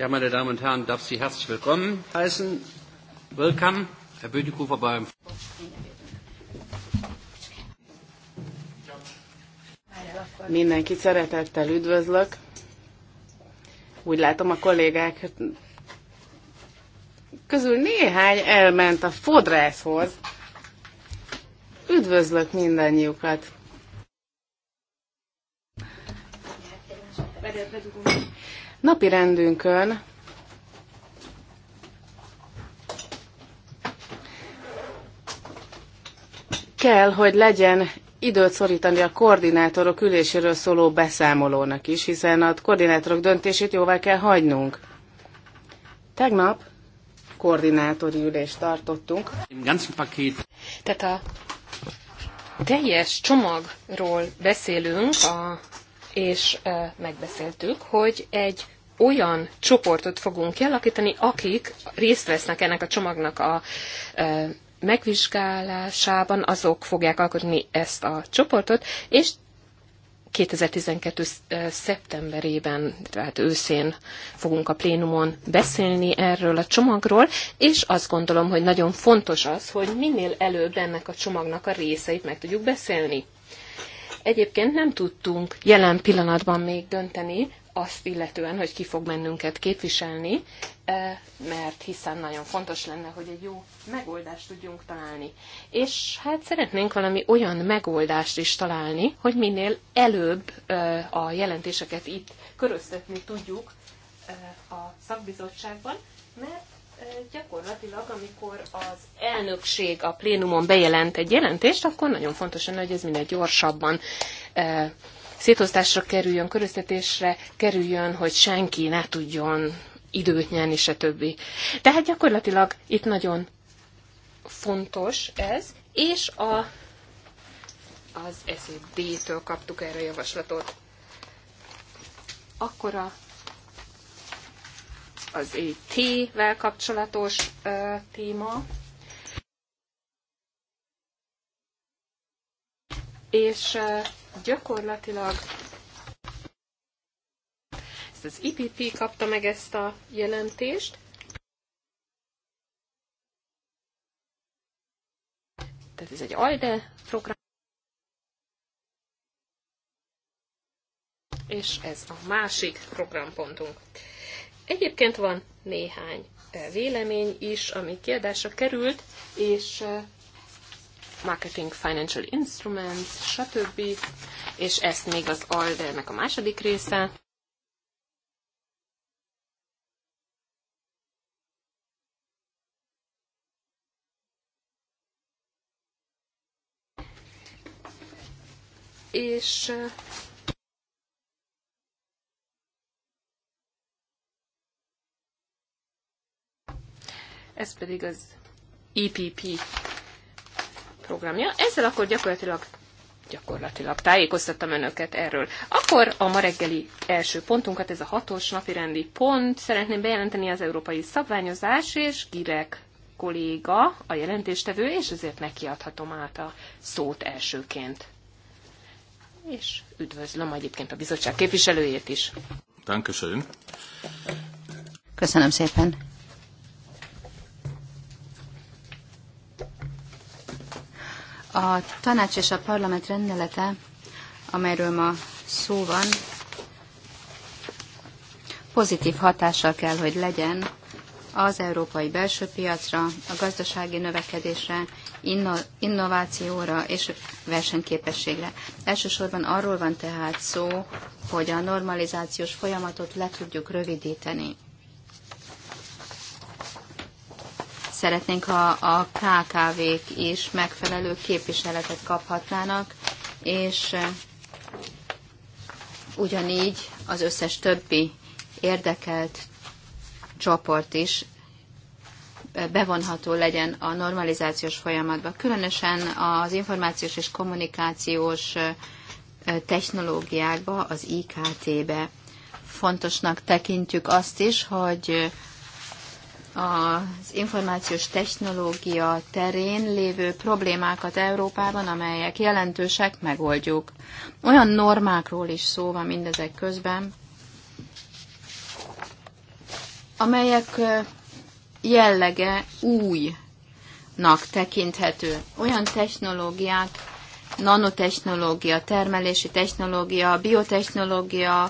Ja, meine Damen und Herren, darf Sie herzlich willkommen heißen. Willkommen, Herr Bödikofer beim. Mindenkit szeretettel üdvözlök. Úgy látom, a kollégák közül néhány elment a fodrászhoz. Üdvözlök mindannyiukat! Napi rendünkön kell, hogy legyen időt szorítani a koordinátorok üléséről szóló beszámolónak is, hiszen a koordinátorok döntését jóvá kell hagynunk. Tegnap koordinátori ülést tartottunk. Tehát a teljes csomagról beszélünk a és megbeszéltük, hogy egy olyan csoportot fogunk kialakítani, akik részt vesznek ennek a csomagnak a megvizsgálásában, azok fogják alkotni ezt a csoportot, és 2012. szeptemberében, tehát őszén fogunk a plénumon beszélni erről a csomagról, és azt gondolom, hogy nagyon fontos az, hogy minél előbb ennek a csomagnak a részeit meg tudjuk beszélni. Egyébként nem tudtunk jelen pillanatban még dönteni azt illetően, hogy ki fog bennünket képviselni, eh, mert hiszen nagyon fontos lenne, hogy egy jó megoldást tudjunk találni. És hát szeretnénk valami olyan megoldást is találni, hogy minél előbb eh, a jelentéseket itt köröztetni tudjuk eh, a szakbizottságban, mert Gyakorlatilag, amikor az elnökség a plénumon bejelent egy jelentést, akkor nagyon fontos lenne, hogy ez minél gyorsabban szétosztásra kerüljön, köröztetésre kerüljön, hogy senki ne tudjon időt nyerni, se többi. Tehát gyakorlatilag itt nagyon fontos ez, és a, az SZD-től e kaptuk erre a javaslatot. Akkor a az IT-vel e kapcsolatos téma. És gyakorlatilag ezt az IPP e kapta meg ezt a jelentést, tehát ez egy ALDE program, és ez a másik programpontunk. Egyébként van néhány eh, vélemény is, ami kiadásra került, és eh, Marketing Financial Instruments, stb. És ezt még az Aldernek a második része. És eh, ez pedig az EPP programja. Ezzel akkor gyakorlatilag gyakorlatilag tájékoztattam önöket erről. Akkor a ma reggeli első pontunkat, ez a hatos napirendi pont, szeretném bejelenteni az európai szabványozás, és Girek kolléga a jelentéstevő, és ezért neki át a szót elsőként. És üdvözlöm egyébként a bizottság képviselőjét is. Köszönöm szépen. A tanács és a parlament rendelete, amelyről ma szó van, pozitív hatással kell, hogy legyen az európai belső piacra, a gazdasági növekedésre, inno- innovációra és versenyképességre. Elsősorban arról van tehát szó, hogy a normalizációs folyamatot le tudjuk rövidíteni. szeretnénk, ha a KKV-k is megfelelő képviseletet kaphatnának, és eh, ugyanígy az összes többi érdekelt csoport is eh, bevonható legyen a normalizációs folyamatba. Különösen az információs és kommunikációs eh, technológiákba, az IKT-be. Fontosnak tekintjük azt is, hogy az információs technológia terén lévő problémákat Európában, amelyek jelentősek, megoldjuk. Olyan normákról is szó van mindezek közben, amelyek jellege újnak tekinthető. Olyan technológiák, nanotechnológia, termelési technológia, biotechnológia,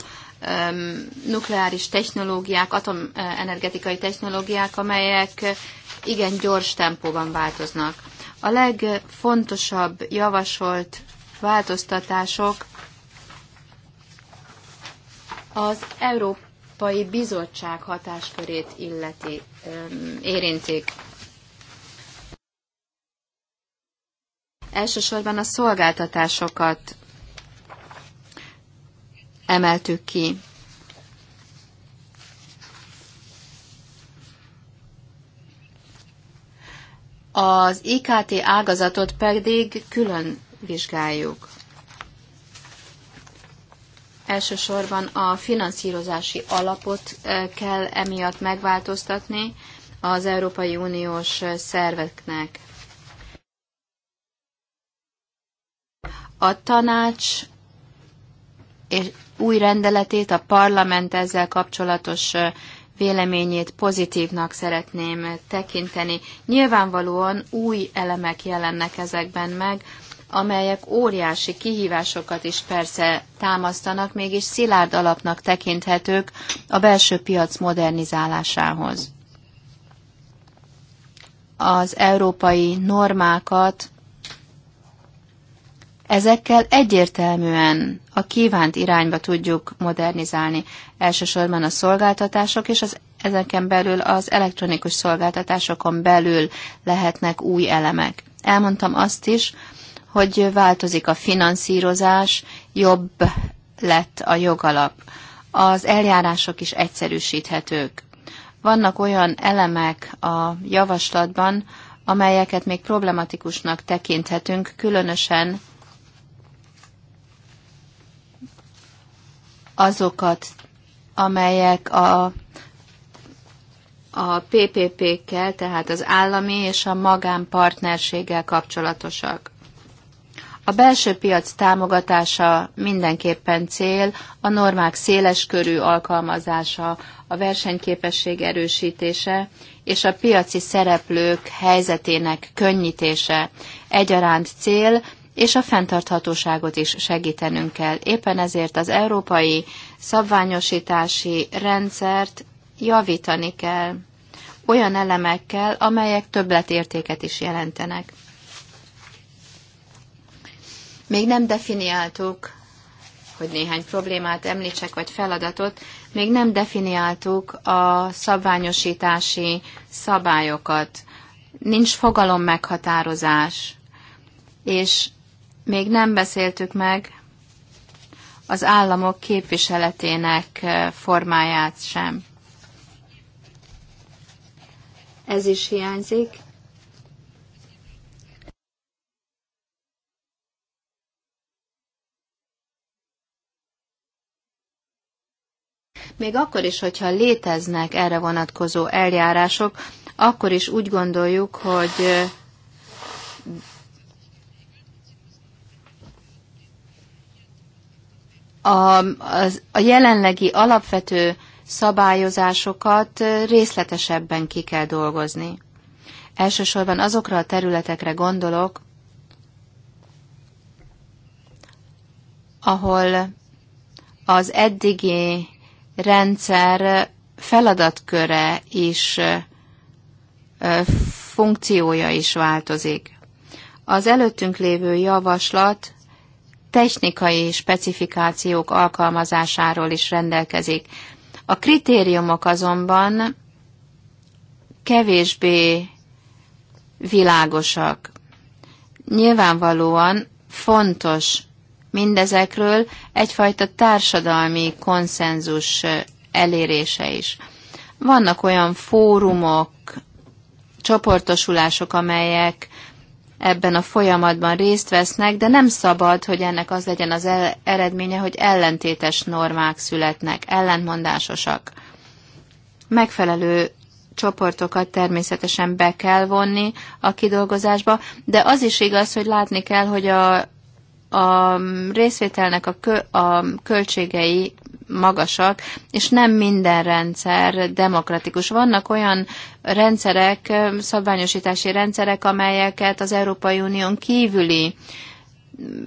nukleáris technológiák, atomenergetikai eh, technológiák, amelyek eh, igen gyors tempóban változnak. A legfontosabb javasolt változtatások az Európai Bizottság hatáskörét illeti, érintik. Elsősorban a szolgáltatásokat emeltük ki. Az IKT ágazatot pedig külön vizsgáljuk. Elsősorban a finanszírozási alapot eh, kell emiatt megváltoztatni az Európai Uniós eh, szerveknek. A tanács és új rendeletét, a parlament ezzel kapcsolatos véleményét pozitívnak szeretném tekinteni. Nyilvánvalóan új elemek jelennek ezekben meg, amelyek óriási kihívásokat is persze támasztanak, mégis szilárd alapnak tekinthetők a belső piac modernizálásához. Az európai normákat Ezekkel egyértelműen a kívánt irányba tudjuk modernizálni, elsősorban a szolgáltatások és az ezeken belül az elektronikus szolgáltatásokon belül lehetnek új elemek. Elmondtam azt is, hogy változik a finanszírozás, jobb lett a jogalap. Az eljárások is egyszerűsíthetők. Vannak olyan elemek a javaslatban, amelyeket még problematikusnak tekinthetünk, különösen azokat, amelyek a, a PPP-kkel, tehát az állami és a magánpartnerséggel kapcsolatosak. A belső piac támogatása mindenképpen cél, a normák széles körű alkalmazása, a versenyképesség erősítése és a piaci szereplők helyzetének könnyítése egyaránt cél, és a fenntarthatóságot is segítenünk kell. Éppen ezért az európai szabványosítási rendszert javítani kell olyan elemekkel, amelyek többletértéket is jelentenek. Még nem definiáltuk, hogy néhány problémát említsek, vagy feladatot, még nem definiáltuk a szabványosítási szabályokat. Nincs fogalom meghatározás, és még nem beszéltük meg az államok képviseletének formáját sem. Ez is hiányzik. Még akkor is, hogyha léteznek erre vonatkozó eljárások, akkor is úgy gondoljuk, hogy a, a, a jelenlegi alapvető szabályozásokat részletesebben ki kell dolgozni. Elsősorban azokra a területekre gondolok, ahol az eddigi rendszer feladatköre is, funkciója is változik. Az előttünk lévő javaslat technikai specifikációk alkalmazásáról is rendelkezik. A kritériumok azonban kevésbé világosak. Nyilvánvalóan fontos mindezekről egyfajta társadalmi konszenzus elérése is. Vannak olyan fórumok, csoportosulások, amelyek ebben a folyamatban részt vesznek, de nem szabad, hogy ennek az legyen az eredménye, hogy ellentétes normák születnek, ellentmondásosak. Megfelelő csoportokat természetesen be kell vonni a kidolgozásba, de az is igaz, hogy látni kell, hogy a, a részvételnek a, kö, a költségei magasak, és nem minden rendszer demokratikus. Vannak olyan rendszerek, szabványosítási rendszerek, amelyeket az Európai Unión kívüli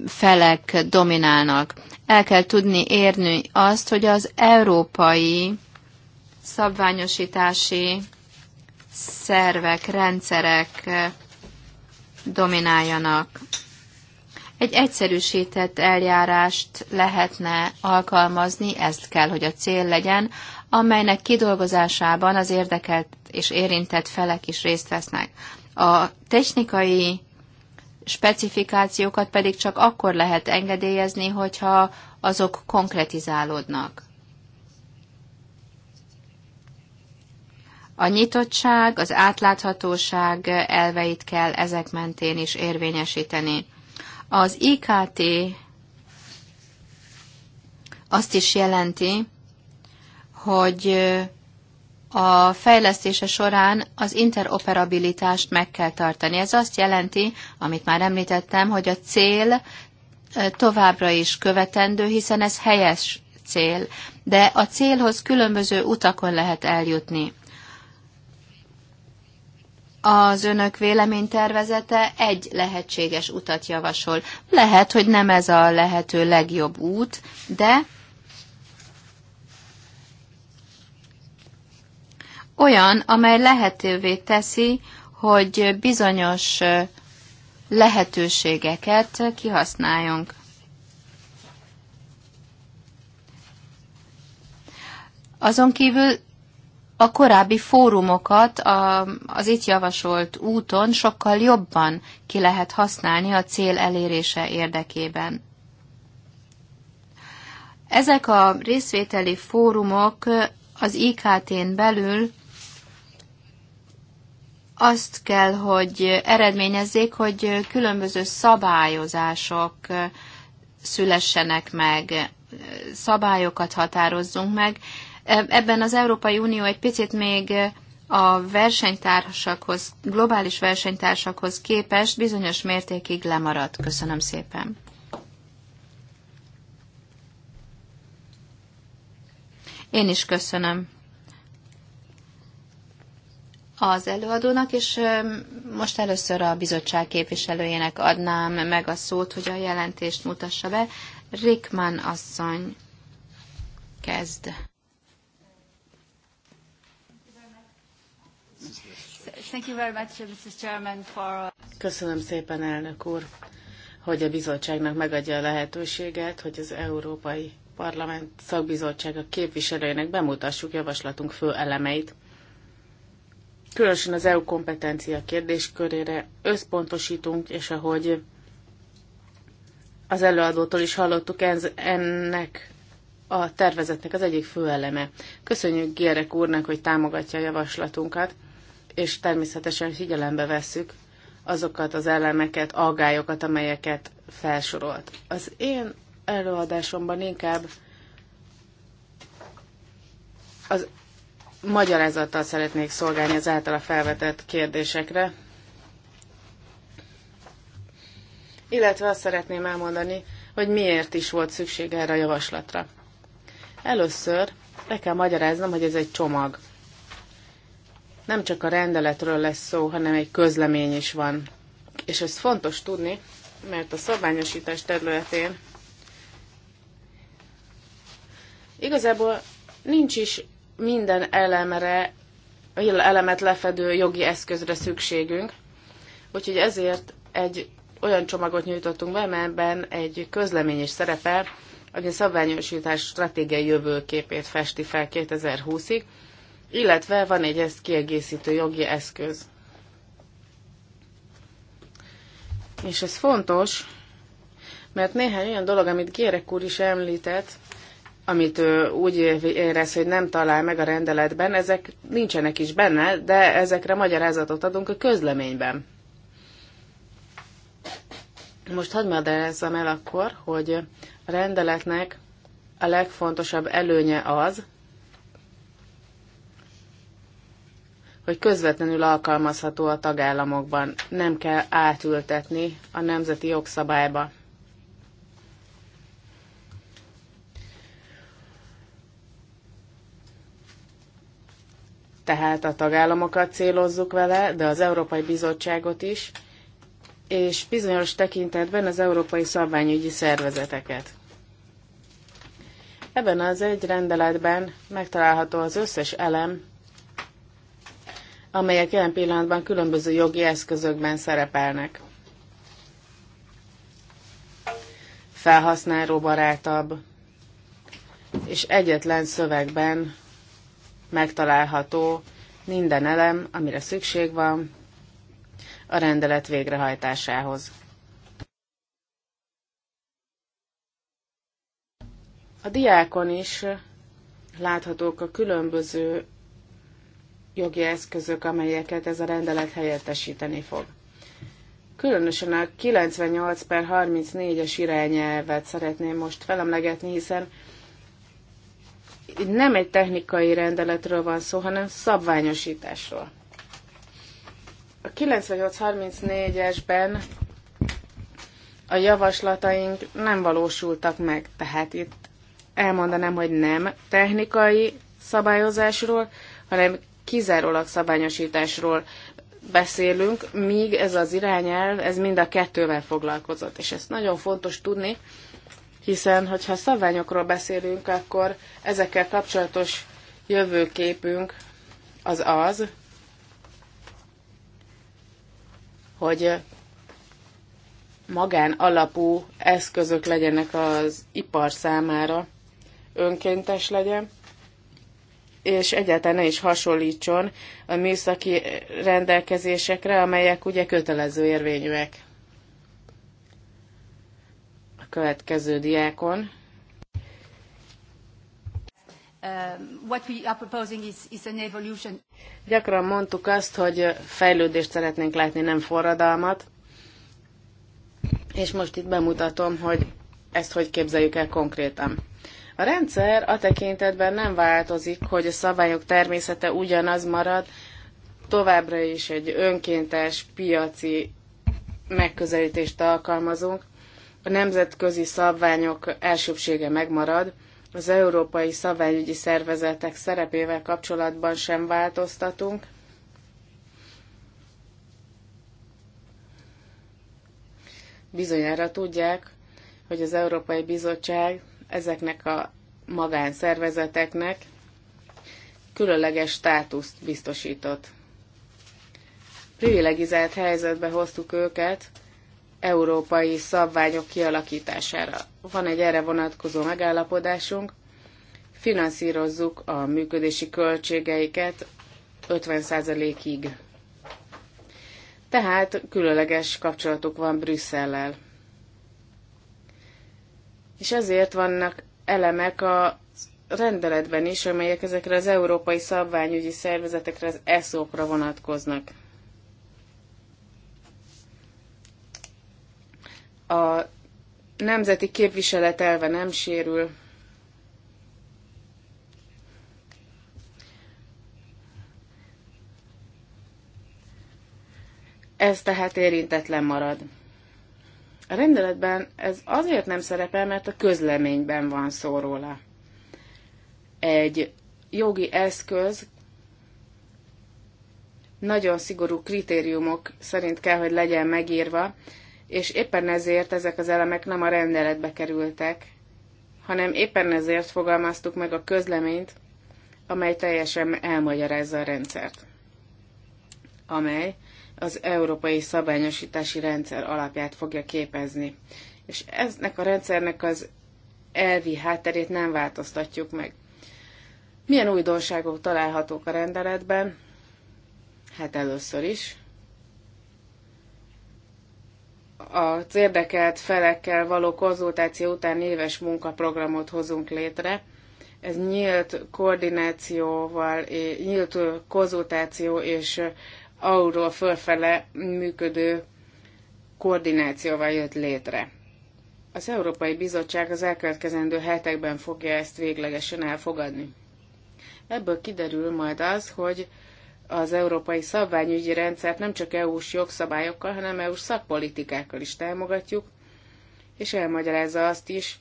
felek dominálnak. El kell tudni érni azt, hogy az európai szabványosítási szervek, rendszerek domináljanak. Egy egyszerűsített eljárást lehetne alkalmazni, ezt kell, hogy a cél legyen, amelynek kidolgozásában az érdekelt és érintett felek is részt vesznek. A technikai specifikációkat pedig csak akkor lehet engedélyezni, hogyha azok konkretizálódnak. A nyitottság, az átláthatóság elveit kell ezek mentén is érvényesíteni. Az IKT azt is jelenti, hogy a fejlesztése során az interoperabilitást meg kell tartani. Ez azt jelenti, amit már említettem, hogy a cél továbbra is követendő, hiszen ez helyes cél, de a célhoz különböző utakon lehet eljutni az önök véleménytervezete egy lehetséges utat javasol. Lehet, hogy nem ez a lehető legjobb út, de olyan, amely lehetővé teszi, hogy bizonyos lehetőségeket kihasználjunk. Azon kívül a korábbi fórumokat a, az itt javasolt úton sokkal jobban ki lehet használni a cél elérése érdekében. Ezek a részvételi fórumok az IKT-n belül azt kell, hogy eredményezzék, hogy különböző szabályozások szülessenek meg, szabályokat határozzunk meg, Ebben az Európai Unió egy picit még a versenytársakhoz, globális versenytársakhoz képest bizonyos mértékig lemaradt. Köszönöm szépen. Én is köszönöm az előadónak, és most először a bizottság képviselőjének adnám meg a szót, hogy a jelentést mutassa be. Rickman asszony kezd. Köszönöm szépen, elnök úr, hogy a bizottságnak megadja a lehetőséget, hogy az Európai Parlament szakbizottsága képviselőinek bemutassuk javaslatunk fő elemeit. Különösen az EU kompetencia kérdéskörére összpontosítunk, és ahogy az előadótól is hallottuk, ez, ennek a tervezetnek az egyik fő eleme. Köszönjük Gérek úrnak, hogy támogatja a javaslatunkat, és természetesen figyelembe vesszük azokat az elemeket, aggályokat, amelyeket felsorolt. Az én előadásomban inkább az magyarázattal szeretnék szolgálni az általa felvetett kérdésekre, illetve azt szeretném elmondani, hogy miért is volt szükség erre a javaslatra. Először le kell magyaráznom, hogy ez egy csomag nem csak a rendeletről lesz szó, hanem egy közlemény is van. És ez fontos tudni, mert a szabványosítás területén igazából nincs is minden elemre, elemet lefedő jogi eszközre szükségünk, úgyhogy ezért egy olyan csomagot nyújtottunk be, melyben egy közlemény is szerepel, ami a szabványosítás stratégiai jövőképét festi fel 2020-ig, illetve van egy ezt kiegészítő jogi eszköz. És ez fontos, mert néhány olyan dolog, amit Gérek úr is említett, amit ő úgy érez, hogy nem talál meg a rendeletben, ezek nincsenek is benne, de ezekre magyarázatot adunk a közleményben. Most hadd magyarázzam el akkor, hogy a rendeletnek a legfontosabb előnye az, hogy közvetlenül alkalmazható a tagállamokban, nem kell átültetni a nemzeti jogszabályba. Tehát a tagállamokat célozzuk vele, de az Európai Bizottságot is, és bizonyos tekintetben az Európai Szabványügyi Szervezeteket. Ebben az egy rendeletben megtalálható az összes elem, amelyek jelen pillanatban különböző jogi eszközökben szerepelnek. barátabb, és egyetlen szövegben megtalálható minden elem, amire szükség van a rendelet végrehajtásához. A diákon is láthatók a különböző jogi eszközök, amelyeket ez a rendelet helyettesíteni fog. Különösen a 98 per 34-es irányelvet szeretném most felemlegetni, hiszen nem egy technikai rendeletről van szó, hanem szabványosításról. A 9834-esben a javaslataink nem valósultak meg, tehát itt elmondanám, hogy nem technikai szabályozásról, hanem kizárólag szabályosításról beszélünk, míg ez az irányelv, ez mind a kettővel foglalkozott. És ezt nagyon fontos tudni, hiszen hogyha szabványokról beszélünk, akkor ezekkel kapcsolatos jövőképünk az az, hogy magán alapú eszközök legyenek az ipar számára, önkéntes legyen, és egyáltalán ne is hasonlítson a műszaki rendelkezésekre, amelyek ugye kötelező érvényűek. A következő diákon. Um, what we are proposing is, is an evolution. Gyakran mondtuk azt, hogy fejlődést szeretnénk látni, nem forradalmat. És most itt bemutatom, hogy ezt hogy képzeljük el konkrétan. A rendszer a tekintetben nem változik, hogy a szabályok természete ugyanaz marad, továbbra is egy önkéntes piaci megközelítést alkalmazunk, a nemzetközi szabványok elsőbsége megmarad, az európai szabványügyi szervezetek szerepével kapcsolatban sem változtatunk. Bizonyára tudják, hogy az Európai Bizottság ezeknek a magánszervezeteknek különleges státuszt biztosított. Privilegizált helyzetbe hoztuk őket európai szabványok kialakítására. Van egy erre vonatkozó megállapodásunk, finanszírozzuk a működési költségeiket 50%-ig. Tehát különleges kapcsolatuk van Brüsszellel. És ezért vannak elemek a rendeletben is, amelyek ezekre az európai szabványügyi szervezetekre, az ESZO-kra vonatkoznak. A nemzeti képviselet elve nem sérül. Ez tehát érintetlen marad. A rendeletben ez azért nem szerepel, mert a közleményben van szó róla. Egy jogi eszköz nagyon szigorú kritériumok szerint kell, hogy legyen megírva, és éppen ezért ezek az elemek nem a rendeletbe kerültek, hanem éppen ezért fogalmaztuk meg a közleményt, amely teljesen elmagyarázza a rendszert, amely az európai szabályosítási rendszer alapját fogja képezni. És eznek a rendszernek az elvi hátterét nem változtatjuk meg. Milyen újdonságok találhatók a rendeletben? Hát először is. Az érdekelt felekkel való konzultáció után éves munkaprogramot hozunk létre. Ez nyílt koordinációval, nyílt konzultáció és alulról fölfele működő koordinációval jött létre. Az Európai Bizottság az elkövetkezendő hetekben fogja ezt véglegesen elfogadni. Ebből kiderül majd az, hogy az európai szabványügyi rendszert nem csak EU-s jogszabályokkal, hanem EU-s szakpolitikákkal is támogatjuk, és elmagyarázza azt is,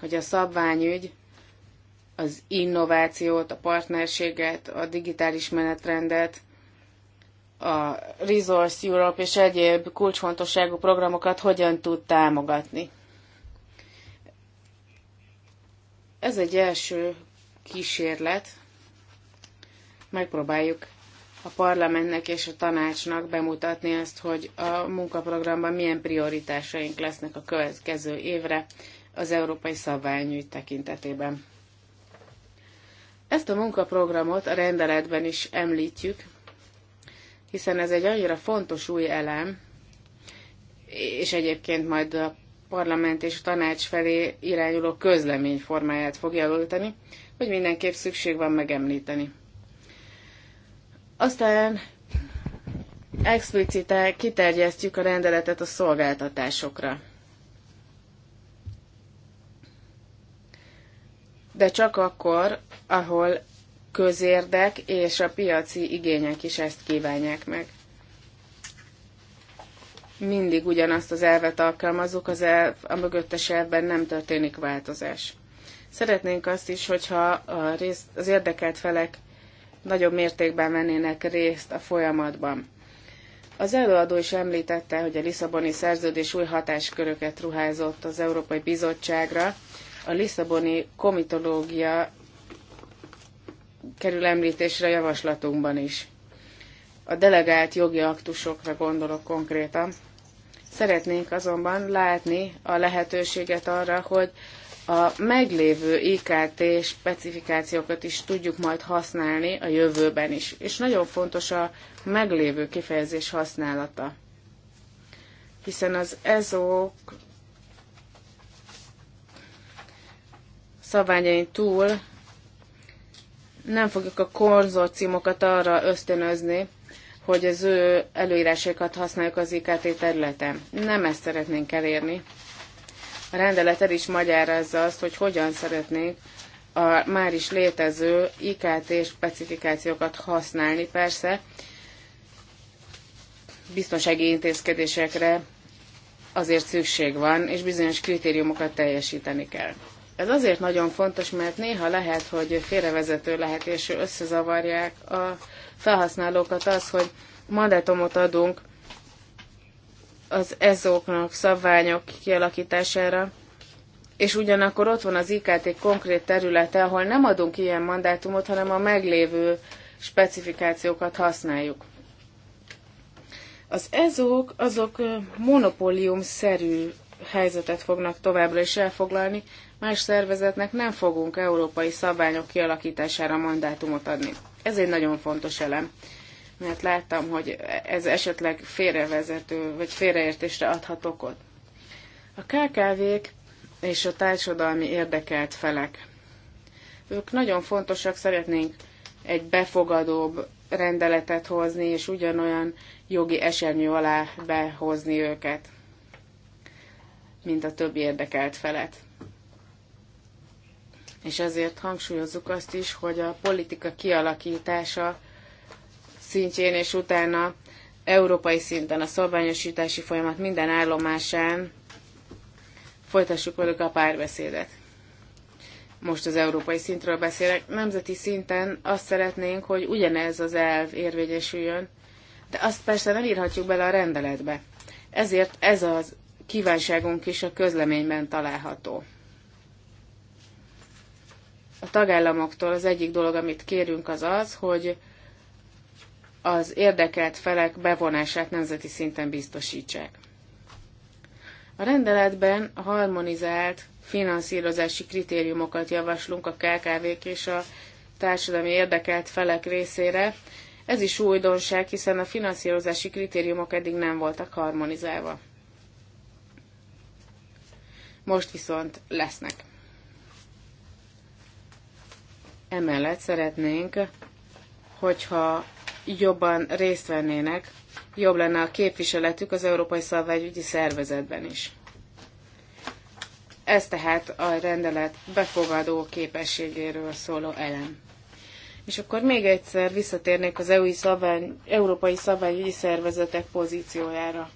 hogy a szabványügy az innovációt, a partnerséget, a digitális menetrendet, a Resource Europe és egyéb kulcsfontosságú programokat hogyan tud támogatni. Ez egy első kísérlet. Megpróbáljuk a parlamentnek és a tanácsnak bemutatni azt, hogy a munkaprogramban milyen prioritásaink lesznek a következő évre az európai szabványügy tekintetében. Ezt a munkaprogramot a rendeletben is említjük, hiszen ez egy annyira fontos új elem, és egyébként majd a parlament és a tanács felé irányuló közlemény formáját fogja jelölteni, hogy mindenképp szükség van megemlíteni. Aztán explicite kiterjesztjük a rendeletet a szolgáltatásokra. de csak akkor, ahol közérdek és a piaci igények is ezt kívánják meg. Mindig ugyanazt az elvet alkalmazzuk, az elv, a mögöttes elvben nem történik változás. Szeretnénk azt is, hogyha a részt, az érdekelt felek nagyobb mértékben vennének részt a folyamatban. Az előadó is említette, hogy a Lisszaboni szerződés új hatásköröket ruházott az Európai Bizottságra, a Lisszaboni komitológia kerül említésre javaslatunkban is. A delegált jogi aktusokra gondolok konkrétan. Szeretnénk azonban látni a lehetőséget arra, hogy a meglévő IKT specifikációkat is tudjuk majd használni a jövőben is. És nagyon fontos a meglévő kifejezés használata. Hiszen az ezok szabványain túl nem fogjuk a konzorciumokat arra ösztönözni, hogy az ő előírásaikat használjuk az IKT területen. Nem ezt szeretnénk elérni. A rendelet el is magyarázza azt, hogy hogyan szeretnénk a már is létező IKT specifikációkat használni, persze biztonsági intézkedésekre azért szükség van, és bizonyos kritériumokat teljesíteni kell. Ez azért nagyon fontos, mert néha lehet, hogy félrevezető lehet, és összezavarják a felhasználókat az, hogy mandátumot adunk az ezóknak szabványok kialakítására, és ugyanakkor ott van az IKT konkrét területe, ahol nem adunk ilyen mandátumot, hanem a meglévő specifikációkat használjuk. Az ezók azok monopóliumszerű helyzetet fognak továbbra is elfoglalni, más szervezetnek nem fogunk európai szabályok kialakítására mandátumot adni. Ez egy nagyon fontos elem, mert láttam, hogy ez esetleg félrevezető vagy félreértésre adhat okot. A KKV-k és a társadalmi érdekelt felek. Ők nagyon fontosak, szeretnénk egy befogadóbb rendeletet hozni, és ugyanolyan jogi esernyő alá behozni őket, mint a többi érdekelt felet és ezért hangsúlyozzuk azt is, hogy a politika kialakítása szintjén és utána európai szinten a szabványosítási folyamat minden állomásán folytassuk velük a párbeszédet. Most az európai szintről beszélek. Nemzeti szinten azt szeretnénk, hogy ugyanez az elv érvényesüljön, de azt persze nem írhatjuk bele a rendeletbe. Ezért ez az kívánságunk is a közleményben található a tagállamoktól az egyik dolog, amit kérünk, az az, hogy az érdekelt felek bevonását nemzeti szinten biztosítsák. A rendeletben a harmonizált finanszírozási kritériumokat javaslunk a KKV-k és a társadalmi érdekelt felek részére. Ez is újdonság, hiszen a finanszírozási kritériumok eddig nem voltak harmonizálva. Most viszont lesznek. Emellett szeretnénk, hogyha jobban részt vennének, jobb lenne a képviseletük az Európai Szabványügyi Szervezetben is. Ez tehát a rendelet befogadó képességéről szóló elem. És akkor még egyszer visszatérnék az EU szabvány, Európai Szabványügyi Szervezetek pozíciójára.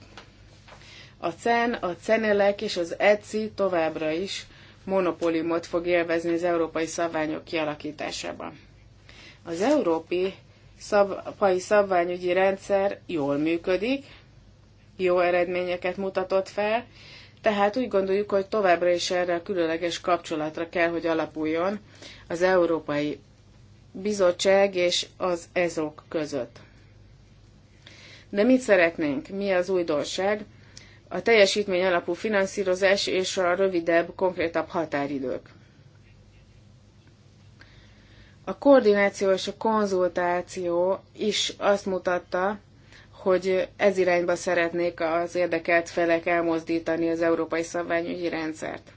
A CEN, a CENELEK és az ECI továbbra is monopóliumot fog élvezni az európai szabványok kialakításában. Az európai szabványi szabványügyi rendszer jól működik, jó eredményeket mutatott fel, tehát úgy gondoljuk, hogy továbbra is erre a különleges kapcsolatra kell, hogy alapuljon az Európai Bizottság és az ezok között. De mit szeretnénk? Mi az újdonság? a teljesítmény alapú finanszírozás és a rövidebb, konkrétabb határidők. A koordináció és a konzultáció is azt mutatta, hogy ez irányba szeretnék az érdekelt felek elmozdítani az európai szabványügyi rendszert.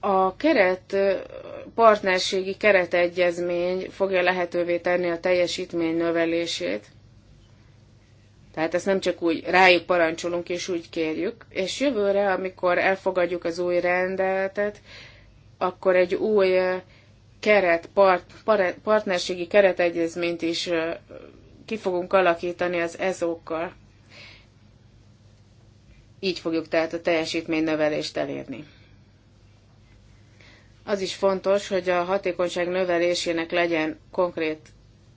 A keret partnerségi keretegyezmény fogja lehetővé tenni a teljesítmény növelését. Tehát ezt nem csak úgy rájuk parancsolunk és úgy kérjük. És jövőre, amikor elfogadjuk az új rendeletet, akkor egy új keret, part, part, partnerségi keretegyezményt is ki fogunk alakítani az ezókkal. Így fogjuk tehát a teljesítmény növelést elérni. Az is fontos, hogy a hatékonyság növelésének legyen konkrét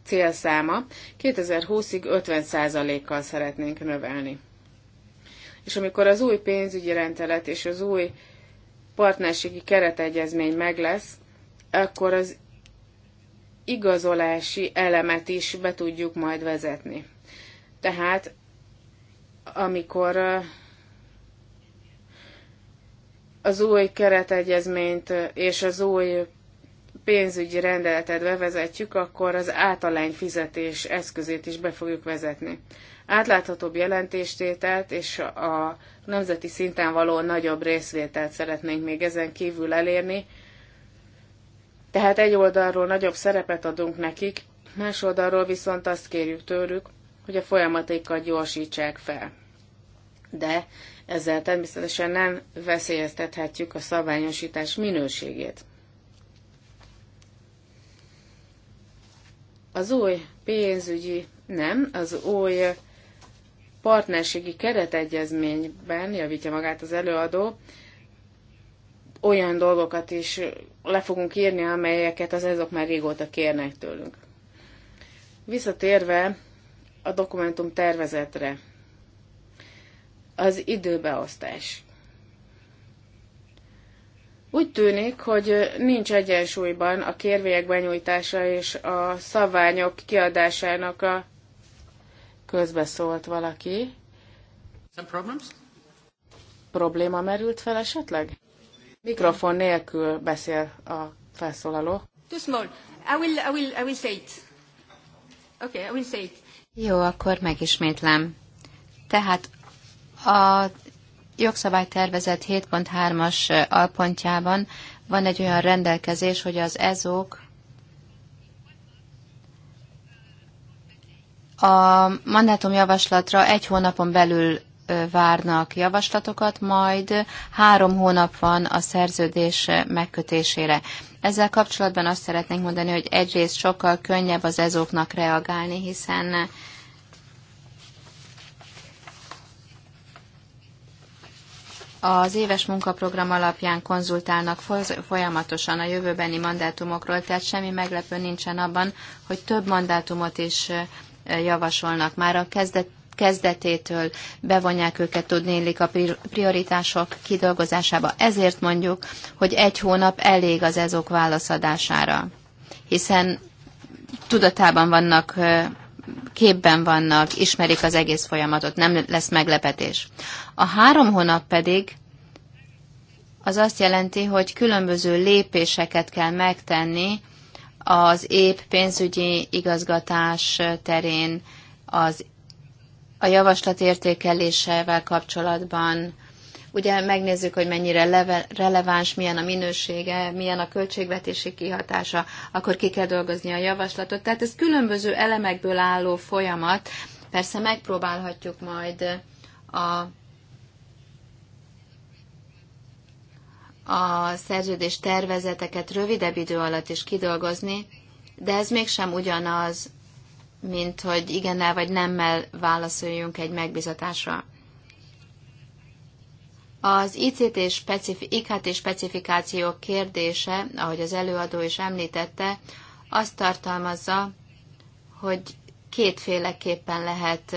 célszáma. 2020-ig 50%-kal szeretnénk növelni. És amikor az új pénzügyi rendelet és az új partnerségi keretegyezmény meg lesz, akkor az igazolási elemet is be tudjuk majd vezetni. Tehát amikor az új keretegyezményt és az új pénzügyi rendeletet bevezetjük, akkor az általány fizetés eszközét is be fogjuk vezetni. Átláthatóbb jelentéstételt és a nemzeti szinten való nagyobb részvételt szeretnénk még ezen kívül elérni. Tehát egy oldalról nagyobb szerepet adunk nekik, más oldalról viszont azt kérjük tőlük, hogy a folyamataikat gyorsítsák fel. De ezzel természetesen nem veszélyeztethetjük a szabványosítás minőségét. Az új pénzügyi, nem, az új partnerségi keretegyezményben, javítja magát az előadó, olyan dolgokat is le fogunk írni, amelyeket az ezok már régóta kérnek tőlünk. Visszatérve a dokumentum tervezetre az időbeosztás. Úgy tűnik, hogy nincs egyensúlyban a kérvények benyújtása és a szabványok kiadásának a közbeszólt valaki. Some problems? Probléma merült fel esetleg? Mikrofon nélkül beszél a felszólaló. Too small. I will, I will, I will say it. Okay, I will say it. Jó, akkor megismétlem. Tehát a jogszabálytervezet 7.3-as alpontjában van egy olyan rendelkezés, hogy az ezók a mandátumjavaslatra egy hónapon belül várnak javaslatokat, majd három hónap van a szerződés megkötésére. Ezzel kapcsolatban azt szeretnénk mondani, hogy egyrészt sokkal könnyebb az ezoknak reagálni, hiszen az éves munkaprogram alapján konzultálnak folyamatosan a jövőbeni mandátumokról, tehát semmi meglepő nincsen abban, hogy több mandátumot is javasolnak. Már a kezdet, kezdetétől bevonják őket tudnélik a prioritások kidolgozásába. Ezért mondjuk, hogy egy hónap elég az ezok válaszadására, hiszen tudatában vannak képben vannak, ismerik az egész folyamatot, nem lesz meglepetés. A három hónap pedig az azt jelenti, hogy különböző lépéseket kell megtenni az épp pénzügyi igazgatás terén, az, a javaslat értékelésevel kapcsolatban, Ugye megnézzük, hogy mennyire leve, releváns, milyen a minősége, milyen a költségvetési kihatása, akkor ki kell dolgozni a javaslatot. Tehát ez különböző elemekből álló folyamat. Persze megpróbálhatjuk majd a a szerződés tervezeteket rövidebb idő alatt is kidolgozni, de ez mégsem ugyanaz, mint hogy igennel vagy nemmel válaszoljunk egy megbizatásra. Az ICT és specifi- IKT kérdése, ahogy az előadó is említette, azt tartalmazza, hogy kétféleképpen lehet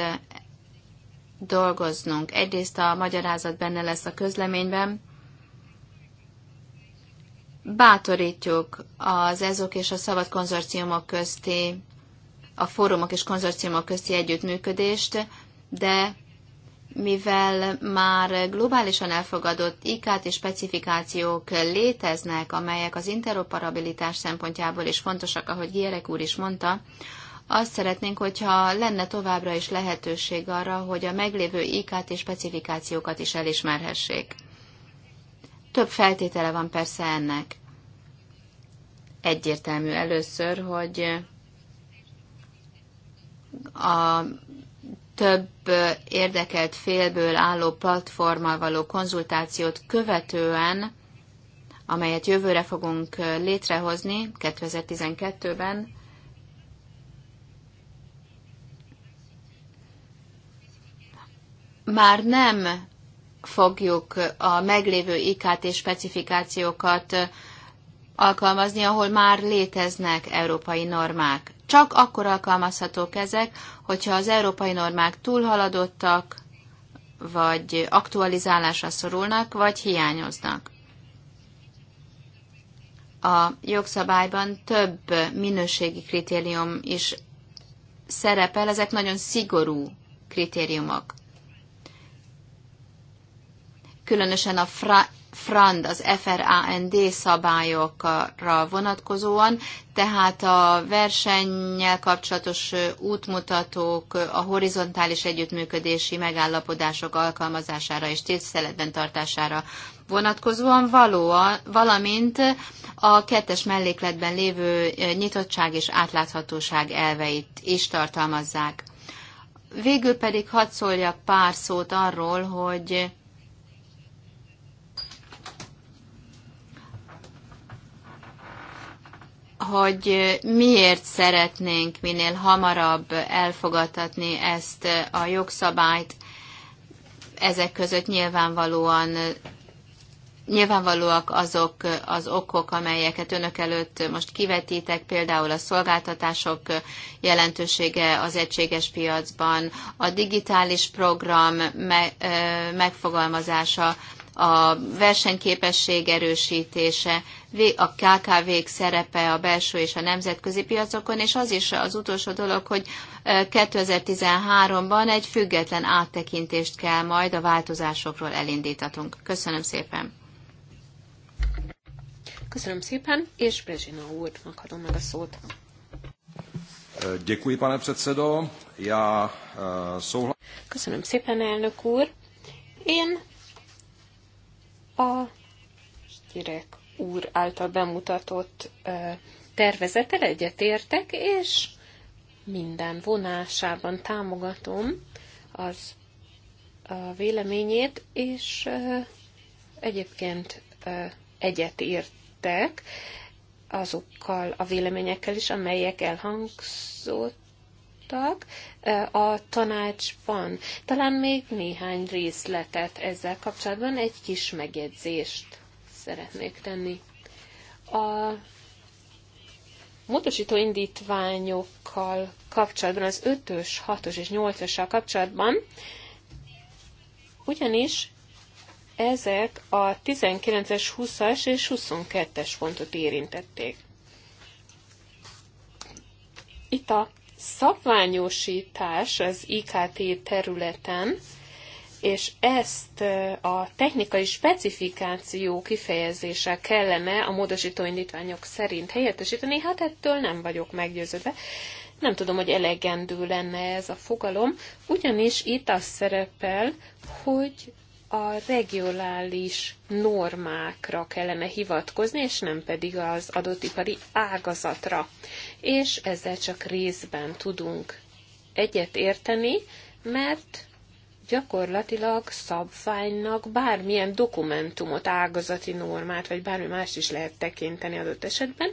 dolgoznunk. Egyrészt a magyarázat benne lesz a közleményben. Bátorítjuk az ezok és a szabad konzorciumok közti, a fórumok és konzorciumok közti együttműködést, de mivel már globálisan elfogadott IKT és specifikációk léteznek, amelyek az interoperabilitás szempontjából is fontosak, ahogy Gierek úr is mondta, azt szeretnénk, hogyha lenne továbbra is lehetőség arra, hogy a meglévő IKT és specifikációkat is elismerhessék. Több feltétele van persze ennek. Egyértelmű először, hogy a több érdekelt félből álló platformmal való konzultációt követően, amelyet jövőre fogunk létrehozni 2012-ben, már nem fogjuk a meglévő IKT specifikációkat alkalmazni, ahol már léteznek európai normák. Csak akkor alkalmazhatók ezek, hogyha az európai normák túlhaladottak, vagy aktualizálásra szorulnak, vagy hiányoznak. A jogszabályban több minőségi kritérium is szerepel, ezek nagyon szigorú kritériumok. Különösen a fra- FRAND, az FRAND szabályokra vonatkozóan, tehát a versennyel kapcsolatos útmutatók, a horizontális együttműködési megállapodások alkalmazására és tiszteletben tartására vonatkozóan, valóan, valamint a kettes mellékletben lévő nyitottság és átláthatóság elveit is tartalmazzák. Végül pedig hadd szóljak pár szót arról, hogy hogy miért szeretnénk minél hamarabb elfogadhatni ezt a jogszabályt. Ezek között nyilvánvalóan Nyilvánvalóak azok az okok, amelyeket önök előtt most kivetítek, például a szolgáltatások jelentősége az egységes piacban, a digitális program megfogalmazása, a versenyképesség erősítése, a KKV-k szerepe a belső és a nemzetközi piacokon, és az is az utolsó dolog, hogy 2013-ban egy független áttekintést kell majd a változásokról elindítatunk. Köszönöm szépen! Köszönöm szépen, és Brezsina úr, adom meg a szót. Děkuji, pane předsedo. Já souhlasím. Köszönöm szépen, elnök úr. Én a Kirek úr által bemutatott tervezettel egyetértek, és minden vonásában támogatom az a véleményét, és egyébként egyet azokkal a véleményekkel is, amelyek elhangzott tartottak a tanácsban. Talán még néhány részletet ezzel kapcsolatban, egy kis megjegyzést szeretnék tenni. A módosító indítványokkal kapcsolatban, az 5-ös, 6-os és 8 ossal kapcsolatban, ugyanis ezek a 19-es, 20-as és 22-es pontot érintették. Itt a szabványosítás az IKT területen, és ezt a technikai specifikáció kifejezése kellene a módosító indítványok szerint helyettesíteni, hát ettől nem vagyok meggyőződve. Nem tudom, hogy elegendő lenne ez a fogalom, ugyanis itt az szerepel, hogy a regionális normákra kellene hivatkozni, és nem pedig az adott ipari ágazatra. És ezzel csak részben tudunk egyet érteni, mert gyakorlatilag szabványnak bármilyen dokumentumot, ágazati normát, vagy bármi más is lehet tekinteni adott esetben,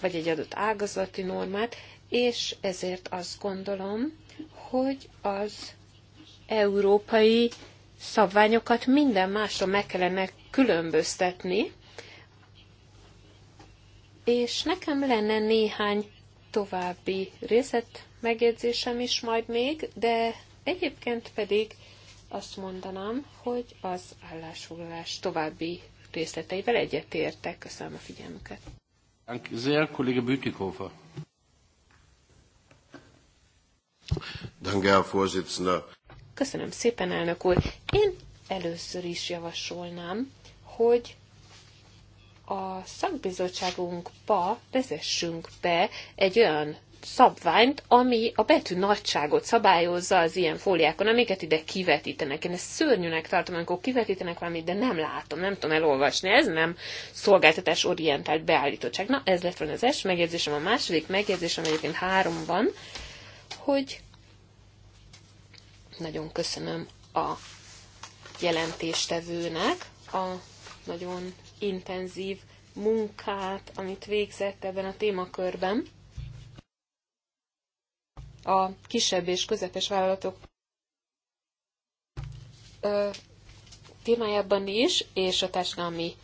vagy egy adott ágazati normát, és ezért azt gondolom, hogy az európai szabványokat minden másra meg kellene különböztetni, és nekem lenne néhány további részlet megjegyzésem is majd még, de egyébként pedig azt mondanám, hogy az állásfoglalás további részleteivel egyetértek. Köszönöm a figyelmüket. Sehr, Kollege Bütikofer. Danke, Herr Vorsitzender. Köszönöm szépen, elnök úr. Én először is javasolnám, hogy a szakbizottságunkba vezessünk be egy olyan szabványt, ami a betű nagyságot szabályozza az ilyen fóliákon, amiket ide kivetítenek. Én ezt szörnyűnek tartom, amikor kivetítenek valamit, de nem látom, nem tudom elolvasni. Ez nem szolgáltatás orientált beállítottság. Na, ez lett volna az első megjegyzésem. A második megjegyzésem egyébként három van, hogy nagyon köszönöm a jelentéstevőnek a nagyon intenzív munkát, amit végzett ebben a témakörben. A kisebb és közepes vállalatok témájában is, és a társadalmi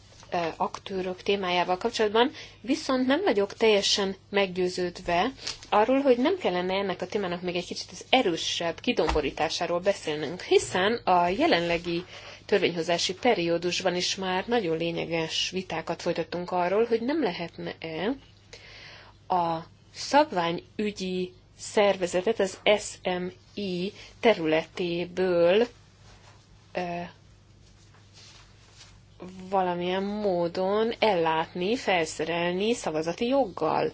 aktőrök témájával kapcsolatban, viszont nem vagyok teljesen meggyőződve arról, hogy nem kellene ennek a témának még egy kicsit az erősebb kidomborításáról beszélnünk, hiszen a jelenlegi törvényhozási periódusban is már nagyon lényeges vitákat folytattunk arról, hogy nem lehetne-e a szabványügyi szervezetet az SMI területéből valamilyen módon ellátni, felszerelni szavazati joggal.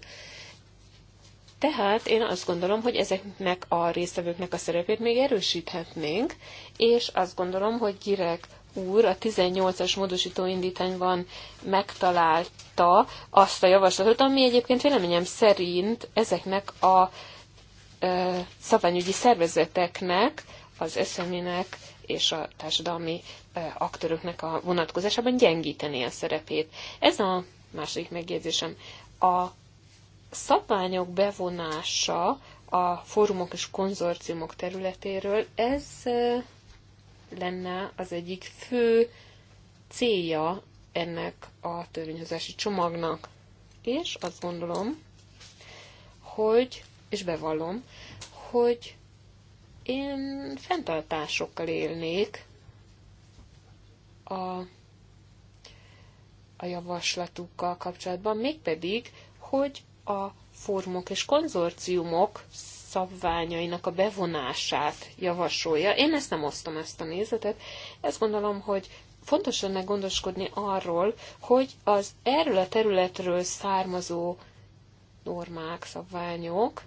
Tehát én azt gondolom, hogy ezeknek a résztvevőknek a szerepét még erősíthetnénk, és azt gondolom, hogy Girek úr a 18-as módosító indítványban megtalálta azt a javaslatot, ami egyébként véleményem szerint ezeknek a ö, szabványügyi szervezeteknek, az eszeminek és a társadalmi E, aktőröknek a vonatkozásában gyengíteni a szerepét. Ez a második megjegyzésem. A szabványok bevonása a fórumok és konzorciumok területéről, ez e, lenne az egyik fő célja ennek a törvényhozási csomagnak. És azt gondolom, hogy, és bevallom, hogy én fenntartásokkal élnék a, a javaslatukkal kapcsolatban, mégpedig, hogy a fórumok és konzorciumok szabványainak a bevonását javasolja. Én ezt nem osztom, ezt a nézetet. Ezt gondolom, hogy fontos lenne gondoskodni arról, hogy az erről a területről származó normák, szabványok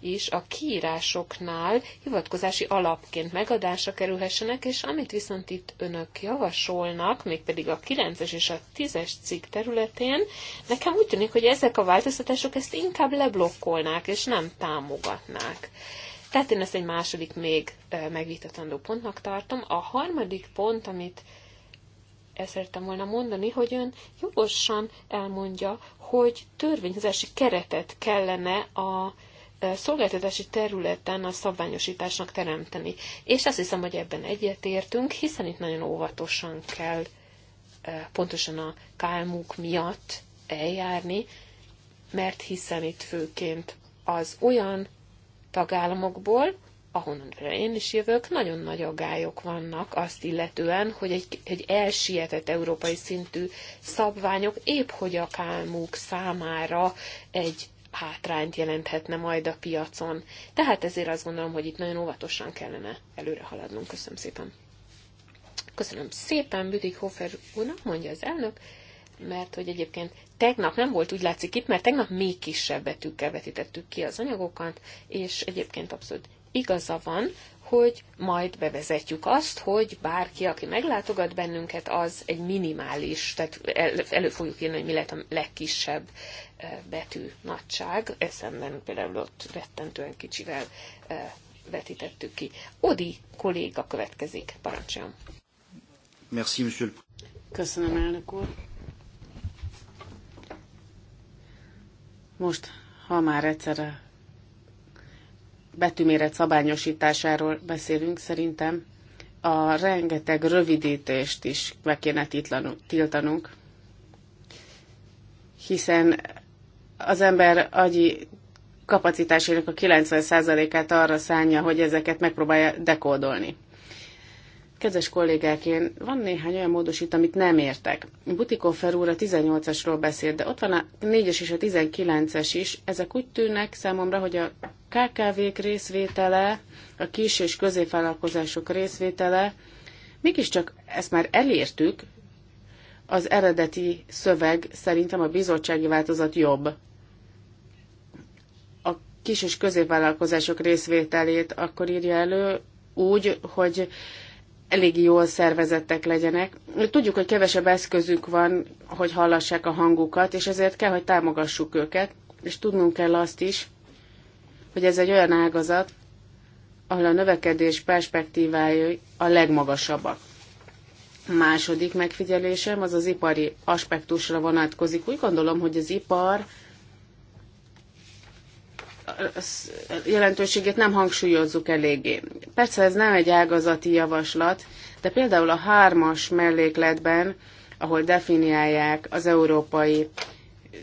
is a kiírásoknál hivatkozási alapként megadásra kerülhessenek, és amit viszont itt önök javasolnak, mégpedig a 9-es és a 10-es cikk területén, nekem úgy tűnik, hogy ezek a változtatások ezt inkább leblokkolnák, és nem támogatnák. Tehát én ezt egy második még megvitatandó pontnak tartom. A harmadik pont, amit ezt szerettem volna mondani, hogy ön jogosan elmondja, hogy törvényhozási keretet kellene a szolgáltatási területen a szabványosításnak teremteni. És azt hiszem, hogy ebben egyetértünk, hiszen itt nagyon óvatosan kell pontosan a kálmuk miatt eljárni, mert hiszen itt főként az olyan tagállamokból, ahonnan én is jövök, nagyon nagy agályok vannak azt illetően, hogy egy, egy elsietett európai szintű szabványok épp hogy a kálmuk számára egy hátrányt jelenthetne majd a piacon. Tehát ezért azt gondolom, hogy itt nagyon óvatosan kellene előre haladnunk. Köszönöm szépen. Köszönöm szépen, Büdik Hofer úrnak, mondja az elnök, mert hogy egyébként tegnap nem volt úgy látszik itt, mert tegnap még kisebb betűkkel vetítettük ki az anyagokat, és egyébként abszolút igaza van, hogy majd bevezetjük azt, hogy bárki, aki meglátogat bennünket, az egy minimális, tehát elő fogjuk írni, hogy mi lehet a legkisebb eh, betű nagyság, eszemben például ott rettentően kicsivel eh, vetítettük ki. Odi kolléga következik, parancsoljon. Merci, monsieur. Köszönöm, elnök úr. Most, ha már egyszerre betűméret szabályosításáról beszélünk, szerintem a rengeteg rövidítést is be kéne tiltanunk, hiszen az ember agyi kapacitásának a 90%-át arra szánja, hogy ezeket megpróbálja dekódolni. Kedves kollégák, én van néhány olyan módosít, amit nem értek. Butikoffer úr a 18-asról beszélt, de ott van a 4-es és a 19-es is. Ezek úgy tűnnek számomra, hogy a KKV-k részvétele, a kis és középvállalkozások részvétele, mégiscsak ezt már elértük, az eredeti szöveg szerintem a bizottsági változat jobb. A kis és középvállalkozások részvételét akkor írja elő úgy, hogy elég jól szervezettek legyenek. Tudjuk, hogy kevesebb eszközük van, hogy hallassák a hangukat, és ezért kell, hogy támogassuk őket, és tudnunk kell azt is, hogy ez egy olyan ágazat, ahol a növekedés perspektívái a legmagasabbak. A második megfigyelésem az az ipari aspektusra vonatkozik. Úgy gondolom, hogy az ipar jelentőségét nem hangsúlyozzuk eléggé. Persze ez nem egy ágazati javaslat, de például a hármas mellékletben, ahol definiálják az európai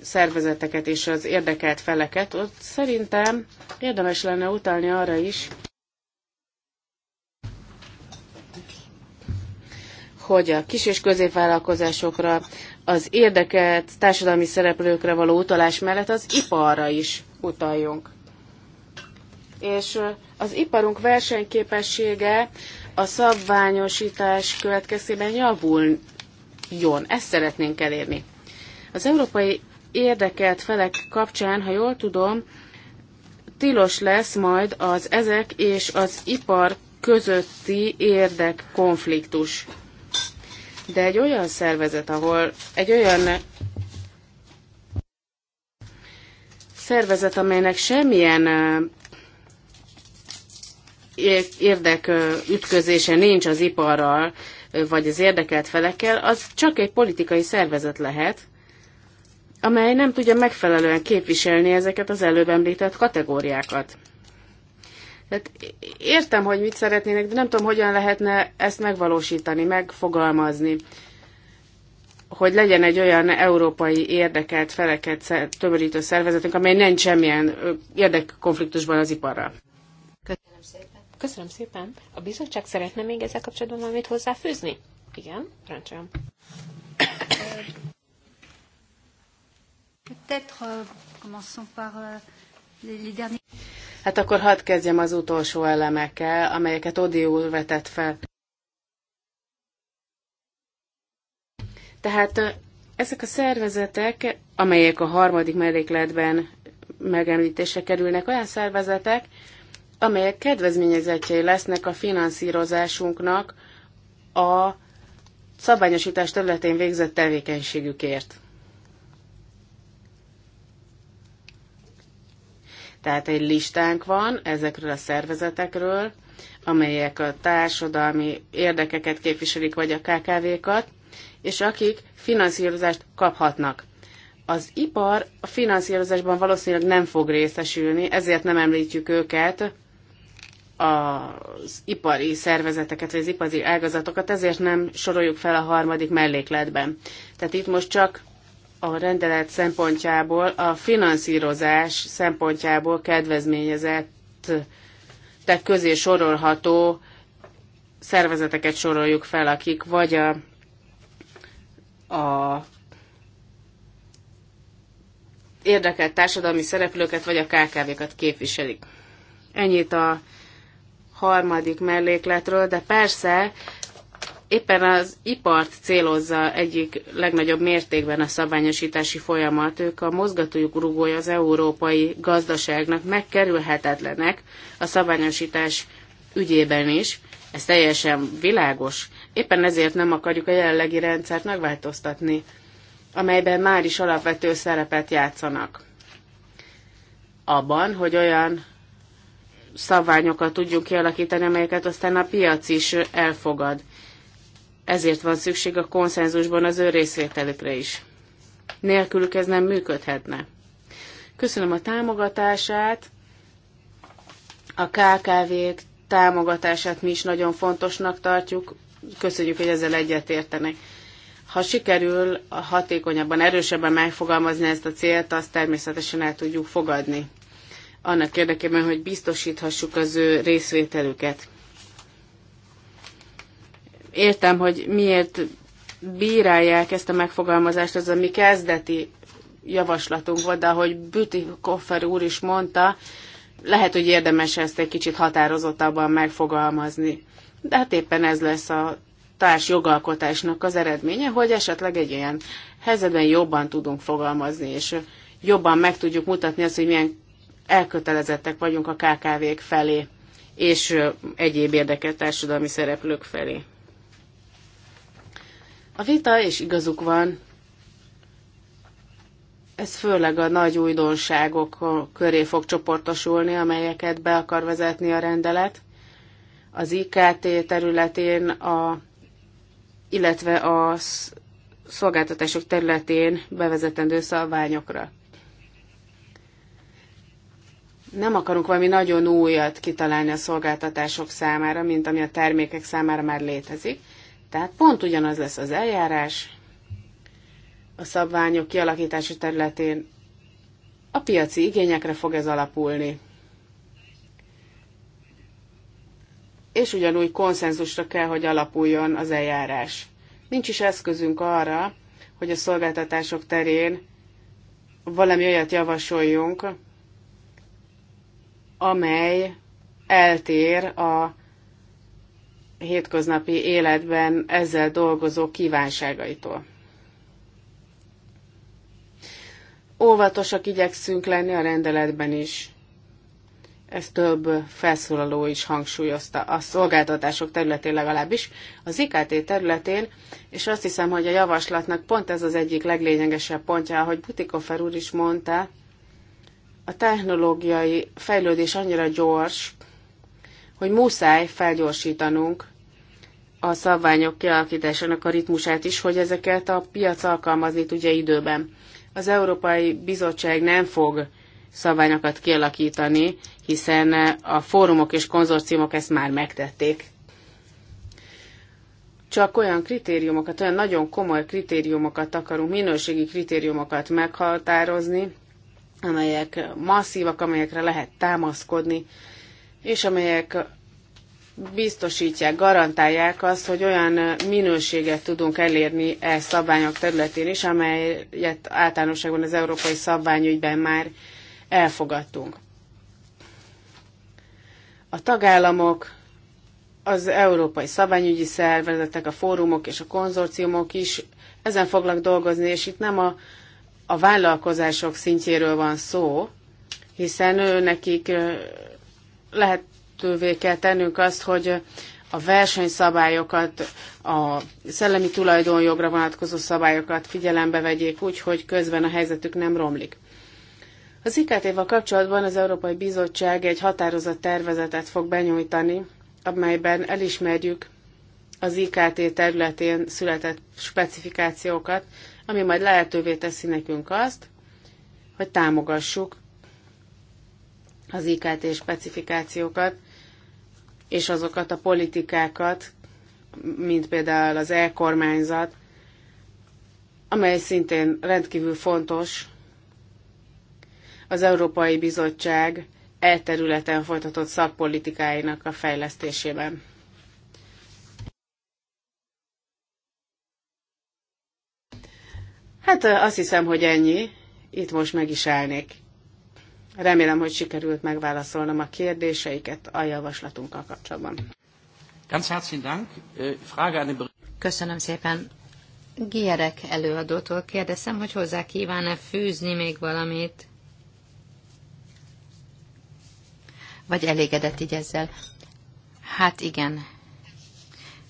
szervezeteket és az érdekelt feleket, ott szerintem érdemes lenne utalni arra is, hogy a kis és középvállalkozásokra, az érdekelt társadalmi szereplőkre való utalás mellett az iparra is utaljunk és az iparunk versenyképessége a szabványosítás következtében javuljon. Ezt szeretnénk elérni. Az európai érdekelt felek kapcsán, ha jól tudom, tilos lesz majd az ezek és az ipar közötti érdek konfliktus. De egy olyan szervezet, ahol egy olyan szervezet, amelynek semmilyen érdekütközése nincs az iparral, vagy az érdekelt felekkel, az csak egy politikai szervezet lehet, amely nem tudja megfelelően képviselni ezeket az előbb említett kategóriákat. Tehát értem, hogy mit szeretnének, de nem tudom, hogyan lehetne ezt megvalósítani, megfogalmazni, hogy legyen egy olyan európai érdekelt feleket tömörítő szervezetünk, amely nem semmilyen érdekkonfliktusban az iparral. Köszönöm szépen. A bizottság szeretne még ezzel kapcsolatban valamit hozzáfűzni? Igen, parancsoljon. Euh, euh, hát akkor hadd kezdjem az utolsó elemekkel, amelyeket Odi úr vetett fel. Tehát ezek a szervezetek, amelyek a harmadik mellékletben megemlítésre kerülnek, olyan szervezetek, amelyek kedvezményezettjei lesznek a finanszírozásunknak a szabványosítás területén végzett tevékenységükért. Tehát egy listánk van ezekről a szervezetekről, amelyek a társadalmi érdekeket képviselik, vagy a KKV-kat, és akik finanszírozást kaphatnak. Az ipar a finanszírozásban valószínűleg nem fog részesülni, ezért nem említjük őket az ipari szervezeteket, vagy az ipari ágazatokat, ezért nem soroljuk fel a harmadik mellékletben. Tehát itt most csak a rendelet szempontjából, a finanszírozás szempontjából kedvezményezett, közé sorolható szervezeteket soroljuk fel, akik vagy a, a érdekelt társadalmi szereplőket, vagy a KKV-kat képviselik. Ennyit a harmadik mellékletről, de persze éppen az ipart célozza egyik legnagyobb mértékben a szabványosítási folyamat. Ők a mozgatójuk rugója az európai gazdaságnak megkerülhetetlenek a szabványosítás ügyében is. Ez teljesen világos. Éppen ezért nem akarjuk a jelenlegi rendszert megváltoztatni, amelyben már is alapvető szerepet játszanak. Abban, hogy olyan szabványokat tudjunk kialakítani, amelyeket aztán a piac is elfogad. Ezért van szükség a konszenzusban az ő részvételükre is. Nélkülük ez nem működhetne. Köszönöm a támogatását, a KKV-k támogatását mi is nagyon fontosnak tartjuk. Köszönjük, hogy ezzel egyetértenek. Ha sikerül hatékonyabban, erősebben megfogalmazni ezt a célt, azt természetesen el tudjuk fogadni annak érdekében, hogy biztosíthassuk az ő részvételüket. Értem, hogy miért bírálják ezt a megfogalmazást, az a mi kezdeti javaslatunk volt, de ahogy Büti Koffer úr is mondta, lehet, hogy érdemes ezt egy kicsit határozottabban megfogalmazni. De hát éppen ez lesz a társ jogalkotásnak az eredménye, hogy esetleg egy ilyen helyzetben jobban tudunk fogalmazni, és jobban meg tudjuk mutatni azt, hogy milyen elkötelezettek vagyunk a KKV-k felé, és egyéb érdekelt társadalmi szereplők felé. A vita, és igazuk van, ez főleg a nagy újdonságok köré fog csoportosulni, amelyeket be akar vezetni a rendelet. Az IKT területén, a, illetve a szolgáltatások területén bevezetendő szabványokra nem akarunk valami nagyon újat kitalálni a szolgáltatások számára, mint ami a termékek számára már létezik. Tehát pont ugyanaz lesz az eljárás a szabványok kialakítási területén. A piaci igényekre fog ez alapulni. És ugyanúgy konszenzusra kell, hogy alapuljon az eljárás. Nincs is eszközünk arra, hogy a szolgáltatások terén valami olyat javasoljunk, amely eltér a hétköznapi életben ezzel dolgozó kívánságaitól. Óvatosak igyekszünk lenni a rendeletben is. Ez több felszólaló is hangsúlyozta, a szolgáltatások területén legalábbis, az IKT területén, és azt hiszem, hogy a javaslatnak pont ez az egyik leglényegesebb pontja, ahogy Butikofer úr is mondta, a technológiai fejlődés annyira gyors, hogy muszáj felgyorsítanunk a szabványok kialakításának a ritmusát is, hogy ezeket a piac alkalmazni tudja időben. Az Európai Bizottság nem fog szabványokat kialakítani, hiszen a fórumok és konzorciumok ezt már megtették. Csak olyan kritériumokat, olyan nagyon komoly kritériumokat akarunk, minőségi kritériumokat meghatározni, amelyek masszívak, amelyekre lehet támaszkodni, és amelyek biztosítják, garantálják azt, hogy olyan minőséget tudunk elérni e szabványok területén is, amelyet általánosságban az európai szabványügyben már elfogadtunk. A tagállamok, az európai szabványügyi szervezetek, a fórumok és a konzorciumok is ezen fognak dolgozni, és itt nem a a vállalkozások szintjéről van szó, hiszen ő nekik lehetővé kell tennünk azt, hogy a versenyszabályokat, a szellemi tulajdonjogra vonatkozó szabályokat figyelembe vegyék úgy, hogy közben a helyzetük nem romlik. Az IKT-val kapcsolatban az Európai Bizottság egy határozott tervezetet fog benyújtani, amelyben elismerjük az IKT területén született specifikációkat, ami majd lehetővé teszi nekünk azt, hogy támogassuk az IKT specifikációkat, és azokat a politikákat, mint például az elkormányzat, amely szintén rendkívül fontos az Európai Bizottság elterületen folytatott szakpolitikáinak a fejlesztésében. Hát azt hiszem, hogy ennyi. Itt most meg is állnék. Remélem, hogy sikerült megválaszolnom a kérdéseiket a javaslatunkkal kapcsolatban. Äh, Köszönöm szépen. Gierek előadótól kérdezem, hogy hozzá kíván-e fűzni még valamit? Vagy elégedett így ezzel? Hát igen.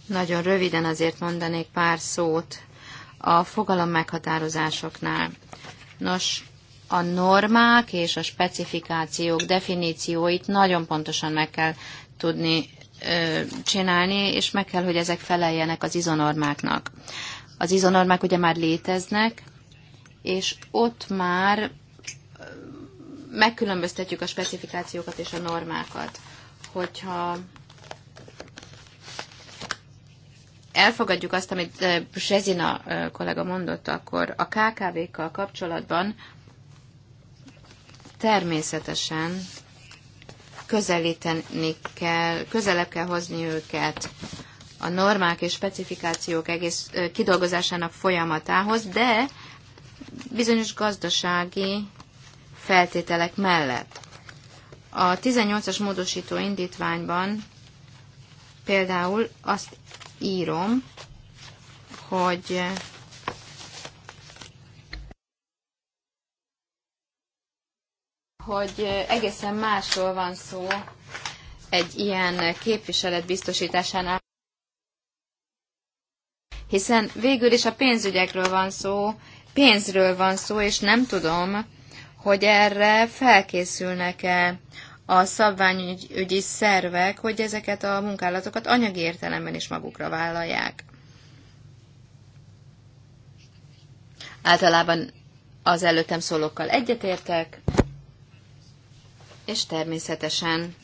Nagyon röviden azért mondanék pár szót a fogalom meghatározásoknál. Nos, a normák és a specifikációk definícióit nagyon pontosan meg kell tudni ö, csinálni, és meg kell, hogy ezek feleljenek az izonormáknak. Az izonormák ugye már léteznek, és ott már megkülönböztetjük a specifikációkat és a normákat. Hogyha elfogadjuk azt, amit Sezina eh, eh, kollega mondott, akkor a KKV-kkal kapcsolatban természetesen közelíteni kell, közelebb kell hozni őket a normák és specifikációk egész eh, kidolgozásának folyamatához, de bizonyos gazdasági feltételek mellett. A 18-as módosító indítványban például azt írom, hogy hogy egészen másról van szó egy ilyen képviselet biztosításánál, hiszen végül is a pénzügyekről van szó, pénzről van szó, és nem tudom, hogy erre felkészülnek-e a szabványügyi szervek, hogy ezeket a munkálatokat anyagi értelemben is magukra vállalják. Általában az előttem szólókkal egyetértek, és természetesen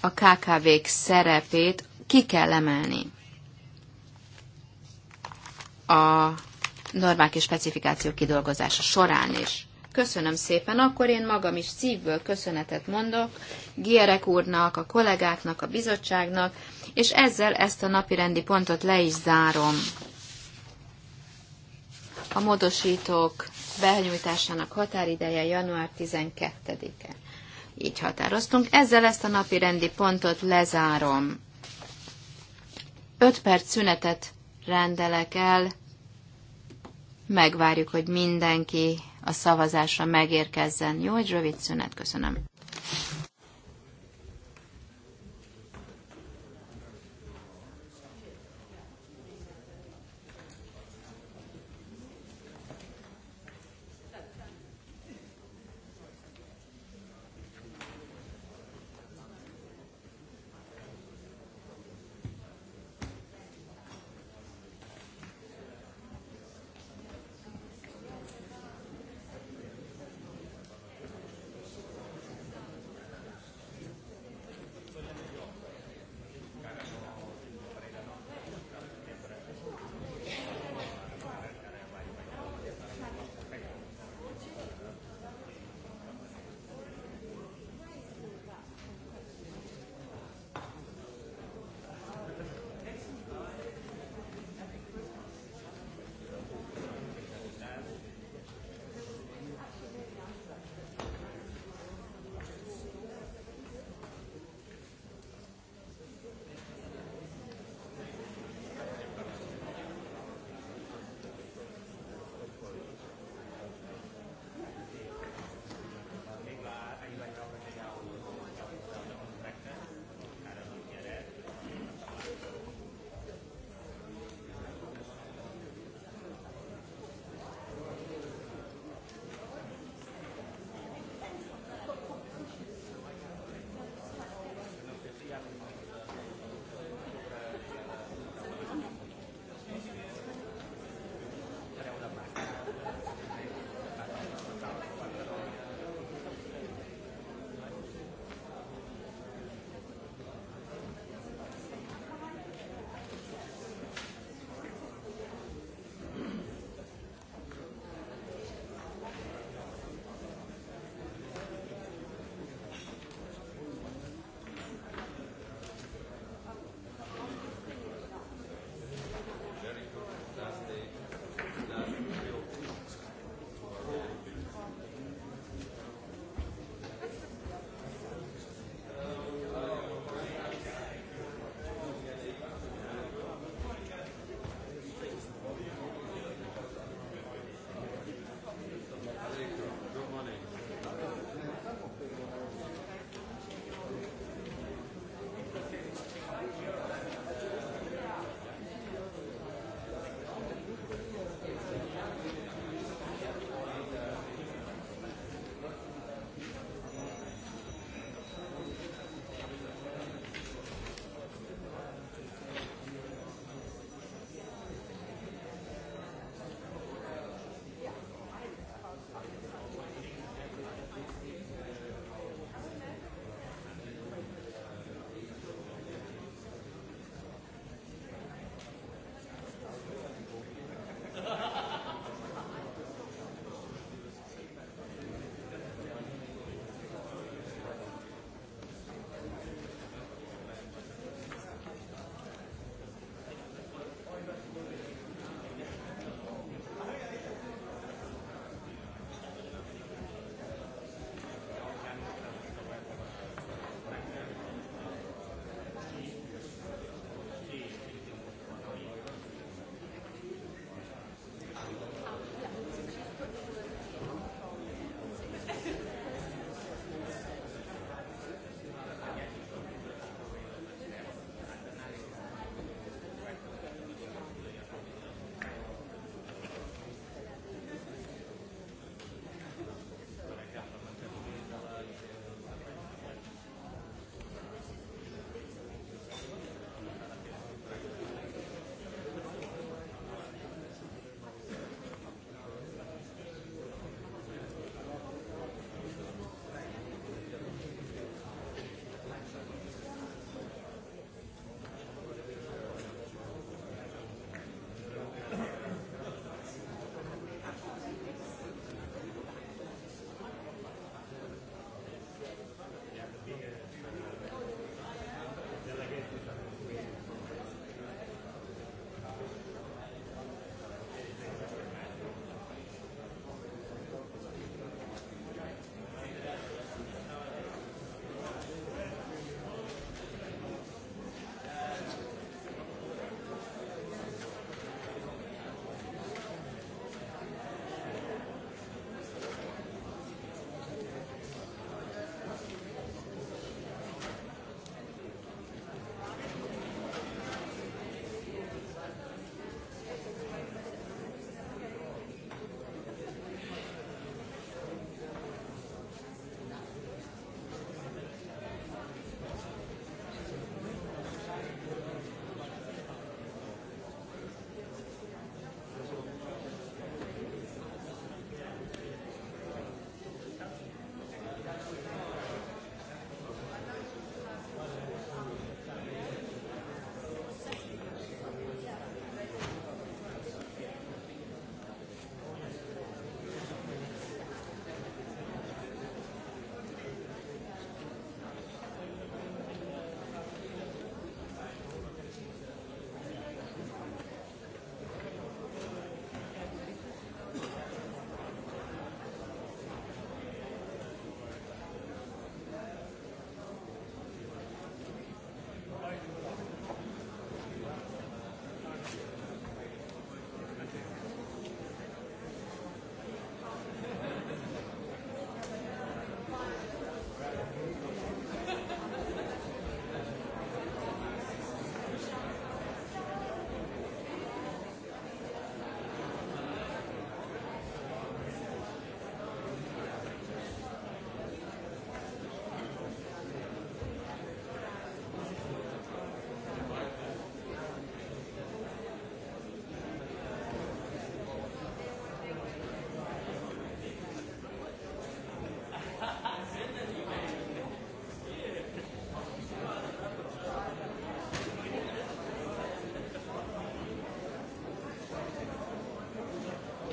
a KKV-k szerepét ki kell emelni a normák és specifikációk kidolgozása során is. Köszönöm szépen, akkor én magam is szívből köszönetet mondok Gierek úrnak, a kollégáknak, a bizottságnak, és ezzel ezt a napirendi pontot le is zárom. A módosítók benyújtásának határideje január 12-e. Így határoztunk. Ezzel ezt a napi rendi pontot lezárom. 5 perc szünetet rendelek el. Megvárjuk, hogy mindenki a szavazásra megérkezzen. Jó, egy rövid szünet, köszönöm.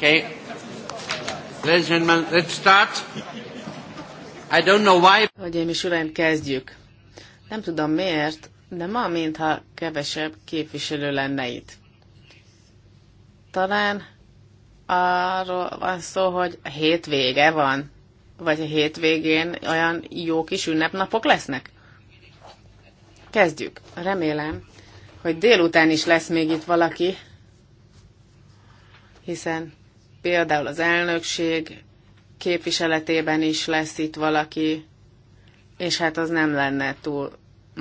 Okay. Ladies and gentlemen, let's start. I don't know why. Hölgyeim és uraim, kezdjük. Nem tudom miért, de ma mintha kevesebb képviselő lenne itt. Talán arról van szó, hogy hétvége van, vagy a hétvégén olyan jó kis ünnepnapok lesznek. Kezdjük. Remélem, hogy délután is lesz még itt valaki, hiszen például az elnökség képviseletében is lesz itt valaki, és hát az nem lenne túl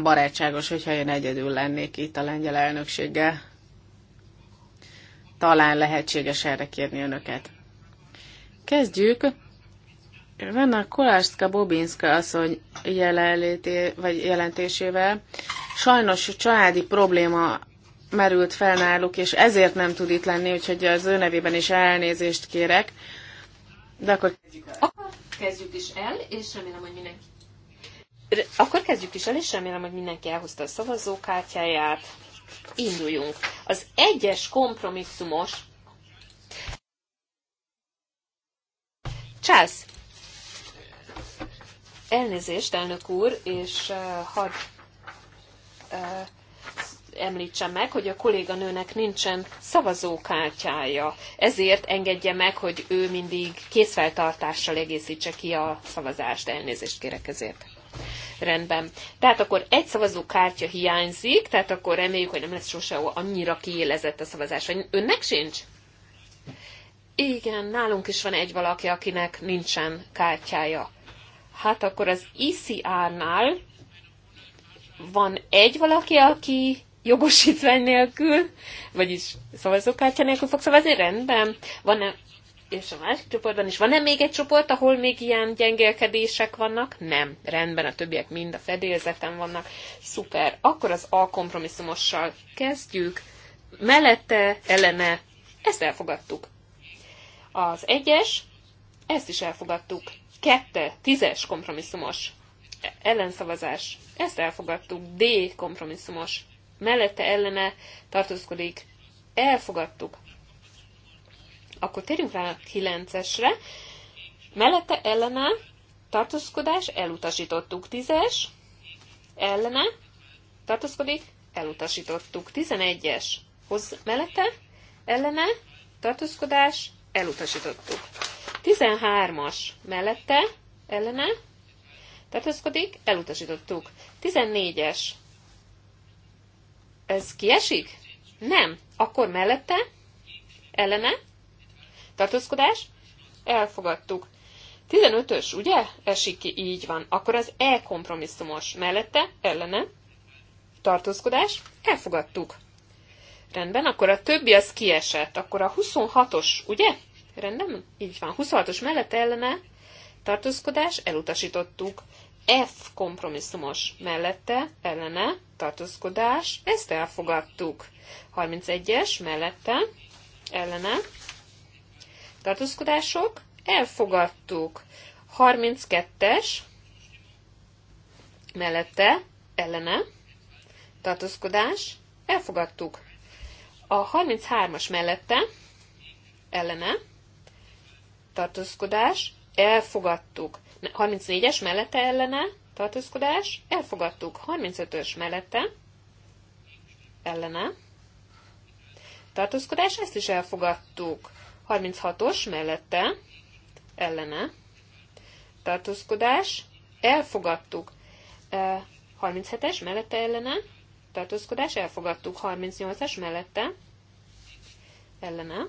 barátságos, hogyha én egyedül lennék itt a lengyel elnökséggel. Talán lehetséges erre kérni önöket. Kezdjük. a Kolárszka Bobinska asszony jelenlété, vagy jelentésével. Sajnos családi probléma merült fel náluk, és ezért nem tud itt lenni, úgyhogy az ő nevében is elnézést kérek. De akkor kezdjük el. Akkor kezdjük is el, és remélem, hogy mindenki... Akkor kezdjük is el, és remélem, hogy mindenki elhozta a szavazókártyáját. Induljunk. Az egyes kompromisszumos... Csász! Elnézést, elnök úr, és uh, hadd uh, említsem meg, hogy a kolléganőnek nincsen szavazókártyája. Ezért engedje meg, hogy ő mindig készfeltartással egészítse ki a szavazást. Elnézést kérek ezért. Rendben. Tehát akkor egy szavazókártya hiányzik, tehát akkor reméljük, hogy nem lesz sose annyira kiélezett a szavazás. Vagy önnek sincs? Igen, nálunk is van egy valaki, akinek nincsen kártyája. Hát akkor az ICR-nál e van egy valaki, aki jogosítvány nélkül, vagyis szavazókártya nélkül fog szavazni, rendben. Van-e, és a másik csoportban is, van-e még egy csoport, ahol még ilyen gyengélkedések vannak? Nem, rendben, a többiek mind a fedélzeten vannak. Szuper, akkor az A kompromisszumossal kezdjük. Mellette, ellene, ezt elfogadtuk. Az egyes, ezt is elfogadtuk. Kette, tízes kompromisszumos ellenszavazás. Ezt elfogadtuk. D kompromisszumos mellette ellene tartózkodik, elfogadtuk. Akkor térjünk rá a kilencesre. Mellette ellene tartózkodás, elutasítottuk. Tízes ellene tartózkodik, elutasítottuk. tizenegyes. hoz mellette, ellene tartózkodás, elutasítottuk. Tizenhármas mellette, ellene tartózkodik, elutasítottuk. Tizennégyes. Ez kiesik? Nem. Akkor mellette? Ellene? Tartózkodás? Elfogadtuk. 15-ös, ugye? Esik ki, így van. Akkor az E kompromisszumos. Mellette? Ellene? Tartózkodás? Elfogadtuk. Rendben, akkor a többi az kiesett. Akkor a 26-os, ugye? Rendben? Így van. 26-os mellette ellene tartózkodás elutasítottuk. F kompromisszumos mellette, ellene, tartózkodás, ezt elfogadtuk. 31-es mellette, ellene, tartózkodások, elfogadtuk. 32-es mellette, ellene, tartózkodás, elfogadtuk. A 33-as mellette, ellene, tartózkodás, elfogadtuk. 34-es mellette ellene, tartózkodás, elfogadtuk. 35-ös mellette, ellene, tartózkodás, ezt is elfogadtuk. 36-os mellette, ellene, tartózkodás, elfogadtuk. 37-es mellette ellene, tartózkodás, elfogadtuk. 38-es mellette, ellene,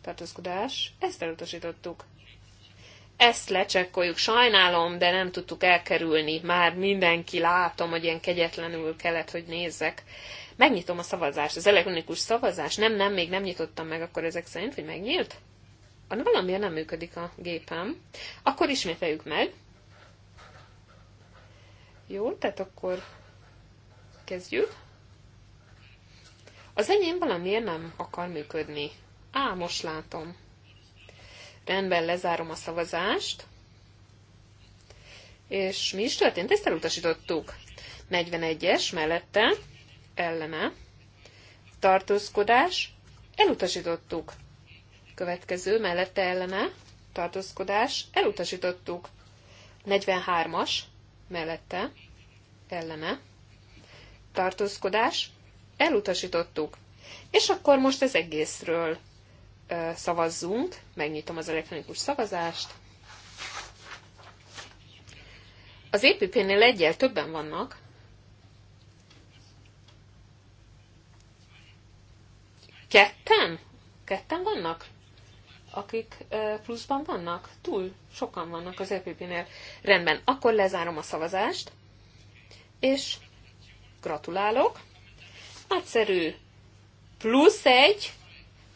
tartózkodás, ezt elutasítottuk ezt lecsekkoljuk. Sajnálom, de nem tudtuk elkerülni. Már mindenki látom, hogy ilyen kegyetlenül kellett, hogy nézzek. Megnyitom a szavazást, az elektronikus szavazás. Nem, nem, még nem nyitottam meg, akkor ezek szerint, hogy megnyílt? Valamiért nem működik a gépem. Akkor ismételjük meg. Jó, tehát akkor kezdjük. Az enyém valamiért nem akar működni. Á, most látom. Rendben, lezárom a szavazást. És mi is történt? Ezt elutasítottuk. 41-es mellette, ellene, tartózkodás, elutasítottuk. Következő mellette ellene, tartózkodás, elutasítottuk. 43-as mellette, ellene, tartózkodás, elutasítottuk. És akkor most az egészről szavazzunk. Megnyitom az elektronikus szavazást. Az EPP-nél egyel többen vannak. Ketten? Ketten vannak? Akik pluszban vannak? Túl sokan vannak az EPP-nél. Rendben, akkor lezárom a szavazást, és gratulálok. Nagyszerű. Plusz egy,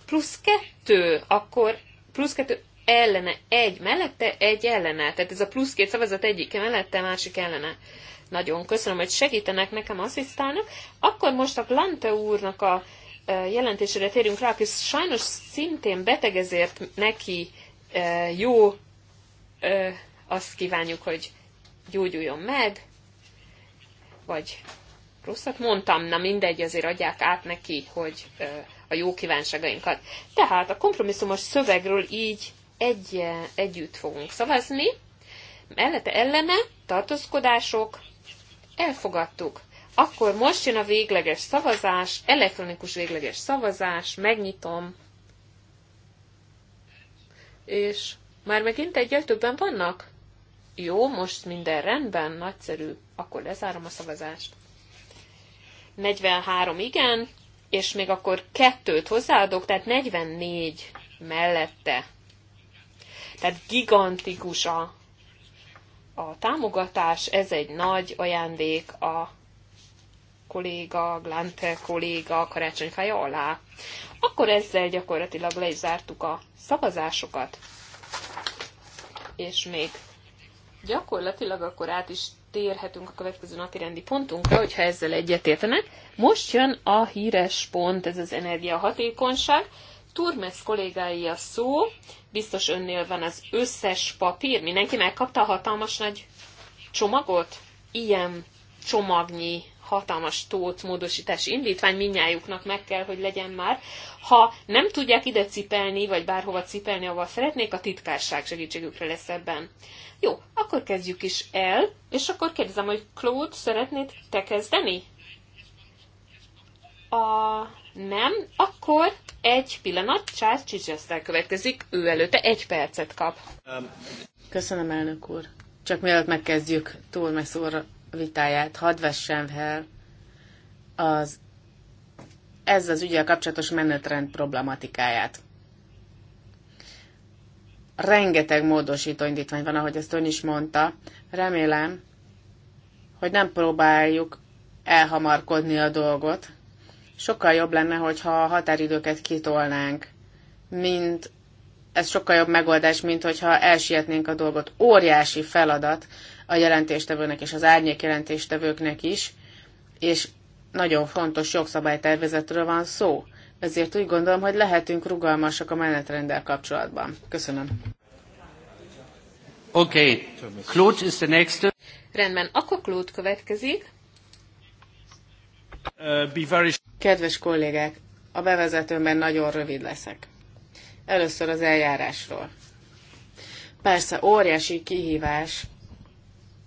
plusz kettő, akkor plusz kettő ellene egy mellette, egy ellene. Tehát ez a plusz két szavazat egyik mellette, másik ellene. Nagyon köszönöm, hogy segítenek nekem asszisztálnak. Akkor most a Glante úrnak a e, jelentésére térjünk rá, aki sajnos szintén beteg, ezért neki e, jó, e, azt kívánjuk, hogy gyógyuljon meg, vagy rosszat mondtam, na mindegy, azért adják át neki, hogy a jó kívánságainkat. Tehát a kompromisszumos szövegről így egy, együtt fogunk szavazni, mellette ellene tartózkodások, elfogadtuk. Akkor most jön a végleges szavazás, elektronikus végleges szavazás, megnyitom. És már megint egyel többen vannak? Jó, most minden rendben, nagyszerű. Akkor lezárom a szavazást. 43 igen, és még akkor kettőt hozzáadok, tehát 44 mellette. Tehát gigantikus a, a támogatás, ez egy nagy ajándék a kolléga, Glante kolléga karácsonyfája alá. Akkor ezzel gyakorlatilag le is zártuk a szavazásokat. És még gyakorlatilag akkor át is térhetünk a következő napi rendi pontunkra, hogyha ezzel egyetértenek. Most jön a híres pont, ez az energiahatékonyság. Turmes kollégái a szó, biztos önnél van az összes papír, mindenki megkapta a hatalmas nagy csomagot? Ilyen csomagnyi hatalmas tót módosítási indítvány minnyájuknak meg kell, hogy legyen már. Ha nem tudják ide cipelni, vagy bárhova cipelni, ahol szeretnék, a titkárság segítségükre lesz ebben. Jó, akkor kezdjük is el, és akkor kérdezem, hogy Claude, szeretnéd te kezdeni? A... Nem? Akkor egy pillanat, Charles Chichester következik, ő előtte egy percet kap. Köszönöm, elnök úr. Csak mielőtt megkezdjük, túl megszóra vitáját hadd vessem fel az ez az ügyel kapcsolatos menetrend problematikáját. Rengeteg módosító indítvány van, ahogy ezt ön is mondta. Remélem, hogy nem próbáljuk elhamarkodni a dolgot. Sokkal jobb lenne, hogyha a határidőket kitolnánk, mint ez sokkal jobb megoldás, mint hogyha elsietnénk a dolgot. Óriási feladat, a jelentéstevőnek és az árnyék jelentéstevőknek is, és nagyon fontos jogszabálytervezetről van szó. Ezért úgy gondolom, hogy lehetünk rugalmasak a menetrenddel kapcsolatban. Köszönöm. Oké, okay. Claude is the next. Rendben, akkor Claude következik. Uh, Kedves kollégák, a bevezetőmben nagyon rövid leszek. Először az eljárásról. Persze óriási kihívás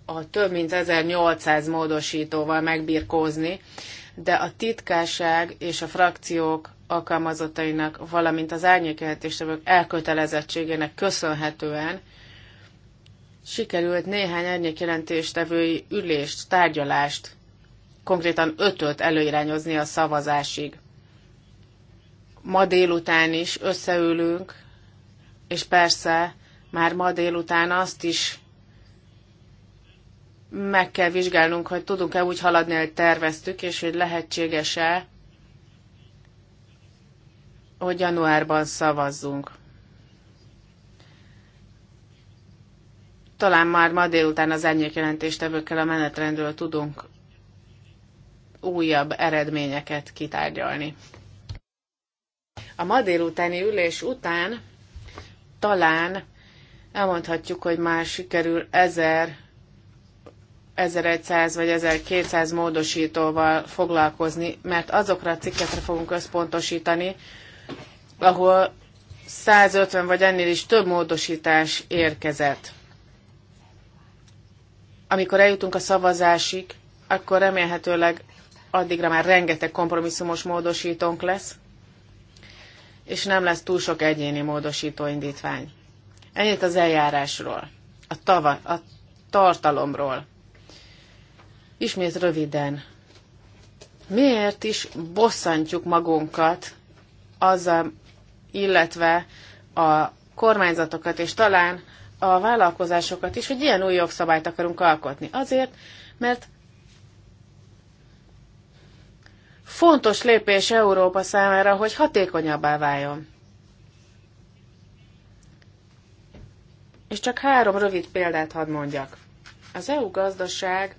a több mint 1800 módosítóval megbirkózni, de a titkárság és a frakciók alkalmazatainak, valamint az árnyékjelentéstevők elkötelezettségének köszönhetően sikerült néhány árnyékjelentéstevői ülést, tárgyalást, konkrétan ötöt előirányozni a szavazásig. Ma délután is összeülünk, és persze már ma délután azt is meg kell vizsgálnunk, hogy tudunk-e úgy haladni, hogy terveztük, és hogy lehetséges-e, hogy januárban szavazzunk. Talán már ma délután az árnyékjelentéstevőkkel a menetrendről tudunk újabb eredményeket kitárgyalni. A ma délutáni ülés után talán elmondhatjuk, hogy már sikerül ezer 1100 vagy 1200 módosítóval foglalkozni, mert azokra a cikketre fogunk összpontosítani, ahol 150 vagy ennél is több módosítás érkezett. Amikor eljutunk a szavazásig, akkor remélhetőleg addigra már rengeteg kompromisszumos módosítónk lesz, és nem lesz túl sok egyéni módosítóindítvány. indítvány. Ennyit az eljárásról, a, tava, a tartalomról. Ismét röviden. Miért is bosszantjuk magunkat azzal, illetve a kormányzatokat és talán a vállalkozásokat is, hogy ilyen új jogszabályt akarunk alkotni? Azért, mert fontos lépés Európa számára, hogy hatékonyabbá váljon. És csak három rövid példát hadd mondjak. Az EU gazdaság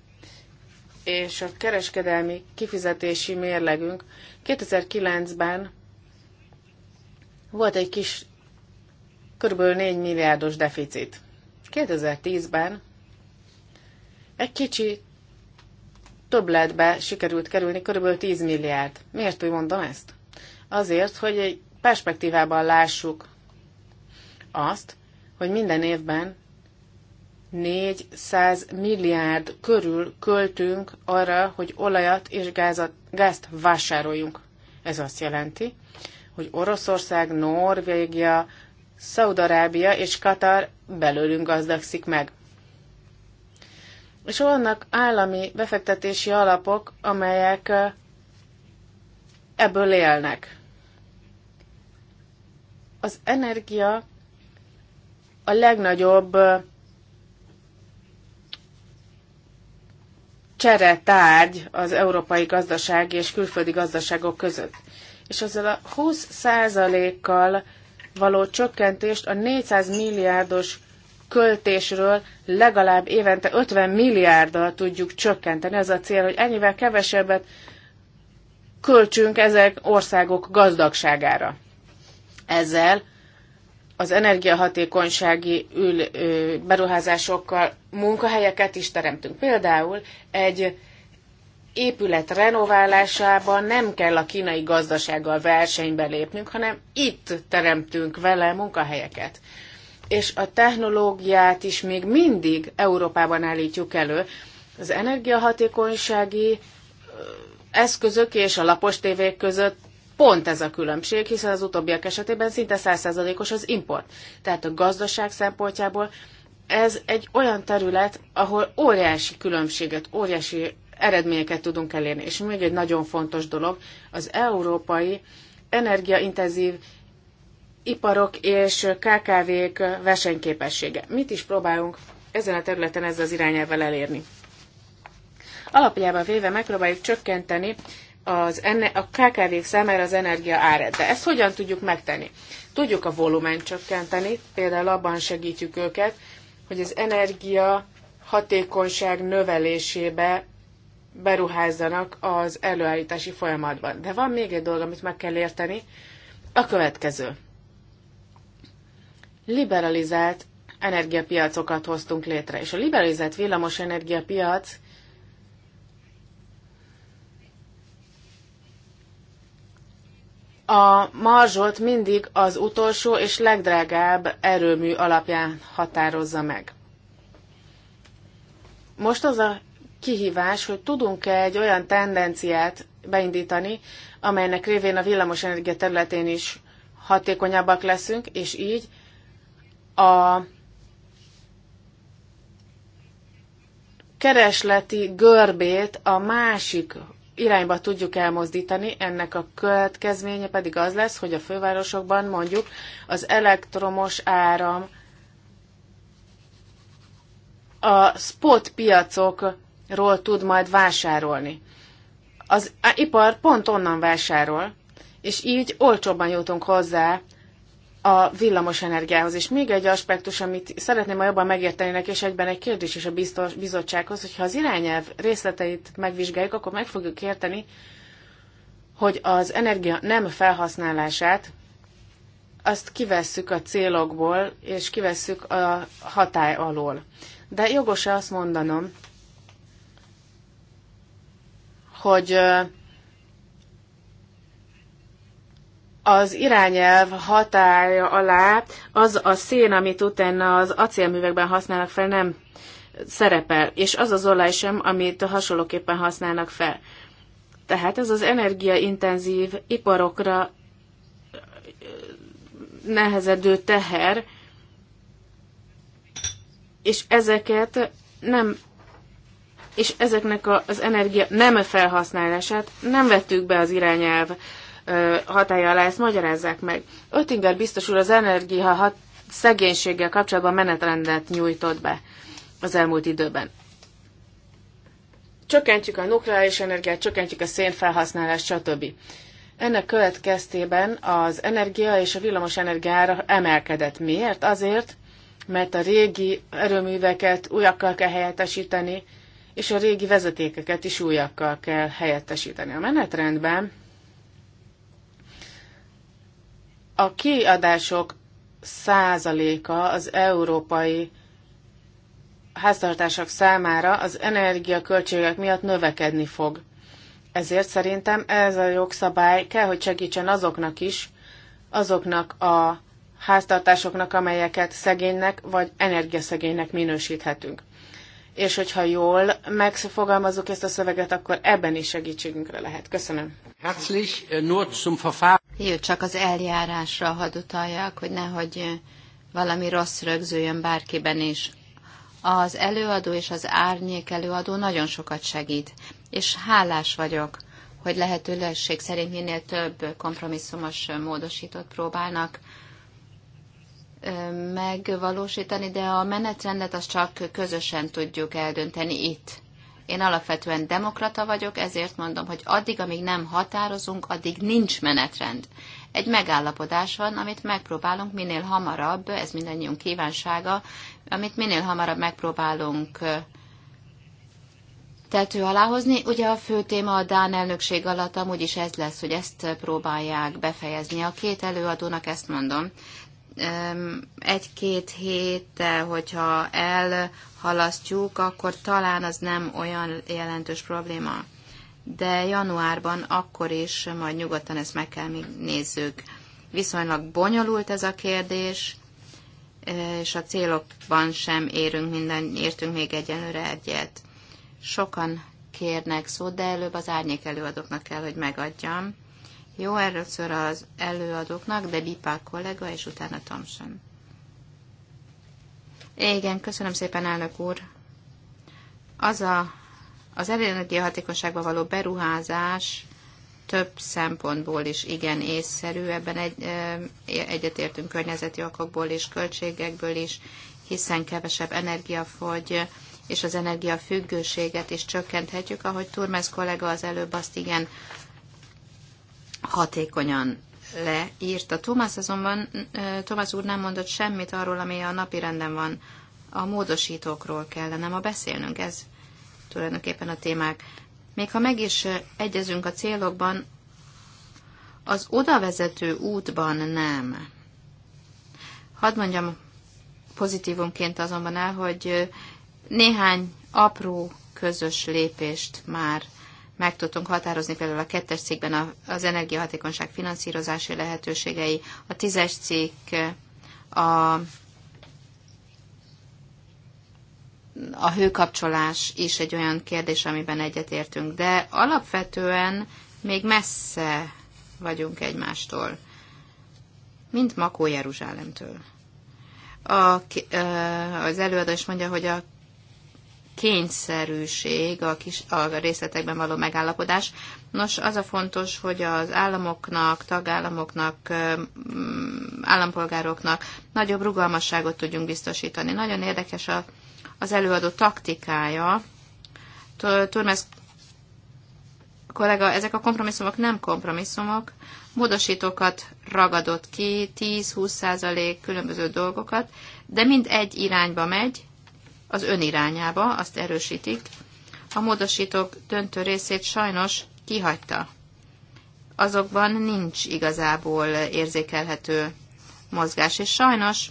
és a kereskedelmi kifizetési mérlegünk 2009-ben volt egy kis kb. 4 milliárdos deficit. 2010-ben egy kicsi többletbe sikerült kerülni kb. 10 milliárd. Miért úgy mondom ezt? Azért, hogy egy perspektívában lássuk azt, hogy minden évben 400 milliárd körül költünk arra, hogy olajat és gázat, gázt vásároljunk. Ez azt jelenti, hogy Oroszország, Norvégia, Szaudarábia és Katar belőlünk gazdagszik meg. És vannak állami befektetési alapok, amelyek ebből élnek. Az energia a legnagyobb csere tárgy az európai gazdaság és külföldi gazdaságok között. És ezzel a 20%-kal való csökkentést a 400 milliárdos költésről legalább évente 50 milliárddal tudjuk csökkenteni. Ez a cél, hogy ennyivel kevesebbet költsünk ezek országok gazdagságára. Ezzel az energiahatékonysági ül, ö, beruházásokkal munkahelyeket is teremtünk. Például egy épület renoválásában nem kell a kínai gazdasággal versenybe lépnünk, hanem itt teremtünk vele munkahelyeket. És a technológiát is még mindig Európában állítjuk elő. Az energiahatékonysági eszközök és a lapos tévék között pont ez a különbség, hiszen az utóbbiak esetében szinte százszázalékos az import. Tehát a gazdaság szempontjából ez egy olyan terület, ahol óriási különbséget, óriási eredményeket tudunk elérni. És még egy nagyon fontos dolog, az európai energiaintenzív iparok és KKV-k versenyképessége. Mit is próbálunk ezen a területen ezzel az irányelvel elérni? Alapjában véve megpróbáljuk csökkenteni az enne, a kkv számára az energia ára, De ezt hogyan tudjuk megtenni? Tudjuk a volumen csökkenteni, például abban segítjük őket, hogy az energia hatékonyság növelésébe beruházzanak az előállítási folyamatban. De van még egy dolog, amit meg kell érteni, a következő. Liberalizált energiapiacokat hoztunk létre, és a liberalizált villamosenergiapiac a marzsot mindig az utolsó és legdrágább erőmű alapján határozza meg. Most az a kihívás, hogy tudunk-e egy olyan tendenciát beindítani, amelynek révén a villamosenergia területén is hatékonyabbak leszünk, és így a keresleti görbét a másik irányba tudjuk elmozdítani, ennek a következménye pedig az lesz, hogy a fővárosokban mondjuk az elektromos áram a spot piacokról tud majd vásárolni. Az ipar pont onnan vásárol, és így olcsóbban jutunk hozzá a villamosenergiához. És még egy aspektus, amit szeretném ma jobban megérteni, és egyben egy kérdés is a biztos, bizottsághoz, hogyha az irányelv részleteit megvizsgáljuk, akkor meg fogjuk érteni, hogy az energia nem felhasználását azt kivesszük a célokból, és kivesszük a hatály alól. De jogos-e azt mondanom, hogy az irányelv hatája alá az a szén, amit utána az acélművekben használnak fel, nem szerepel, és az az olaj sem, amit hasonlóképpen használnak fel. Tehát ez az energiaintenzív iparokra nehezedő teher, és ezeket nem és ezeknek az energia nem felhasználását nem vettük be az irányelv hatája alá, ezt magyarázzák meg. Öttinger biztos úr az energia hat, szegénységgel kapcsolatban menetrendet nyújtott be az elmúlt időben. Csökkentjük a nukleáris energiát, csökkentjük a szénfelhasználást, stb. Ennek következtében az energia és a villamos energiára emelkedett. Miért? Azért, mert a régi erőműveket újakkal kell helyettesíteni, és a régi vezetékeket is újakkal kell helyettesíteni. A menetrendben A kiadások százaléka az európai háztartások számára az energiaköltségek miatt növekedni fog. Ezért szerintem ez a jogszabály kell, hogy segítsen azoknak is, azoknak a háztartásoknak, amelyeket szegénynek vagy energiaszegénynek minősíthetünk és hogyha jól megfogalmazzuk ezt a szöveget, akkor ebben is segítségünkre lehet. Köszönöm. Herzlich, eh, nur zum Verfahren. Jó, csak az eljárásra hadd utaljak, hogy nehogy eh, valami rossz rögzüljön bárkiben is. Az előadó és az árnyék előadó nagyon sokat segít, és hálás vagyok, hogy lehetőség szerint minél több kompromisszumos eh, módosított próbálnak megvalósítani, de a menetrendet azt csak közösen tudjuk eldönteni itt. Én alapvetően demokrata vagyok, ezért mondom, hogy addig, amíg nem határozunk, addig nincs menetrend. Egy megállapodás van, amit megpróbálunk minél hamarabb, ez mindannyiunk kívánsága, amit minél hamarabb megpróbálunk tető alá hozni. Ugye a fő téma a Dán elnökség alatt amúgy is ez lesz, hogy ezt próbálják befejezni. A két előadónak ezt mondom egy-két héttel, hogyha elhalasztjuk, akkor talán az nem olyan jelentős probléma. De januárban akkor is majd nyugodtan ezt meg kell még nézzük. Viszonylag bonyolult ez a kérdés, és a célokban sem érünk minden, értünk még egyenlőre egyet. Sokan kérnek szót, de előbb az árnyék előadóknak kell, hogy megadjam jó, először az előadóknak, de Bipá kollega, és utána Thompson. Igen, köszönöm szépen, elnök úr. Az a, az energiahatékonyságba való beruházás több szempontból is igen észszerű, ebben egy, egyetértünk környezeti okokból és költségekből is, hiszen kevesebb energia fogy, és az energiafüggőséget is csökkenthetjük, ahogy Turmes kollega az előbb azt igen hatékonyan leírta. Thomas azonban, Thomas úr nem mondott semmit arról, ami a napi renden van. A módosítókról kellene ma beszélnünk, ez tulajdonképpen a témák. Még ha meg is egyezünk a célokban, az odavezető útban nem. Hadd mondjam pozitívumként azonban el, hogy néhány apró közös lépést már meg tudtunk határozni például a kettes cikkben az energiahatékonyság finanszírozási lehetőségei, a tízes cikk a, a hőkapcsolás is egy olyan kérdés, amiben egyetértünk, de alapvetően még messze vagyunk egymástól, mint Makó Jeruzsálemtől. A, az előadó is mondja, hogy a kényszerűség a, kis, a részletekben való megállapodás. Nos, az a fontos, hogy az államoknak, tagállamoknak, mm, állampolgároknak nagyobb rugalmasságot tudjunk biztosítani. Nagyon érdekes a, az előadó taktikája. Turmes kollega, ezek a kompromisszumok nem kompromisszumok, módosítókat ragadott ki, 10-20 százalék különböző dolgokat, de mind egy irányba megy, az ön irányába, azt erősítik, a módosítók döntő részét sajnos kihagyta. Azokban nincs igazából érzékelhető mozgás, és sajnos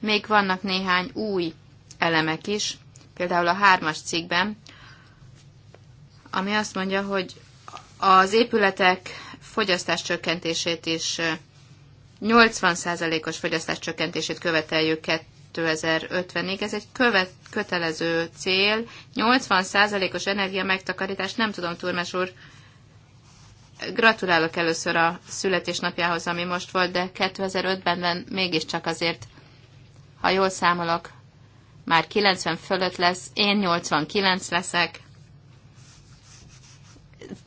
még vannak néhány új elemek is, például a hármas cikkben, ami azt mondja, hogy az épületek fogyasztás csökkentését is 80%-os fogyasztás csökkentését követeljük 2050-ig. Ez egy követ, kötelező cél. 80%-os energia megtakarítás, nem tudom, Turmes úr, gratulálok először a születésnapjához, ami most volt, de 2005-ben mégiscsak azért, ha jól számolok, már 90 fölött lesz, én 89 leszek.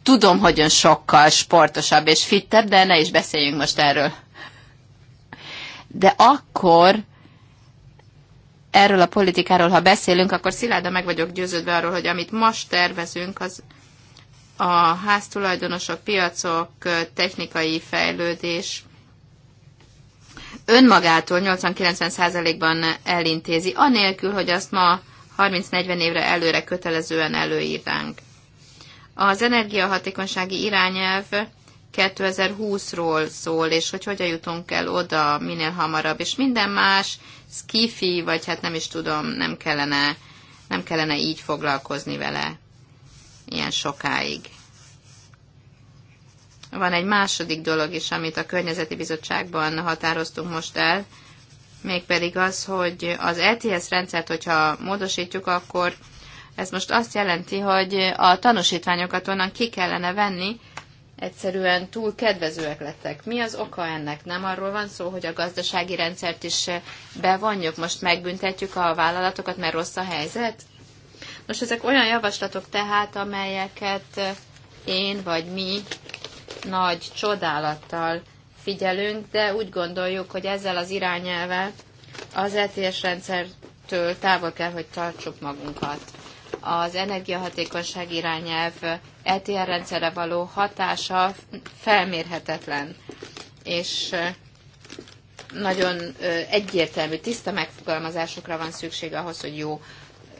Tudom, hogy ön sokkal sportosabb és fittebb, de ne is beszéljünk most erről. De akkor erről a politikáról, ha beszélünk, akkor szilárdan meg vagyok győződve arról, hogy amit most tervezünk, az a háztulajdonosok, piacok, technikai fejlődés önmagától 80-90%-ban elintézi, anélkül, hogy azt ma 30-40 évre előre kötelezően előírnánk. Az energiahatékonysági irányelv 2020-ról szól, és hogy hogyan jutunk el oda minél hamarabb, és minden más skifi, vagy hát nem is tudom, nem kellene, nem kellene így foglalkozni vele ilyen sokáig. Van egy második dolog is, amit a Környezeti Bizottságban határoztunk most el, mégpedig az, hogy az ETS rendszert, hogyha módosítjuk, akkor ez most azt jelenti, hogy a tanúsítványokat onnan ki kellene venni, egyszerűen túl kedvezőek lettek. Mi az oka ennek? Nem arról van szó, hogy a gazdasági rendszert is bevonjuk, most megbüntetjük a vállalatokat, mert rossz a helyzet? Most ezek olyan javaslatok tehát, amelyeket én vagy mi nagy csodálattal figyelünk, de úgy gondoljuk, hogy ezzel az irányelvel az ETS rendszertől távol kell, hogy tartsuk magunkat. Az energiahatékonyság irányelv ETR rendszerre való hatása felmérhetetlen, és nagyon egyértelmű, tiszta megfogalmazásokra van szükség ahhoz, hogy jó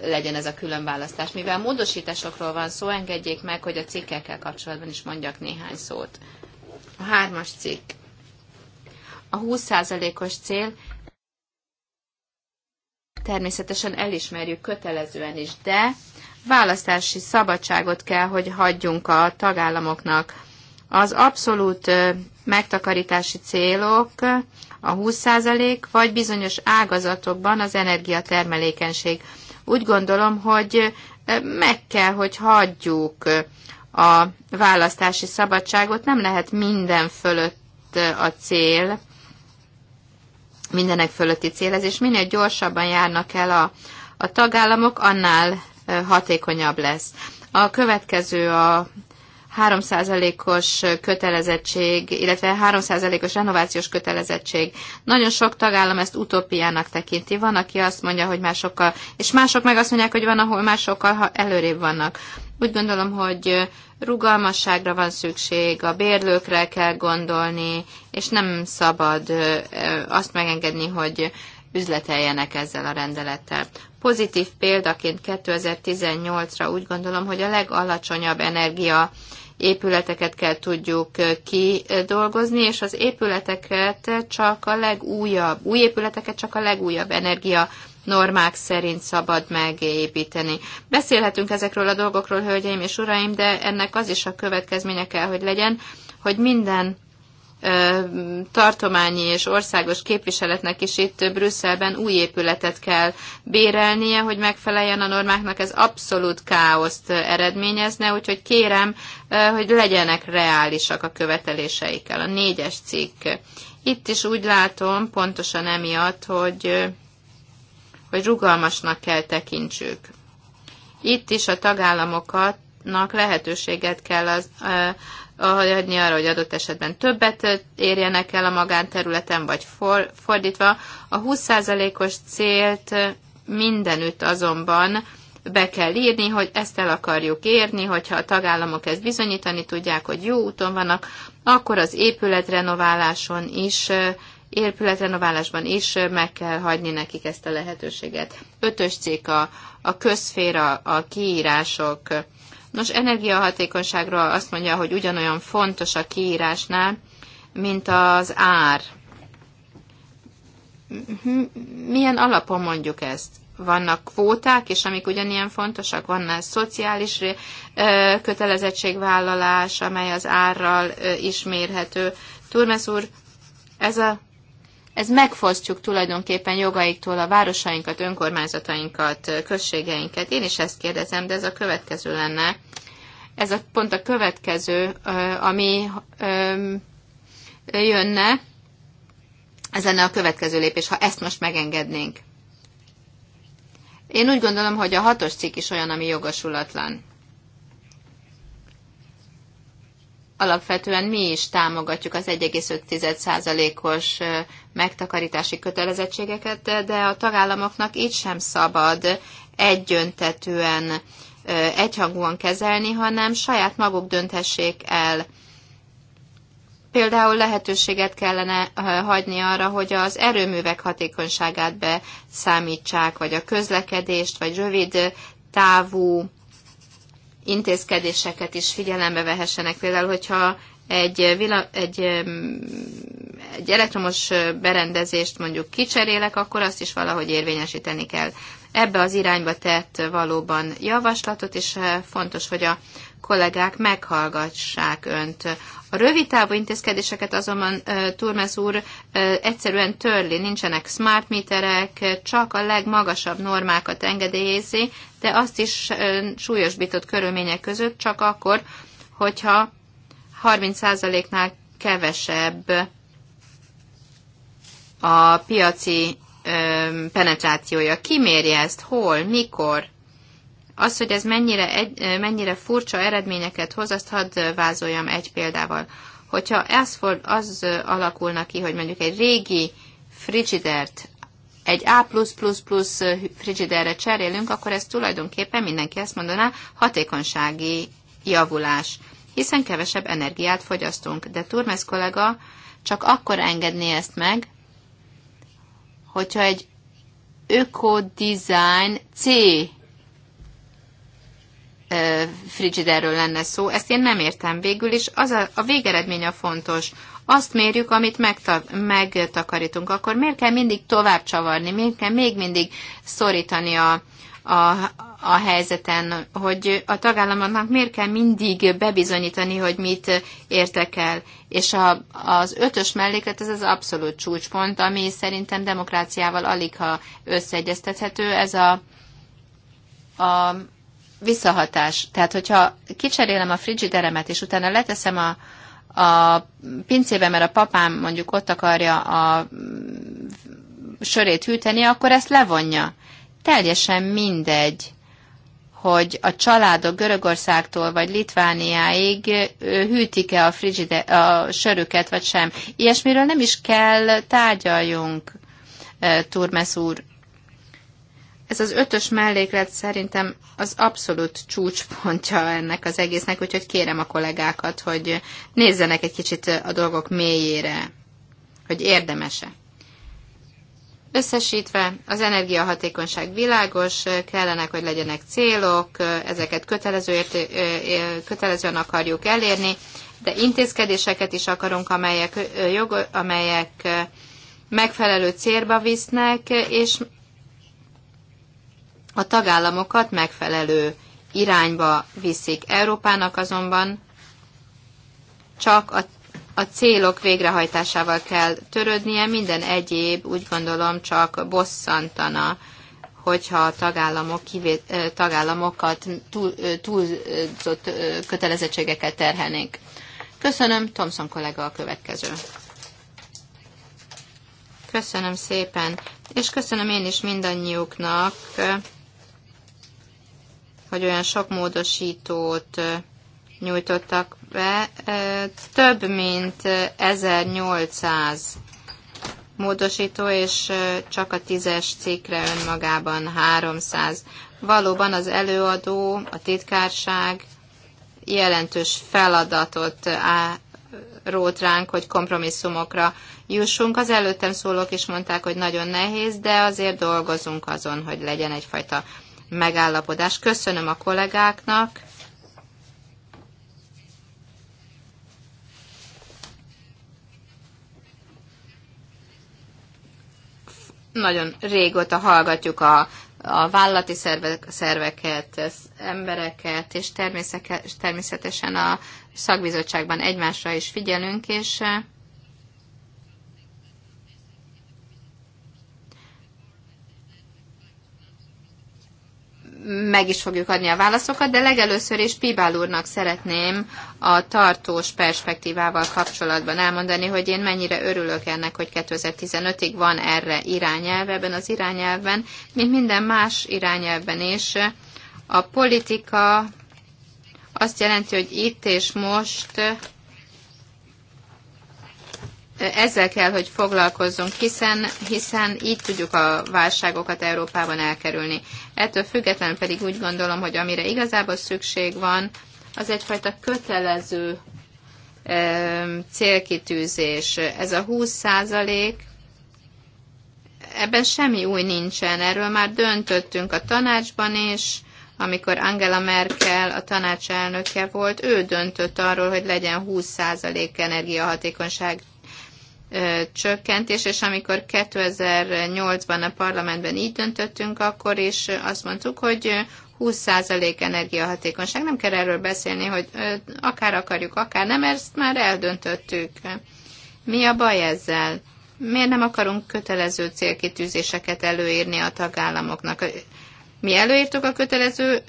legyen ez a különválasztás. Mivel módosításokról van szó, engedjék meg, hogy a cikkekkel kapcsolatban is mondjak néhány szót. A hármas cikk. A 20%-os cél természetesen elismerjük kötelezően is, de választási szabadságot kell, hogy hagyjunk a tagállamoknak. Az abszolút megtakarítási célok a 20% vagy bizonyos ágazatokban az energiatermelékenység. Úgy gondolom, hogy meg kell, hogy hagyjuk a választási szabadságot. Nem lehet minden fölött a cél, mindenek fölötti cél ez, és minél gyorsabban járnak el a, a tagállamok, annál hatékonyabb lesz. A következő a 3%-os kötelezettség, illetve 3%-os renovációs kötelezettség. Nagyon sok tagállam ezt utópiának tekinti. Van, aki azt mondja, hogy már sokkal, és mások meg azt mondják, hogy van, ahol már sokkal előrébb vannak. Úgy gondolom, hogy rugalmasságra van szükség, a bérlőkre kell gondolni, és nem szabad azt megengedni, hogy üzleteljenek ezzel a rendelettel. Pozitív példaként 2018-ra úgy gondolom, hogy a legalacsonyabb energia épületeket kell tudjuk kidolgozni, és az épületeket csak a legújabb, új épületeket csak a legújabb energia normák szerint szabad megépíteni. Beszélhetünk ezekről a dolgokról, hölgyeim és uraim, de ennek az is a következménye kell, hogy legyen, hogy minden tartományi és országos képviseletnek is itt Brüsszelben új épületet kell bérelnie, hogy megfeleljen a normáknak, ez abszolút káoszt eredményezne, úgyhogy kérem, hogy legyenek reálisak a követeléseikkel. A négyes cikk. Itt is úgy látom, pontosan emiatt, hogy, hogy rugalmasnak kell tekintsük. Itt is a tagállamokat nak lehetőséget kell az, adni arra, hogy adott esetben többet érjenek el a magánterületen, vagy for, fordítva. A 20%-os célt mindenütt azonban be kell írni, hogy ezt el akarjuk érni, hogyha a tagállamok ezt bizonyítani tudják, hogy jó úton vannak, akkor az épületrenováláson is, épületrenoválásban is meg kell hagyni nekik ezt a lehetőséget. Ötös cég a, a közféra, a kiírások Nos, energiahatékonyságra azt mondja, hogy ugyanolyan fontos a kiírásnál, mint az ár. Milyen alapon mondjuk ezt? Vannak kvóták, és amik ugyanilyen fontosak, van a szociális kötelezettségvállalás, amely az árral ismérhető. Turmes úr, ez a ez megfosztjuk tulajdonképpen jogaiktól a városainkat, önkormányzatainkat, községeinket. Én is ezt kérdezem, de ez a következő lenne. Ez a, pont a következő, ami jönne, ez lenne a következő lépés, ha ezt most megengednénk. Én úgy gondolom, hogy a hatos cikk is olyan, ami jogosulatlan. alapvetően mi is támogatjuk az 1,5%-os megtakarítási kötelezettségeket, de a tagállamoknak így sem szabad egyöntetően, egyhangúan kezelni, hanem saját maguk dönthessék el. Például lehetőséget kellene hagyni arra, hogy az erőművek hatékonyságát beszámítsák, vagy a közlekedést, vagy rövid távú intézkedéseket is figyelembe vehessenek. Például, hogyha egy, vila, egy, egy elektromos berendezést mondjuk kicserélek, akkor azt is valahogy érvényesíteni kell. Ebbe az irányba tett valóban javaslatot, és eh, fontos, hogy a kollégák meghallgassák önt. A rövid távú intézkedéseket azonban Turmes úr egyszerűen törli, nincsenek smart meterek, csak a legmagasabb normákat engedélyezi, de azt is súlyosbított körülmények között csak akkor, hogyha 30%-nál kevesebb a piaci penetrációja. Ki méri ezt? Hol? Mikor? Az, hogy ez mennyire, egy, mennyire furcsa eredményeket hoz, azt hadd vázoljam egy példával. Hogyha ez for, az alakulna ki, hogy mondjuk egy régi frigidert egy A++ frigiderre cserélünk, akkor ez tulajdonképpen mindenki ezt mondaná hatékonysági javulás, hiszen kevesebb energiát fogyasztunk. De Turmes kollega csak akkor engedné ezt meg, hogyha egy öko design C frigiderről lenne szó, ezt én nem értem végül is. Az a, a végeredmény a fontos. Azt mérjük, amit megta- megtakarítunk, akkor miért kell mindig tovább csavarni, miért kell még mindig szorítani a, a, a helyzeten, hogy a tagállamoknak miért kell mindig bebizonyítani, hogy mit értek el. És a, az ötös melléklet, ez az abszolút csúcspont, ami szerintem demokráciával alig ha összeegyeztethető, ez a, a visszahatás. Tehát, hogyha kicserélem a frigideremet, és utána leteszem a, a pincébe, mert a papám mondjuk ott akarja a sörét hűteni, akkor ezt levonja. Teljesen mindegy, hogy a családok Görögországtól vagy Litvániáig hűtik-e a, frigide, a sörüket, vagy sem. Ilyesmiről nem is kell tárgyaljunk, Turmes úr ez az ötös melléklet szerintem az abszolút csúcspontja ennek az egésznek, úgyhogy kérem a kollégákat, hogy nézzenek egy kicsit a dolgok mélyére, hogy érdemese. Összesítve, az energiahatékonyság világos, kellenek, hogy legyenek célok, ezeket kötelező érté, kötelezően akarjuk elérni, de intézkedéseket is akarunk, amelyek, jog, amelyek megfelelő célba visznek, és a tagállamokat megfelelő irányba viszik. Európának azonban csak a, a célok végrehajtásával kell törődnie, minden egyéb úgy gondolom csak bosszantana, hogyha a tagállamok kivét, tagállamokat túl, túlzott kötelezettségeket terhelnénk. Köszönöm, Thomson kollega a következő. Köszönöm szépen, és köszönöm én is mindannyiuknak, hogy olyan sok módosítót nyújtottak be. Több mint 1800 módosító, és csak a tízes cikkre önmagában 300. Valóban az előadó, a titkárság jelentős feladatot rót ránk, hogy kompromisszumokra jussunk. Az előttem szólók is mondták, hogy nagyon nehéz, de azért dolgozunk azon, hogy legyen egyfajta megállapodás. Köszönöm a kollégáknak. Nagyon régóta hallgatjuk a, a vállalati szervek, szerveket, embereket, és természetesen a szakbizottságban egymásra is figyelünk, és meg is fogjuk adni a válaszokat, de legelőször is Pibál úrnak szeretném a tartós perspektívával kapcsolatban elmondani, hogy én mennyire örülök ennek, hogy 2015-ig van erre irányelve ebben az irányelven, mint minden más irányelvben is. A politika azt jelenti, hogy itt és most ezzel kell, hogy foglalkozzunk, hiszen, hiszen így tudjuk a válságokat Európában elkerülni. Ettől függetlenül pedig úgy gondolom, hogy amire igazából szükség van, az egyfajta kötelező célkitűzés. Ez a 20 százalék, ebben semmi új nincsen. Erről már döntöttünk a tanácsban is, amikor Angela Merkel a tanácselnöke volt, ő döntött arról, hogy legyen 20% energiahatékonyság csökkentés, és amikor 2008-ban a parlamentben így döntöttünk, akkor is azt mondtuk, hogy 20% energiahatékonyság. Nem kell erről beszélni, hogy akár akarjuk, akár nem, ezt már eldöntöttük. Mi a baj ezzel? Miért nem akarunk kötelező célkitűzéseket előírni a tagállamoknak? Mi előírtuk a kötelező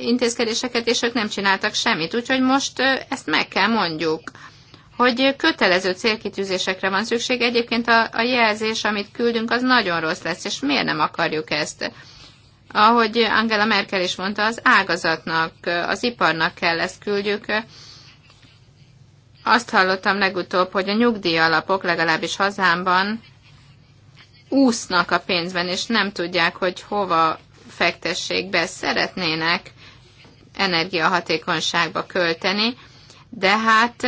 intézkedéseket, és ők nem csináltak semmit. Úgyhogy most ezt meg kell mondjuk hogy kötelező célkitűzésekre van szükség. Egyébként a, a jelzés, amit küldünk, az nagyon rossz lesz, és miért nem akarjuk ezt? Ahogy Angela Merkel is mondta, az ágazatnak, az iparnak kell ezt küldjük. Azt hallottam legutóbb, hogy a nyugdíjalapok legalábbis hazámban úsznak a pénzben, és nem tudják, hogy hova fektessék be. Szeretnének energiahatékonyságba költeni, de hát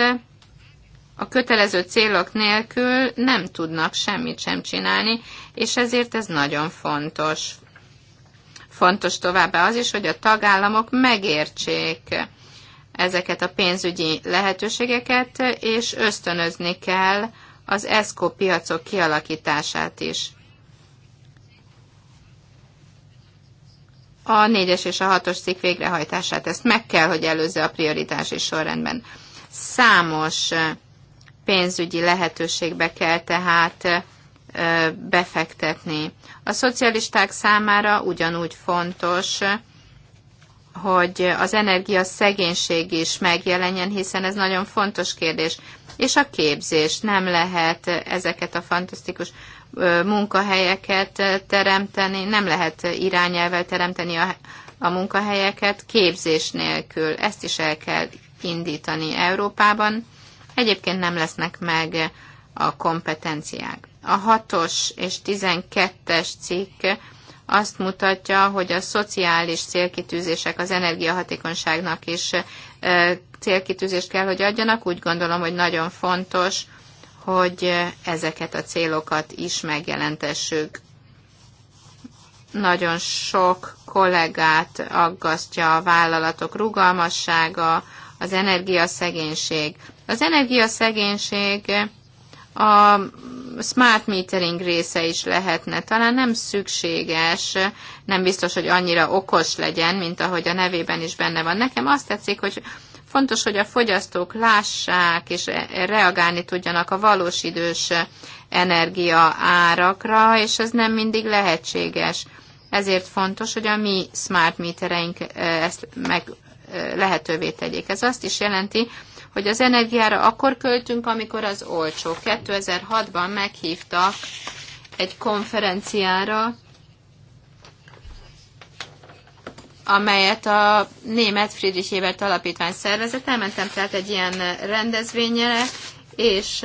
a kötelező célok nélkül nem tudnak semmit sem csinálni, és ezért ez nagyon fontos. Fontos továbbá az is, hogy a tagállamok megértsék ezeket a pénzügyi lehetőségeket, és ösztönözni kell az ESCO piacok kialakítását is. A 4-es és a 6-os cikk végrehajtását ezt meg kell, hogy előzze a prioritási sorrendben. Számos pénzügyi lehetőségbe kell tehát befektetni. A szocialisták számára ugyanúgy fontos, hogy az energia szegénység is megjelenjen, hiszen ez nagyon fontos kérdés. És a képzés nem lehet ezeket a fantasztikus munkahelyeket teremteni, nem lehet irányelvel teremteni a, a munkahelyeket képzés nélkül. Ezt is el kell indítani Európában Egyébként nem lesznek meg a kompetenciák. A 6-os és 12-es cikk azt mutatja, hogy a szociális célkitűzések az energiahatékonyságnak is célkitűzést kell, hogy adjanak. Úgy gondolom, hogy nagyon fontos, hogy ezeket a célokat is megjelentessük. Nagyon sok kollégát aggasztja a vállalatok rugalmassága, az energiaszegénység. Az energiaszegénység a smart metering része is lehetne. Talán nem szükséges, nem biztos, hogy annyira okos legyen, mint ahogy a nevében is benne van. Nekem azt tetszik, hogy fontos, hogy a fogyasztók lássák és e- reagálni tudjanak a valós idős energia árakra, és ez nem mindig lehetséges. Ezért fontos, hogy a mi smart metereink e- ezt meg e- lehetővé tegyék. Ez azt is jelenti, hogy az energiára akkor költünk, amikor az olcsó. 2006-ban meghívtak egy konferenciára, amelyet a német Friedrich Ebert alapítvány szervezett. Elmentem tehát egy ilyen rendezvényre, és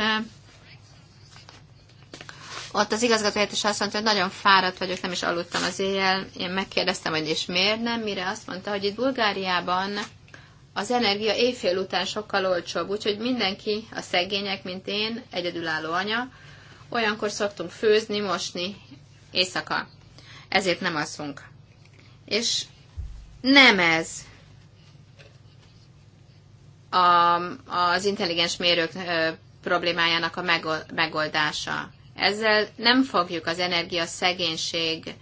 ott az igazgató is azt mondta, hogy nagyon fáradt vagyok, nem is aludtam az éjjel. Én megkérdeztem, hogy és miért nem, mire azt mondta, hogy itt Bulgáriában az energia éjfél után sokkal olcsóbb, úgyhogy mindenki, a szegények, mint én, egyedülálló anya, olyankor szoktunk főzni, mosni éjszaka. Ezért nem alszunk. És nem ez a, az intelligens mérők problémájának a megoldása. Ezzel nem fogjuk az energia szegénység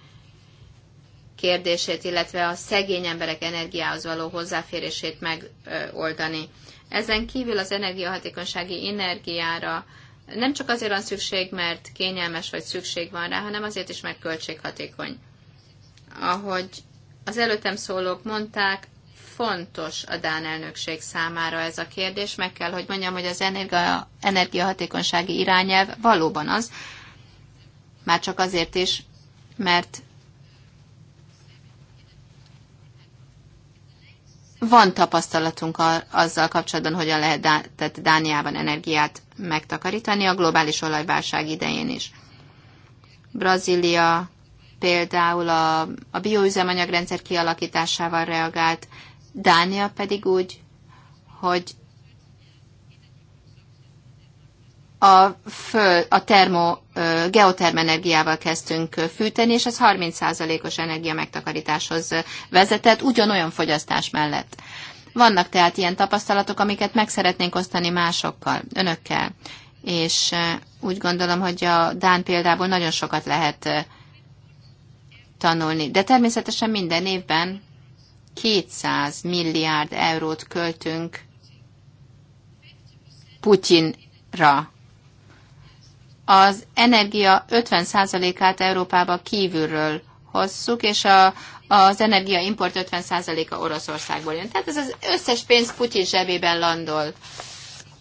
kérdését, illetve a szegény emberek energiához való hozzáférését megoldani. Ezen kívül az energiahatékonysági energiára nem csak azért van szükség, mert kényelmes vagy szükség van rá, hanem azért is, mert költséghatékony. Ahogy az előttem szólók mondták, fontos a Dán elnökség számára ez a kérdés. Meg kell, hogy mondjam, hogy az energia, energiahatékonysági irányelv valóban az, már csak azért is, mert Van tapasztalatunk a, azzal kapcsolatban, hogyan lehet Dá- tehát Dániában energiát megtakarítani a globális olajválság idején is. Brazília például a, a bioüzemanyagrendszer kialakításával reagált, Dánia pedig úgy, hogy a, föl, a termo, energiával kezdtünk fűteni, és ez 30%-os energia megtakarításhoz vezetett, ugyanolyan fogyasztás mellett. Vannak tehát ilyen tapasztalatok, amiket meg szeretnénk osztani másokkal, önökkel, és úgy gondolom, hogy a Dán példából nagyon sokat lehet tanulni. De természetesen minden évben 200 milliárd eurót költünk Putyinra az energia 50%-át Európába kívülről hozzuk, és a, az energia import 50%-a Oroszországból jön. Tehát ez az összes pénz Putyin zsebében landol.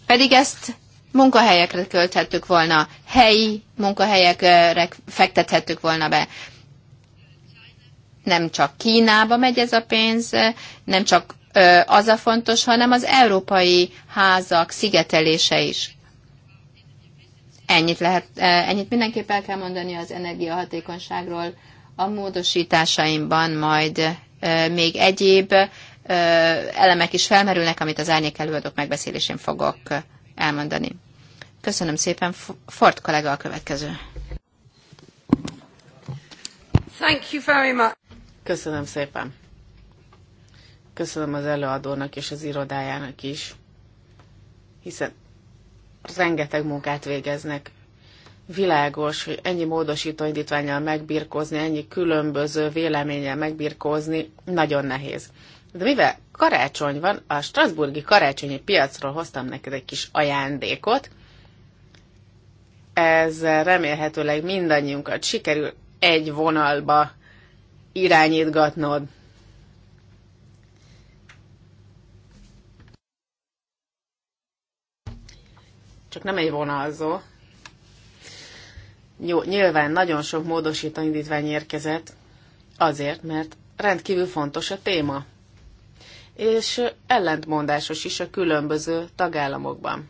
Pedig ezt munkahelyekre költhettük volna, helyi munkahelyekre fektethettük volna be. Nem csak Kínába megy ez a pénz, nem csak az a fontos, hanem az európai házak szigetelése is. Ennyit, lehet, e, ennyit mindenképp el kell mondani az energiahatékonyságról. A módosításaimban majd e, még egyéb e, elemek is felmerülnek, amit az árnyék előadók megbeszélésén fogok elmondani. Köszönöm szépen. Ford kollega a következő. Thank you very much. Köszönöm szépen. Köszönöm az előadónak és az irodájának is, hiszen rengeteg munkát végeznek. Világos, hogy ennyi módosító indítványjal megbirkózni, ennyi különböző véleménnyel megbirkózni nagyon nehéz. De mivel karácsony van, a Strasburgi karácsonyi piacról hoztam neked egy kis ajándékot. Ez remélhetőleg mindannyiunkat sikerül egy vonalba irányítgatnod. csak nem egy vonalzó. Jó, nyilván nagyon sok módosító indítvány érkezett, azért, mert rendkívül fontos a téma, és ellentmondásos is a különböző tagállamokban.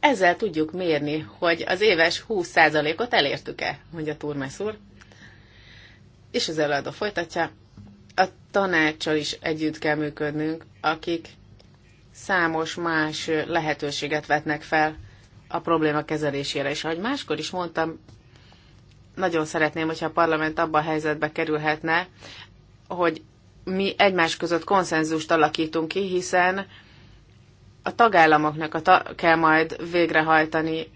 Ezzel tudjuk mérni, hogy az éves 20%-ot elértük-e, mondja Turmes úr. És az előadó folytatja, a tanácssal is együtt kell működnünk, akik számos más lehetőséget vetnek fel a probléma kezelésére. És ahogy máskor is mondtam, nagyon szeretném, hogyha a parlament abban a helyzetbe kerülhetne, hogy mi egymás között konszenzust alakítunk ki, hiszen a tagállamoknak a ta- kell majd végrehajtani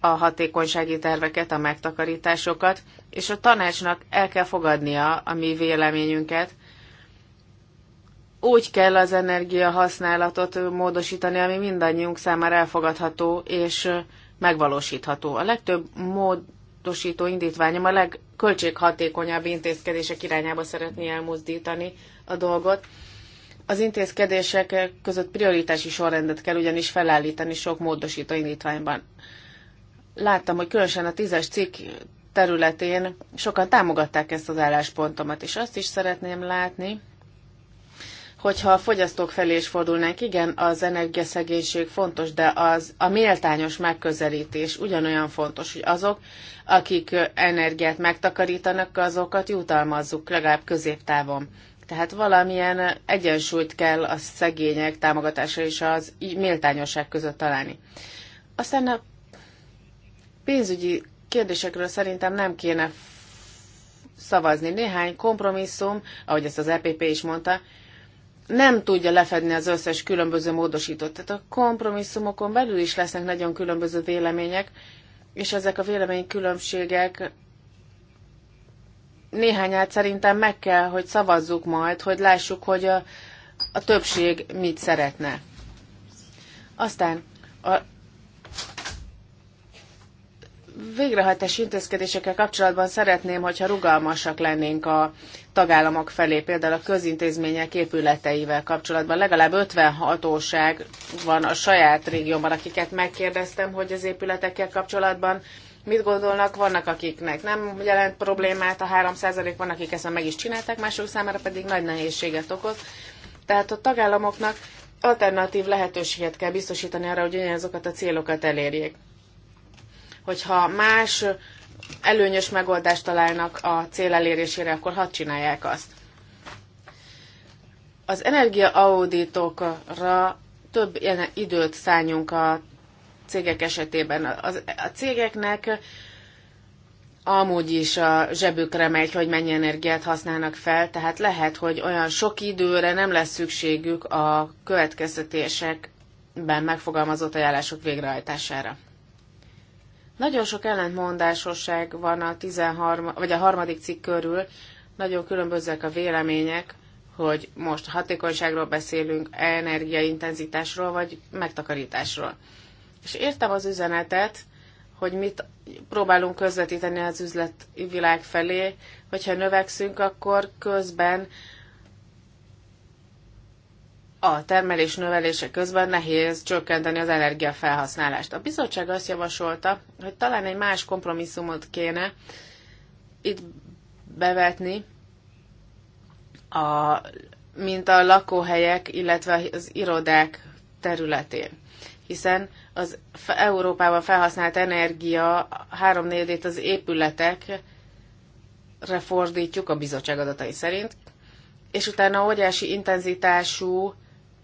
a hatékonysági terveket, a megtakarításokat, és a tanácsnak el kell fogadnia a mi véleményünket, úgy kell az energiahasználatot módosítani, ami mindannyiunk számára elfogadható és megvalósítható. A legtöbb módosító indítványom a legköltséghatékonyabb intézkedések irányába szeretné elmozdítani a dolgot. Az intézkedések között prioritási sorrendet kell ugyanis felállítani sok módosító indítványban. Láttam, hogy különösen a tízes cikk területén sokan támogatták ezt az álláspontomat, és azt is szeretném látni, hogyha a fogyasztók felé is fordulnánk, igen, az energiaszegénység fontos, de az a méltányos megközelítés ugyanolyan fontos, hogy azok, akik energiát megtakarítanak, azokat jutalmazzuk legalább középtávon. Tehát valamilyen egyensúlyt kell a szegények támogatása és az méltányosság között találni. Aztán a pénzügyi kérdésekről szerintem nem kéne szavazni. Néhány kompromisszum, ahogy ezt az EPP is mondta, nem tudja lefedni az összes különböző módosítót. Tehát a kompromisszumokon belül is lesznek nagyon különböző vélemények, és ezek a véleménykülönbségek néhányát szerintem meg kell, hogy szavazzuk majd, hogy lássuk, hogy a, a többség mit szeretne. Aztán a végrehajtási intézkedésekkel kapcsolatban szeretném, hogyha rugalmasak lennénk a tagállamok felé, például a közintézmények épületeivel kapcsolatban. Legalább 50 hatóság van a saját régióban, akiket megkérdeztem, hogy az épületekkel kapcsolatban mit gondolnak, vannak akiknek nem jelent problémát, a 3% van, akik ezt meg is csinálták, mások számára pedig nagy nehézséget okoz. Tehát a tagállamoknak alternatív lehetőséget kell biztosítani arra, hogy ugyanazokat a célokat elérjék. Hogyha más előnyös megoldást találnak a cél elérésére, akkor hadd csinálják azt. Az energiaauditokra több időt szálljunk a cégek esetében. Az, a cégeknek amúgy is a zsebükre megy, hogy mennyi energiát használnak fel, tehát lehet, hogy olyan sok időre nem lesz szükségük a következtetésekben megfogalmazott ajánlások végrehajtására. Nagyon sok ellentmondásosság van a 13, vagy a harmadik cikk körül, nagyon különbözőek a vélemények, hogy most hatékonyságról beszélünk, energiaintenzitásról, vagy megtakarításról. És értem az üzenetet, hogy mit próbálunk közvetíteni az üzletvilág felé, hogyha növekszünk, akkor közben a termelés növelése közben nehéz csökkenteni az energiafelhasználást. A bizottság azt javasolta, hogy talán egy más kompromisszumot kéne itt bevetni, a, mint a lakóhelyek, illetve az irodák területén. Hiszen az Európában felhasznált energia háromnegyedét az épületekre fordítjuk a bizottság adatai szerint, és utána óriási intenzitású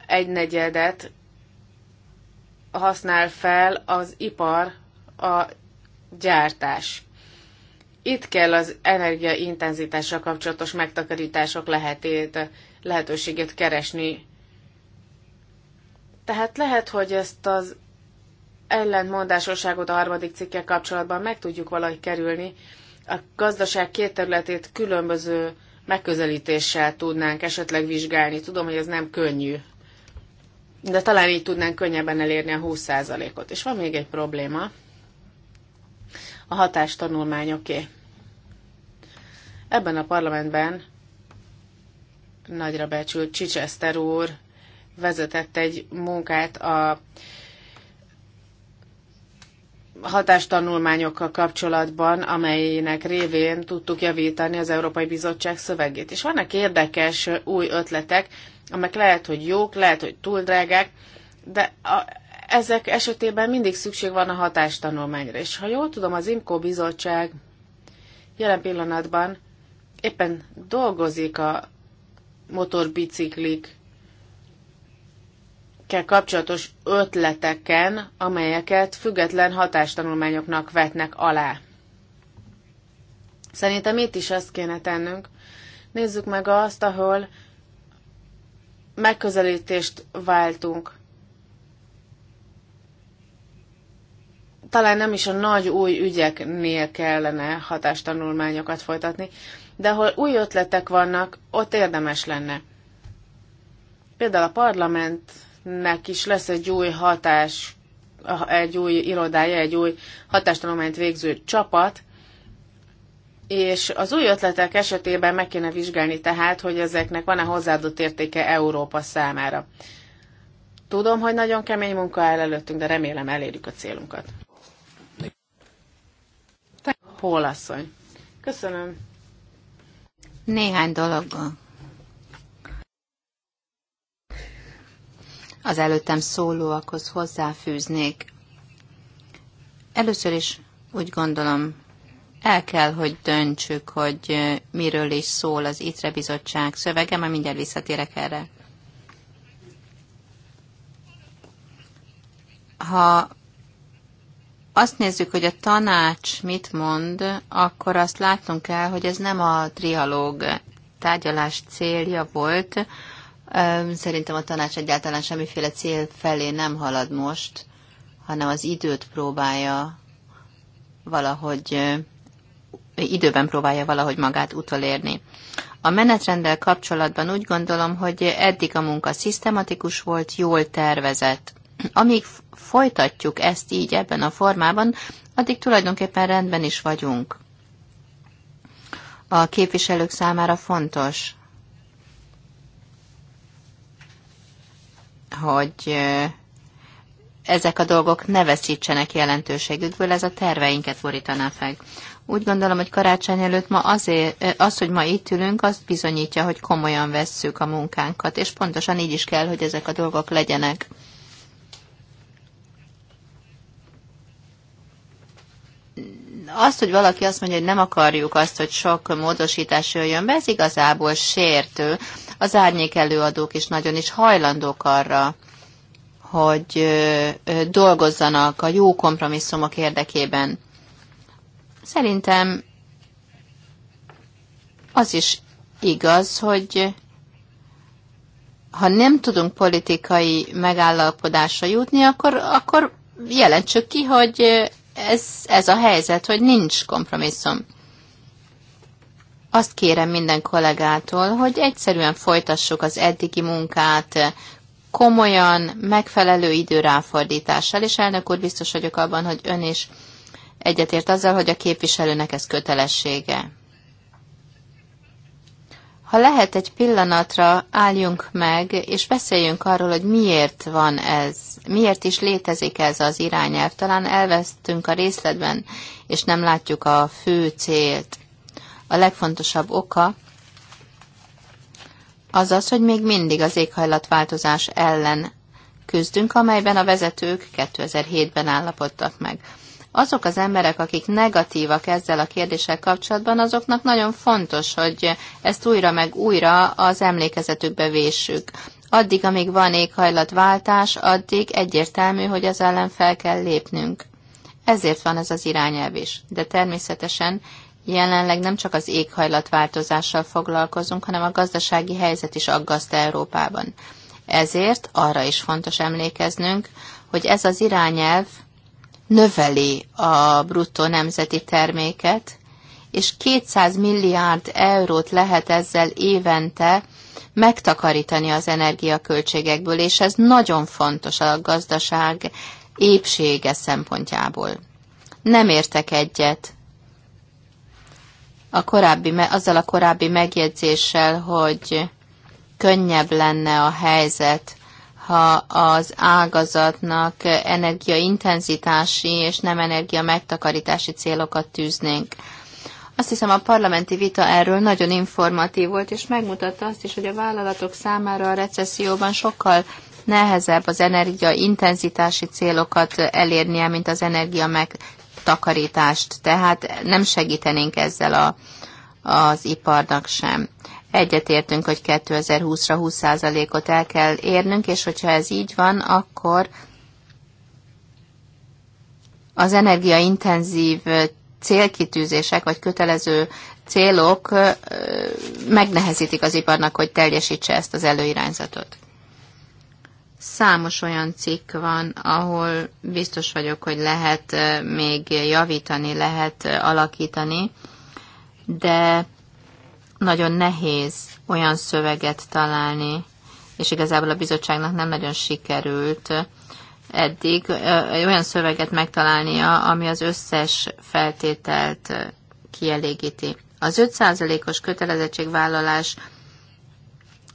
egynegyedet használ fel az ipar, a gyártás. Itt kell az energiaintenzitással kapcsolatos megtakarítások lehetét, lehetőségét keresni. Tehát lehet, hogy ezt az ellentmondásosságot a harmadik cikkel kapcsolatban meg tudjuk valahogy kerülni. A gazdaság két területét különböző megközelítéssel tudnánk esetleg vizsgálni. Tudom, hogy ez nem könnyű de talán így tudnánk könnyebben elérni a 20%-ot. És van még egy probléma, a hatástanulmányoké. Ebben a parlamentben nagyra becsült Csicseszter úr vezetett egy munkát a hatástanulmányokkal kapcsolatban, amelynek révén tudtuk javítani az Európai Bizottság szövegét. És vannak érdekes új ötletek, amelyek lehet, hogy jók, lehet, hogy túl drágák, de a, ezek esetében mindig szükség van a hatástanulmányra. És ha jól tudom, az IMCO bizottság jelen pillanatban éppen dolgozik a motorbiciklik kapcsolatos ötleteken, amelyeket független hatástanulmányoknak vetnek alá. Szerintem itt is ezt kéne tennünk. Nézzük meg azt, ahol megközelítést váltunk. Talán nem is a nagy új ügyeknél kellene hatástanulmányokat folytatni, de ahol új ötletek vannak, ott érdemes lenne. Például a parlamentnek is lesz egy új hatás, egy új irodája, egy új hatástanulmányt végző csapat, és az új ötletek esetében meg kéne vizsgálni tehát, hogy ezeknek van-e hozzáadott értéke Európa számára. Tudom, hogy nagyon kemény munka áll előttünk, de remélem elérjük a célunkat. Hol asszony? Köszönöm. Néhány dolog. Az előttem szólóakhoz hozzáfűznék. Először is úgy gondolom, el kell, hogy döntsük, hogy miről is szól az ITRE bizottság szövege, majd mindjárt visszatérek erre. Ha azt nézzük, hogy a tanács mit mond, akkor azt látnunk kell, hogy ez nem a trialóg tárgyalás célja volt. Szerintem a tanács egyáltalán semmiféle cél felé nem halad most, hanem az időt próbálja valahogy időben próbálja valahogy magát utolérni. A menetrenddel kapcsolatban úgy gondolom, hogy eddig a munka szisztematikus volt, jól tervezett. Amíg folytatjuk ezt így ebben a formában, addig tulajdonképpen rendben is vagyunk. A képviselők számára fontos, hogy ezek a dolgok ne veszítsenek jelentőségükből, ez a terveinket borítaná fel. Úgy gondolom, hogy karácsony előtt ma azért, az, hogy ma itt ülünk, azt bizonyítja, hogy komolyan vesszük a munkánkat, és pontosan így is kell, hogy ezek a dolgok legyenek. azt, hogy valaki azt mondja, hogy nem akarjuk azt, hogy sok módosítás jöjjön be, ez igazából sértő. Az árnyék előadók is nagyon is hajlandók arra, hogy dolgozzanak a jó kompromisszumok érdekében. Szerintem az is igaz, hogy ha nem tudunk politikai megállapodásra jutni, akkor, akkor jelentsük ki, hogy ez, ez a helyzet, hogy nincs kompromisszum. Azt kérem minden kollégától, hogy egyszerűen folytassuk az eddigi munkát komolyan, megfelelő időráfordítással, és elnök úr, biztos vagyok abban, hogy ön is Egyetért azzal, hogy a képviselőnek ez kötelessége. Ha lehet egy pillanatra, álljunk meg, és beszéljünk arról, hogy miért van ez, miért is létezik ez az irányelv. Talán elvesztünk a részletben, és nem látjuk a fő célt. A legfontosabb oka az az, hogy még mindig az éghajlatváltozás ellen küzdünk, amelyben a vezetők 2007-ben állapodtak meg azok az emberek, akik negatívak ezzel a kérdéssel kapcsolatban, azoknak nagyon fontos, hogy ezt újra meg újra az emlékezetükbe véssük. Addig, amíg van éghajlatváltás, addig egyértelmű, hogy az ellen fel kell lépnünk. Ezért van ez az irányelv is. De természetesen jelenleg nem csak az éghajlatváltozással foglalkozunk, hanem a gazdasági helyzet is aggaszt Európában. Ezért arra is fontos emlékeznünk, hogy ez az irányelv növeli a bruttó nemzeti terméket, és 200 milliárd eurót lehet ezzel évente megtakarítani az energiaköltségekből, és ez nagyon fontos a gazdaság épsége szempontjából. Nem értek egyet a korábbi, azzal a korábbi megjegyzéssel, hogy könnyebb lenne a helyzet ha az ágazatnak energiaintenzitási és nem energia megtakarítási célokat tűznénk. Azt hiszem a parlamenti vita erről nagyon informatív volt, és megmutatta azt is, hogy a vállalatok számára a recesszióban sokkal nehezebb az energiaintenzitási célokat elérnie, mint az energia megtakarítást. Tehát nem segítenénk ezzel a, az iparnak sem. Egyetértünk, hogy 2020-ra 20%-ot el kell érnünk, és hogyha ez így van, akkor az energiaintenzív célkitűzések vagy kötelező célok megnehezítik az iparnak, hogy teljesítse ezt az előirányzatot. Számos olyan cikk van, ahol biztos vagyok, hogy lehet még javítani, lehet alakítani, de nagyon nehéz olyan szöveget találni, és igazából a bizottságnak nem nagyon sikerült eddig olyan szöveget megtalálnia, ami az összes feltételt kielégíti. Az 5%-os kötelezettségvállalás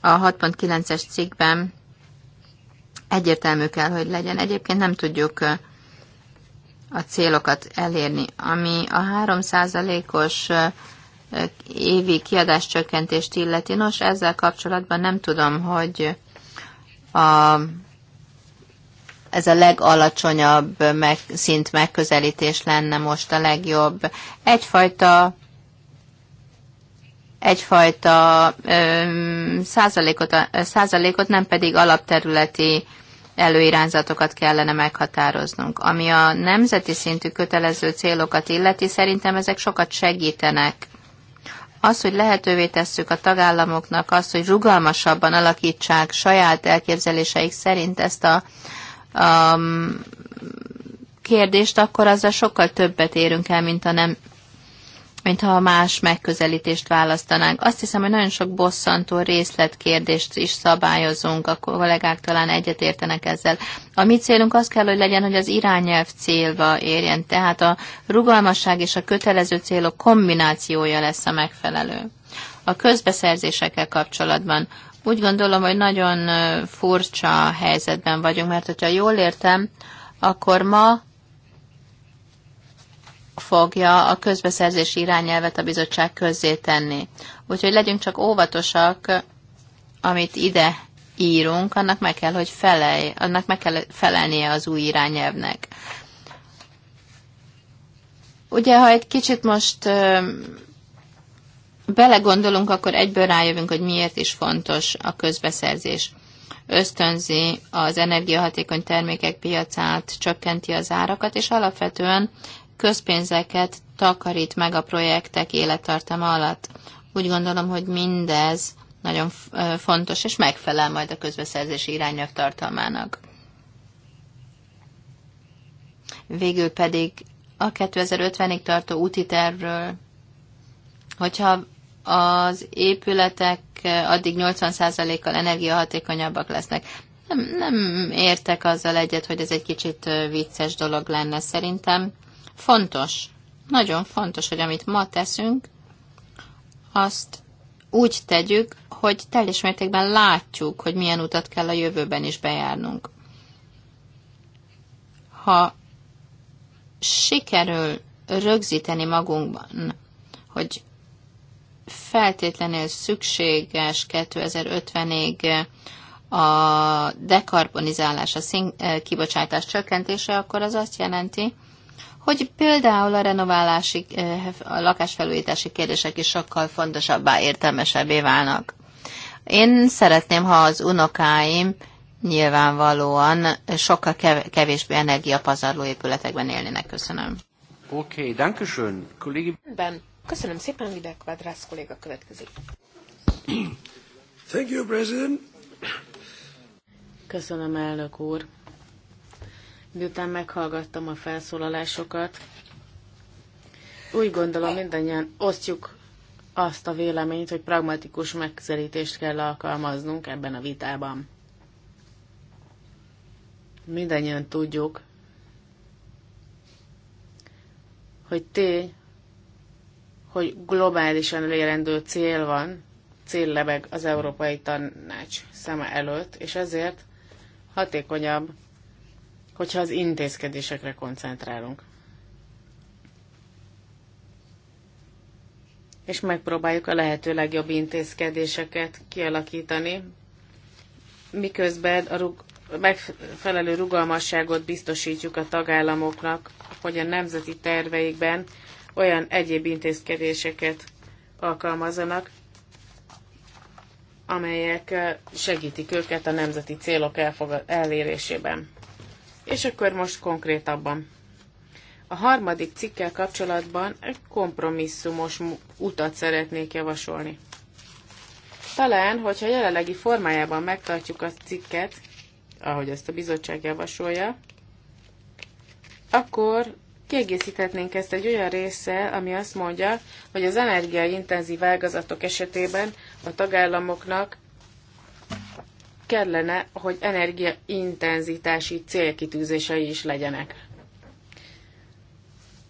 a 6.9-es cikkben egyértelmű kell, hogy legyen. Egyébként nem tudjuk a célokat elérni. Ami a 3%-os évi kiadáscsökkentést illeti. Nos, ezzel kapcsolatban nem tudom, hogy a, ez a legalacsonyabb meg, szint megközelítés lenne most a legjobb. Egyfajta egyfajta ö, százalékot, ö, százalékot, nem pedig alapterületi előirányzatokat kellene meghatároznunk. Ami a nemzeti szintű kötelező célokat illeti, szerintem ezek sokat segítenek az, hogy lehetővé tesszük a tagállamoknak azt, hogy rugalmasabban alakítsák saját elképzeléseik szerint ezt a, a mm, kérdést, akkor azzal sokkal többet érünk el, mint a nem mintha más megközelítést választanánk. Azt hiszem, hogy nagyon sok bosszantó részletkérdést is szabályozunk, a kollégák talán egyetértenek ezzel. A mi célunk az kell, hogy legyen, hogy az irányelv célba érjen, tehát a rugalmasság és a kötelező célok kombinációja lesz a megfelelő. A közbeszerzésekkel kapcsolatban úgy gondolom, hogy nagyon furcsa helyzetben vagyunk, mert hogyha jól értem, akkor ma fogja a közbeszerzési irányelvet a bizottság tenni. Úgyhogy legyünk csak óvatosak, amit ide írunk, annak meg kell, hogy felelj, annak meg kell felelnie az új irányelvnek. Ugye, ha egy kicsit most belegondolunk, akkor egyből rájövünk, hogy miért is fontos a közbeszerzés. Ösztönzi az energiahatékony termékek piacát, csökkenti az árakat, és alapvetően közpénzeket takarít meg a projektek élettartama alatt. Úgy gondolom, hogy mindez nagyon fontos, és megfelel majd a közbeszerzési irányelv tartalmának. Végül pedig a 2050-ig tartó úti tervről, hogyha az épületek addig 80%-kal energiahatékonyabbak lesznek. Nem, nem értek azzal egyet, hogy ez egy kicsit vicces dolog lenne szerintem. Fontos, nagyon fontos, hogy amit ma teszünk, azt úgy tegyük, hogy teljes mértékben látjuk, hogy milyen utat kell a jövőben is bejárnunk. Ha sikerül rögzíteni magunkban, hogy feltétlenül szükséges 2050-ig a dekarbonizálás, a szín, kibocsátás csökkentése, akkor az azt jelenti, hogy például a renoválási, eh, a lakásfelújítási kérdések is sokkal fontosabbá, értelmesebbé válnak. Én szeretném, ha az unokáim nyilvánvalóan sokkal kevésbé energiapazarló épületekben élnének. Köszönöm. Oké, okay, dankeschön, Ben, köszönöm szépen, Vidal Kvadrász kolléga következik. Thank you, President. Köszönöm, elnök úr miután meghallgattam a felszólalásokat, úgy gondolom mindannyian osztjuk azt a véleményt, hogy pragmatikus megközelítést kell alkalmaznunk ebben a vitában. Mindannyian tudjuk, hogy tény, hogy globálisan lérendő cél van, céllebeg az Európai Tanács szeme előtt, és ezért hatékonyabb hogyha az intézkedésekre koncentrálunk. És megpróbáljuk a lehető legjobb intézkedéseket kialakítani, miközben a rug- megfelelő rugalmasságot biztosítjuk a tagállamoknak, hogy a nemzeti terveikben olyan egyéb intézkedéseket alkalmazanak, amelyek eh, segítik őket a nemzeti célok elérésében. És akkor most konkrétabban. A harmadik cikkel kapcsolatban egy kompromisszumos utat szeretnék javasolni. Talán, hogyha jelenlegi formájában megtartjuk a cikket, ahogy ezt a bizottság javasolja, akkor kiegészíthetnénk ezt egy olyan résszel, ami azt mondja, hogy az energiaintenzív ágazatok esetében a tagállamoknak kellene, hogy energiaintenzitási célkitűzései is legyenek.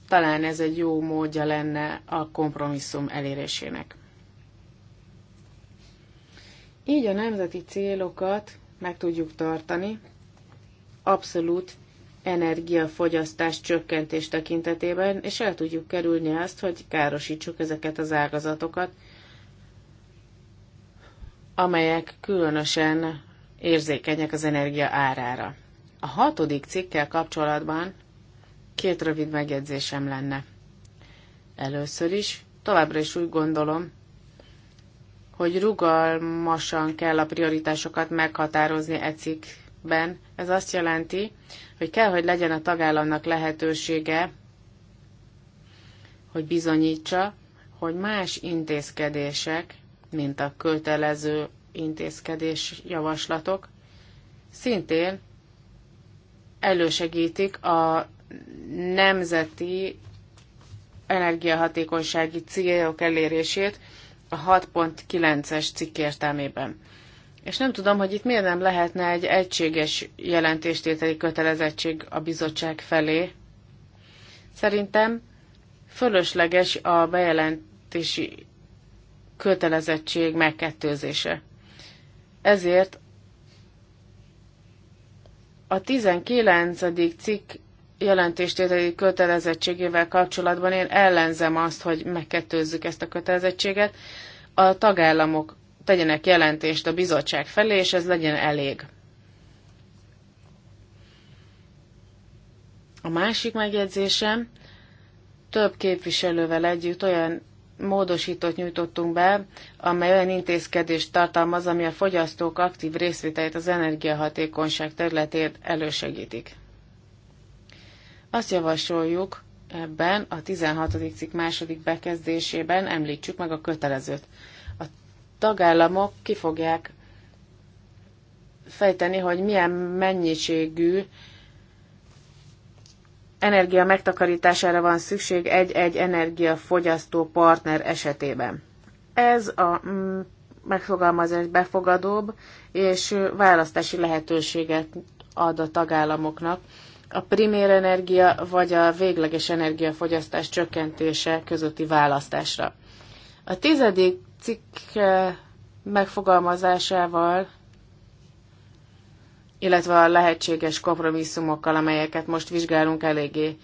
Talán ez egy jó módja lenne a kompromisszum elérésének. Így a nemzeti célokat meg tudjuk tartani, abszolút energiafogyasztás csökkentés tekintetében, és el tudjuk kerülni azt, hogy károsítsuk ezeket az ágazatokat, amelyek különösen érzékenyek az energia árára. A hatodik cikkkel kapcsolatban két rövid megjegyzésem lenne. Először is, továbbra is úgy gondolom, hogy rugalmasan kell a prioritásokat meghatározni e cikkben. Ez azt jelenti, hogy kell, hogy legyen a tagállamnak lehetősége, hogy bizonyítsa, hogy más intézkedések, mint a kötelező intézkedés javaslatok szintén elősegítik a nemzeti energiahatékonysági célok elérését a 6.9-es cikk értelmében. És nem tudom, hogy itt miért nem lehetne egy egységes jelentéstételi kötelezettség a bizottság felé. Szerintem fölösleges a bejelentési kötelezettség megkettőzése. Ezért a 19. cikk jelentéstételi kötelezettségével kapcsolatban én ellenzem azt, hogy megkettőzzük ezt a kötelezettséget. A tagállamok tegyenek jelentést a bizottság felé, és ez legyen elég. A másik megjegyzésem, több képviselővel együtt olyan módosítót nyújtottunk be, amely olyan intézkedést tartalmaz, ami a fogyasztók aktív részvételét az energiahatékonyság területét elősegítik. Azt javasoljuk, ebben a 16. cikk második bekezdésében említsük meg a kötelezőt. A tagállamok ki fogják fejteni, hogy milyen mennyiségű energia megtakarítására van szükség egy-egy energiafogyasztó partner esetében. Ez a mm, megfogalmazás befogadóbb, és választási lehetőséget ad a tagállamoknak a primér energia vagy a végleges energiafogyasztás csökkentése közötti választásra. A tizedik cikk eh, megfogalmazásával illetve a lehetséges kompromisszumokkal, amelyeket most vizsgálunk, eléggé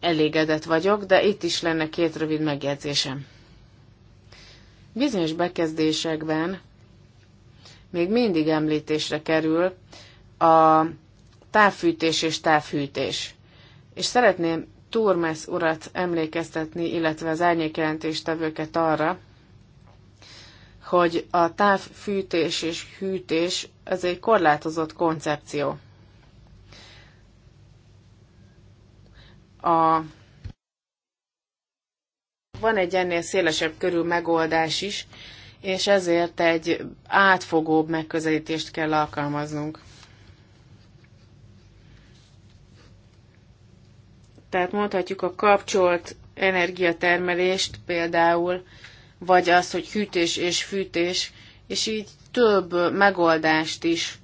elégedett vagyok, de itt is lenne két rövid megjegyzésem. Bizonyos bekezdésekben még mindig említésre kerül a távfűtés és távhűtés. És szeretném Turmes urat emlékeztetni, illetve az árnyékjelentéstevőket arra, hogy a távfűtés és hűtés ez egy korlátozott koncepció. A van egy ennél szélesebb körű megoldás is, és ezért egy átfogóbb megközelítést kell alkalmaznunk. Tehát mondhatjuk a kapcsolt energiatermelést például, vagy az, hogy hűtés és fűtés, és így több megoldást is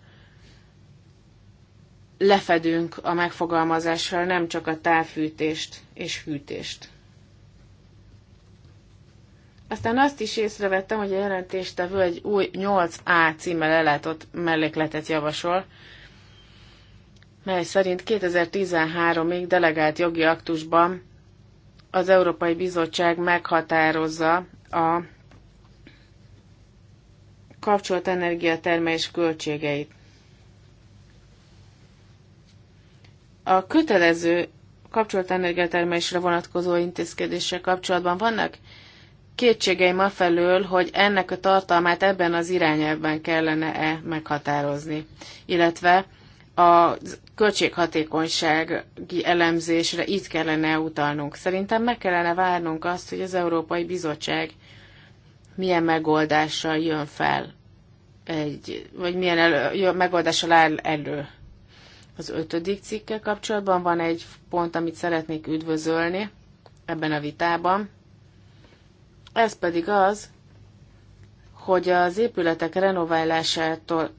lefedünk a megfogalmazással, nem csak a távfűtést és fűtést. Aztán azt is észrevettem, hogy a jelentéstevő egy új 8A címmel ellátott mellékletet javasol, mely szerint 2013-ig delegált jogi aktusban az Európai Bizottság meghatározza a kapcsolt energiatermelés költségeit. A kötelező kapcsolt energiatermelésre vonatkozó intézkedéssel kapcsolatban vannak kétségeim afelől, hogy ennek a tartalmát ebben az irányelvben kellene-e meghatározni, illetve a költséghatékonysági elemzésre itt kellene utalnunk. Szerintem meg kellene várnunk azt, hogy az Európai Bizottság milyen megoldással jön fel egy, vagy milyen elő, megoldással áll elő. Az ötödik cikkel kapcsolatban van egy pont, amit szeretnék üdvözölni ebben a vitában. Ez pedig az, hogy az épületek renoválásától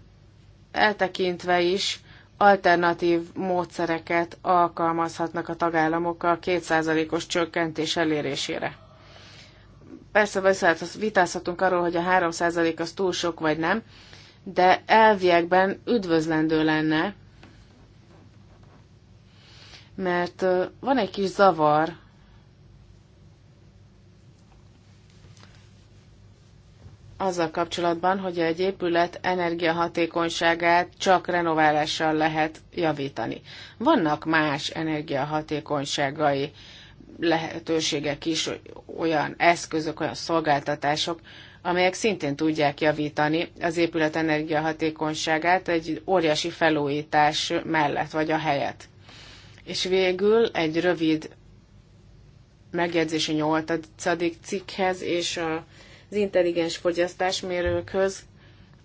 eltekintve is alternatív módszereket alkalmazhatnak a tagállamok a 2%-os csökkentés elérésére persze vitázhatunk arról, hogy a 3% az túl sok vagy nem, de elviekben üdvözlendő lenne, mert van egy kis zavar azzal kapcsolatban, hogy egy épület energiahatékonyságát csak renoválással lehet javítani. Vannak más energiahatékonyságai lehetőségek is, olyan eszközök, olyan szolgáltatások, amelyek szintén tudják javítani az épület energiahatékonyságát egy óriási felújítás mellett vagy a helyet. És végül egy rövid megjegyzés a 8. cikkhez és az intelligens fogyasztásmérőkhöz.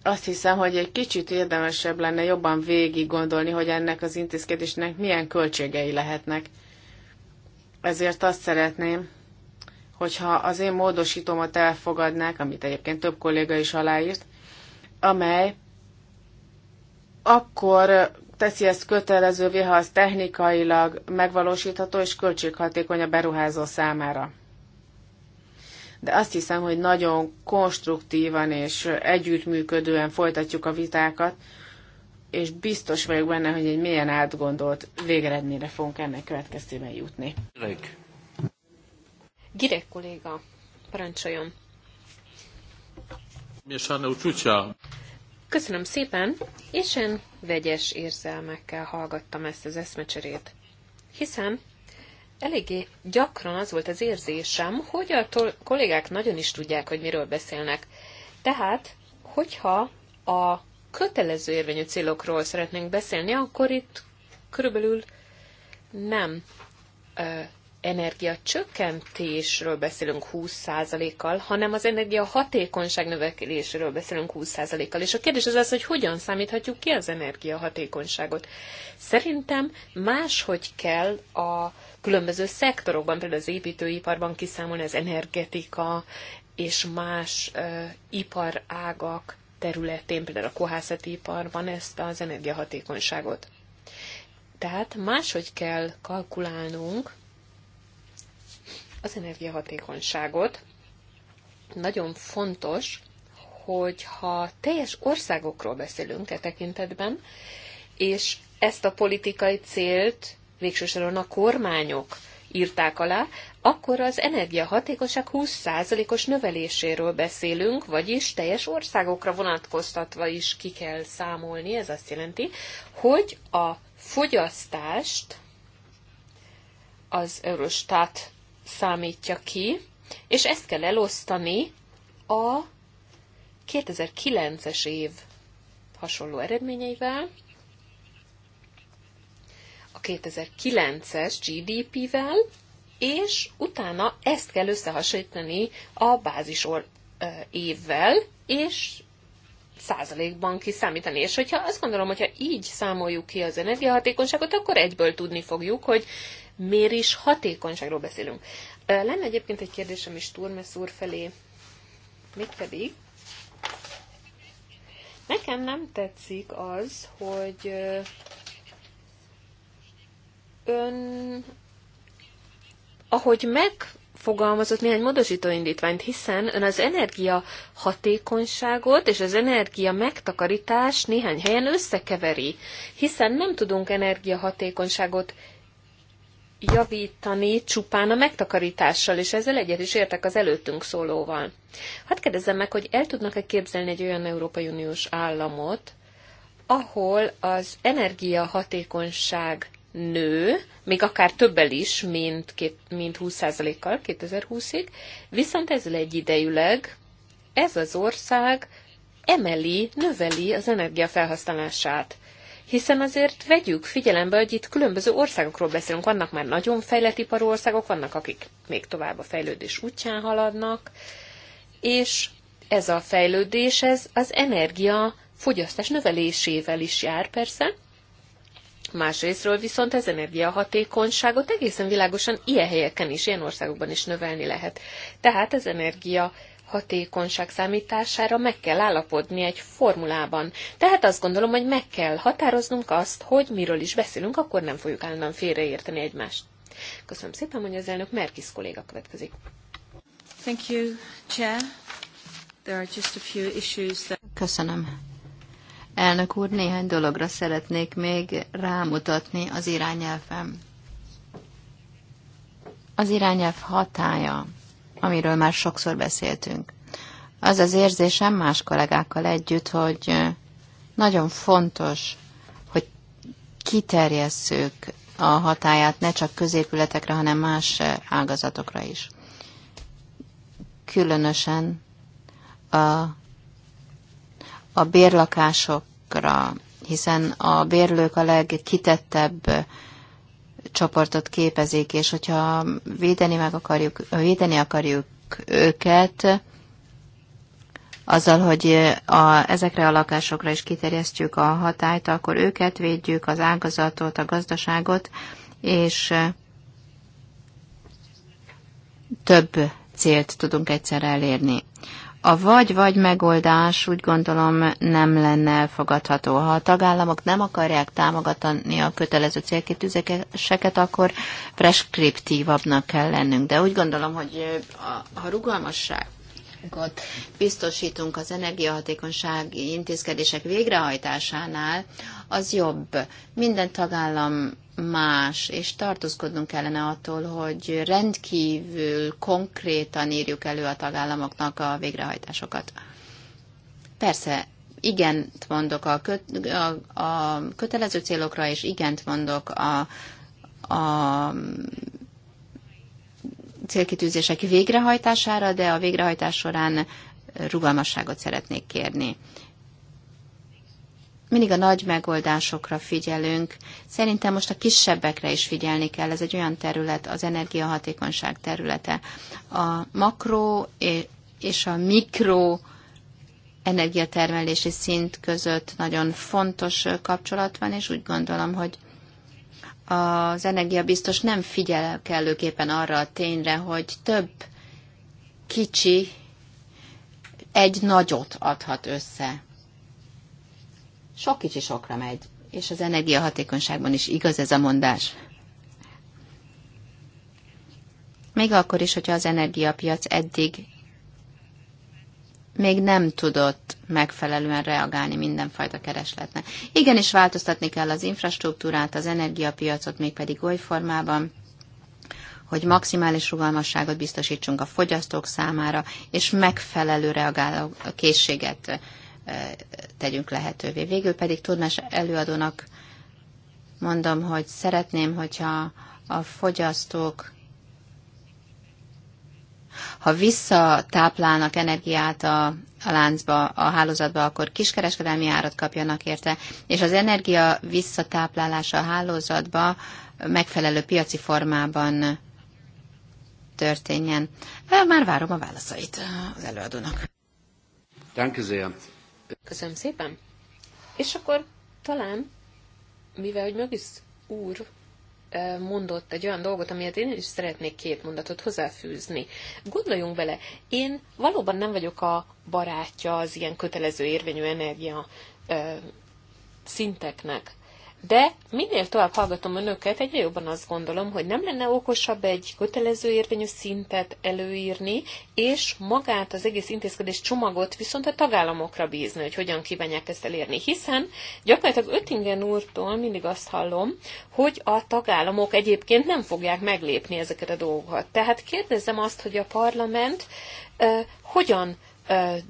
Azt hiszem, hogy egy kicsit érdemesebb lenne jobban végig gondolni, hogy ennek az intézkedésnek milyen költségei lehetnek ezért azt szeretném, hogyha az én módosítómat elfogadnák, amit egyébként több kolléga is aláírt, amely akkor teszi ezt kötelezővé, ha az technikailag megvalósítható és költséghatékony a beruházó számára. De azt hiszem, hogy nagyon konstruktívan és együttműködően folytatjuk a vitákat, és biztos vagyok benne, hogy egy milyen átgondolt végeredményre fogunk ennek következtében jutni. Girek. kolléga, parancsoljon. Köszönöm szépen, és én vegyes érzelmekkel hallgattam ezt az eszmecserét. Hiszen eléggé gyakran az volt az érzésem, hogy a kollégák nagyon is tudják, hogy miről beszélnek. Tehát, hogyha a kötelező érvényű célokról szeretnénk beszélni, akkor itt körülbelül nem energiacsökkentésről beszélünk 20%-kal, hanem az energia hatékonyság növekedéséről beszélünk 20%-kal. És a kérdés az az, hogy hogyan számíthatjuk ki az energia hatékonyságot. Szerintem máshogy kell a különböző szektorokban, például az építőiparban kiszámolni az energetika és más ö, iparágak területén, például a kohászati iparban ezt az energiahatékonyságot. Tehát máshogy kell kalkulálnunk az energiahatékonyságot. Nagyon fontos, hogyha teljes országokról beszélünk e tekintetben, és ezt a politikai célt végsősorban a kormányok írták alá, akkor az energiahatékosság 20%-os növeléséről beszélünk, vagyis teljes országokra vonatkoztatva is ki kell számolni. Ez azt jelenti, hogy a fogyasztást az Eurostat számítja ki, és ezt kell elosztani a 2009-es év hasonló eredményeivel, 2009-es GDP-vel, és utána ezt kell összehasonlítani a bázis évvel, és százalékban kiszámítani. És hogyha azt gondolom, hogyha így számoljuk ki az energiahatékonyságot, akkor egyből tudni fogjuk, hogy miért is hatékonyságról beszélünk. Lenne egyébként egy kérdésem is Turmes úr felé, mégpedig nekem nem tetszik az, hogy ön, ahogy megfogalmazott néhány módosító indítványt, hiszen ön az energia hatékonyságot és az energia megtakarítás néhány helyen összekeveri, hiszen nem tudunk energia hatékonyságot javítani csupán a megtakarítással, és ezzel egyet is értek az előttünk szólóval. Hát kérdezzem meg, hogy el tudnak-e képzelni egy olyan Európai Uniós államot, ahol az energia hatékonyság nő, még akár többel is, mint, két, mint 20%-kal 2020-ig, viszont ezzel egyidejűleg ez az ország emeli, növeli az energiafelhasználását. Hiszen azért vegyük figyelembe, hogy itt különböző országokról beszélünk. Vannak már nagyon fejlett iparú országok, vannak, akik még tovább a fejlődés útján haladnak, és ez a fejlődés, ez az energia fogyasztás növelésével is jár persze, Másrésztről viszont ez energiahatékonyságot egészen világosan ilyen helyeken is, ilyen országokban is növelni lehet. Tehát ez energia hatékonyság számítására meg kell állapodni egy formulában. Tehát azt gondolom, hogy meg kell határoznunk azt, hogy miről is beszélünk, akkor nem fogjuk állandóan félreérteni egymást. Köszönöm szépen, hogy az elnök Merkis kolléga következik. Thank you, Chair. There are just a few issues that... Köszönöm. Elnök úr, néhány dologra szeretnék még rámutatni az irányelvem. Az irányelv hatája, amiről már sokszor beszéltünk. Az az érzésem más kollégákkal együtt, hogy nagyon fontos, hogy kiterjesszük a hatáját ne csak középületekre, hanem más ágazatokra is. Különösen a a bérlakásokra, hiszen a bérlők a legkitettebb csoportot képezik, és hogyha védeni, meg akarjuk, védeni akarjuk őket, azzal, hogy a, ezekre a lakásokra is kiterjesztjük a hatályt, akkor őket védjük, az ágazatot, a gazdaságot, és több célt tudunk egyszer elérni. A vagy-vagy megoldás úgy gondolom nem lenne elfogadható. Ha a tagállamok nem akarják támogatni a kötelező célkitűzéseket, akkor preskriptívabbnak kell lennünk. De úgy gondolom, hogy ha rugalmasság biztosítunk az energiahatékonysági intézkedések végrehajtásánál, az jobb. Minden tagállam más, és tartózkodnunk kellene attól, hogy rendkívül konkrétan írjuk elő a tagállamoknak a végrehajtásokat. Persze, igen mondok a, köt, a, a kötelező célokra, és igent mondok a, a célkitűzések végrehajtására, de a végrehajtás során rugalmasságot szeretnék kérni mindig a nagy megoldásokra figyelünk. Szerintem most a kisebbekre is figyelni kell. Ez egy olyan terület, az energiahatékonyság területe. A makro és a mikro energiatermelési szint között nagyon fontos kapcsolat van, és úgy gondolom, hogy az energia biztos nem figyel kellőképpen arra a tényre, hogy több kicsi egy nagyot adhat össze sok kicsi sokra megy, és az energiahatékonyságban is igaz ez a mondás. Még akkor is, hogyha az energiapiac eddig még nem tudott megfelelően reagálni mindenfajta keresletnek. Igenis változtatni kell az infrastruktúrát, az energiapiacot, mégpedig oly formában, hogy maximális rugalmasságot biztosítsunk a fogyasztók számára, és megfelelő reagáló készséget tegyünk lehetővé. Végül pedig tudnás előadónak mondom, hogy szeretném, hogyha a fogyasztók ha visszatáplálnak energiát a, a láncba, a hálózatba, akkor kiskereskedelmi árat kapjanak érte, és az energia visszatáplálása a hálózatba megfelelő piaci formában történjen. Már várom a válaszait az előadónak. Danke sehr. Köszönöm szépen. És akkor talán, mivel hogy Mögisz úr mondott egy olyan dolgot, amiért én is szeretnék két mondatot hozzáfűzni. Gondoljunk bele, én valóban nem vagyok a barátja az ilyen kötelező érvényű energia szinteknek de minél tovább hallgatom önöket, egyre jobban azt gondolom, hogy nem lenne okosabb egy kötelező érvényű szintet előírni, és magát az egész intézkedés csomagot viszont a tagállamokra bízni, hogy hogyan kívánják ezt elérni. Hiszen gyakorlatilag Öttingen úrtól mindig azt hallom, hogy a tagállamok egyébként nem fogják meglépni ezeket a dolgokat. Tehát kérdezem azt, hogy a parlament uh, hogyan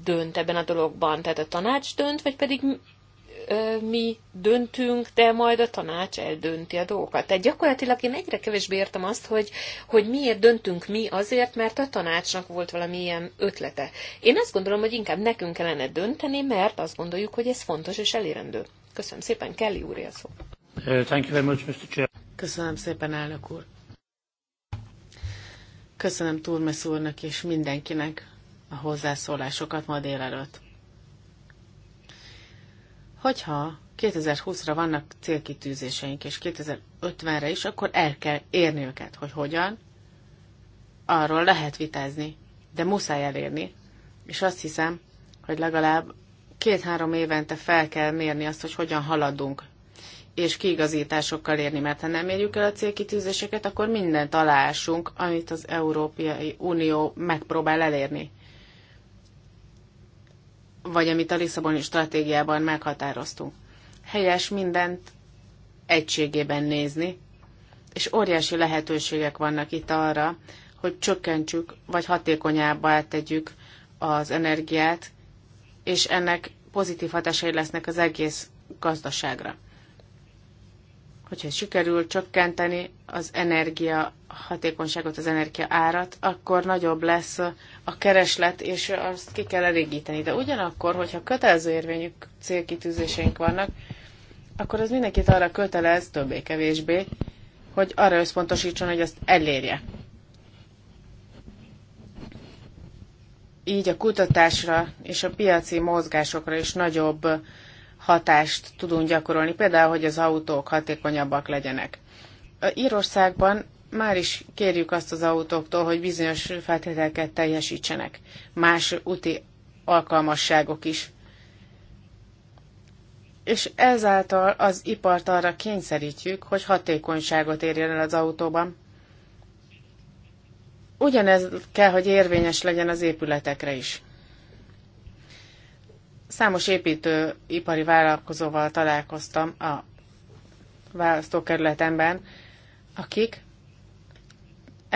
dönt ebben a dologban? Tehát a tanács dönt, vagy pedig mi döntünk, de majd a tanács eldönti a dolgokat. Tehát gyakorlatilag én egyre kevésbé értem azt, hogy, hogy miért döntünk mi azért, mert a tanácsnak volt valamilyen ötlete. Én azt gondolom, hogy inkább nekünk kellene dönteni, mert azt gondoljuk, hogy ez fontos és elérendő. Köszönöm szépen, Kelly úr, a szó. Thank you very much, Mr. Chair. Köszönöm szépen, elnök úr. Köszönöm Turmes úrnak és mindenkinek a hozzászólásokat ma délelőtt. Hogyha 2020-ra vannak célkitűzéseink, és 2050-re is, akkor el kell érni őket, hogy hogyan. Arról lehet vitázni, de muszáj elérni. És azt hiszem, hogy legalább két-három évente fel kell mérni azt, hogy hogyan haladunk, és kiigazításokkal érni, mert ha nem érjük el a célkitűzéseket, akkor mindent találásunk, amit az Európai Unió megpróbál elérni vagy amit a Lisszaboni stratégiában meghatároztunk. Helyes mindent egységében nézni, és óriási lehetőségek vannak itt arra, hogy csökkentsük, vagy hatékonyabbá tegyük az energiát, és ennek pozitív hatásai lesznek az egész gazdaságra. Hogyha sikerül csökkenteni az energia hatékonyságot, az energia árat, akkor nagyobb lesz a kereslet, és azt ki kell elégíteni. De ugyanakkor, hogyha kötelező érvényű célkitűzéseink vannak, akkor az mindenkit arra kötelez, többé-kevésbé, hogy arra összpontosítson, hogy azt elérje. Így a kutatásra és a piaci mozgásokra is nagyobb hatást tudunk gyakorolni, például, hogy az autók hatékonyabbak legyenek. Írországban már is kérjük azt az autóktól, hogy bizonyos feltételeket teljesítsenek. Más úti alkalmasságok is. És ezáltal az ipart arra kényszerítjük, hogy hatékonyságot érjen el az autóban. Ugyanez kell, hogy érvényes legyen az épületekre is. Számos építőipari vállalkozóval találkoztam a választókerületemben, akik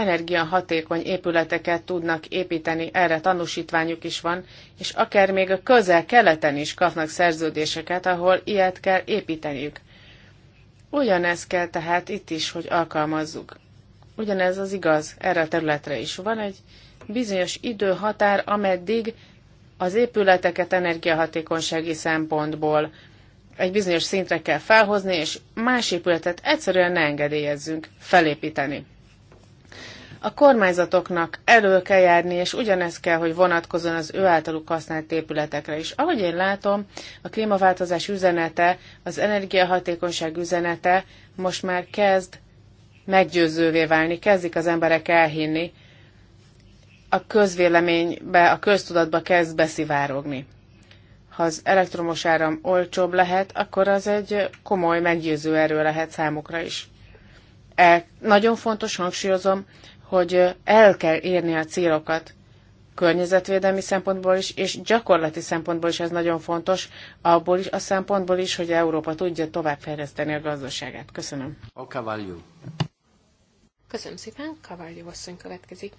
energiahatékony épületeket tudnak építeni, erre tanúsítványuk is van, és akár még a közel-keleten is kapnak szerződéseket, ahol ilyet kell építeniük. Ugyanez kell tehát itt is, hogy alkalmazzuk. Ugyanez az igaz erre a területre is. Van egy bizonyos időhatár, ameddig az épületeket energiahatékonysági szempontból egy bizonyos szintre kell felhozni, és más épületet egyszerűen ne engedélyezzünk felépíteni. A kormányzatoknak elő kell járni, és ugyanez kell, hogy vonatkozon az ő általuk használt épületekre is. Ahogy én látom, a klímaváltozás üzenete, az energiahatékonyság üzenete most már kezd meggyőzővé válni, kezdik az emberek elhinni, a közvéleménybe, a köztudatba kezd beszivárogni. Ha az elektromos áram olcsóbb lehet, akkor az egy komoly meggyőző erő lehet számukra is. E, nagyon fontos, hangsúlyozom, hogy el kell érni a célokat környezetvédelmi szempontból is, és gyakorlati szempontból is ez nagyon fontos, abból is, a szempontból is, hogy Európa tudja továbbfejleszteni a gazdaságát. Köszönöm. A kavalyú. Köszönöm szépen. Kavalyú asszony következik.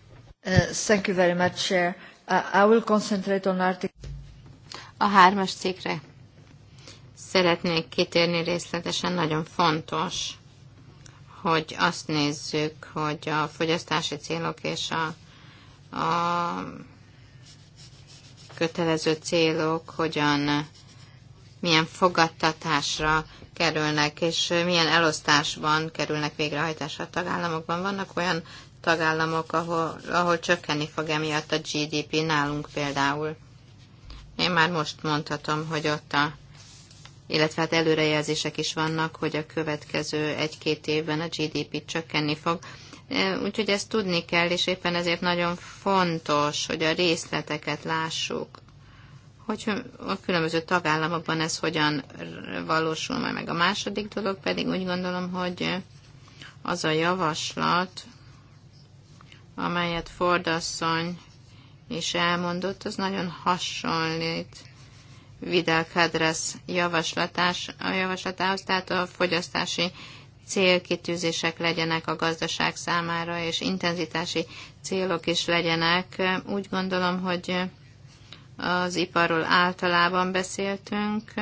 Uh, thank you very much, Chair. Uh, I will concentrate on article... A hármas cikkre szeretnék kitérni részletesen, nagyon fontos hogy azt nézzük, hogy a fogyasztási célok és a, a kötelező célok hogyan, milyen fogadtatásra kerülnek, és milyen elosztásban kerülnek végrehajtásra a tagállamokban. Vannak olyan tagállamok, ahol, ahol csökkenni fog emiatt a GDP nálunk például. Én már most mondhatom, hogy ott a illetve hát előrejelzések is vannak, hogy a következő egy-két évben a GDP csökkenni fog. E, úgyhogy ezt tudni kell, és éppen ezért nagyon fontos, hogy a részleteket lássuk, hogy a különböző tagállamokban ez hogyan valósul majd meg. A második dolog pedig úgy gondolom, hogy az a javaslat, amelyet Ford asszony és elmondott, az nagyon hasonlít Vidal Cadres javaslatás, a javaslatához, tehát a fogyasztási célkitűzések legyenek a gazdaság számára, és intenzitási célok is legyenek. Úgy gondolom, hogy az iparról általában beszéltünk,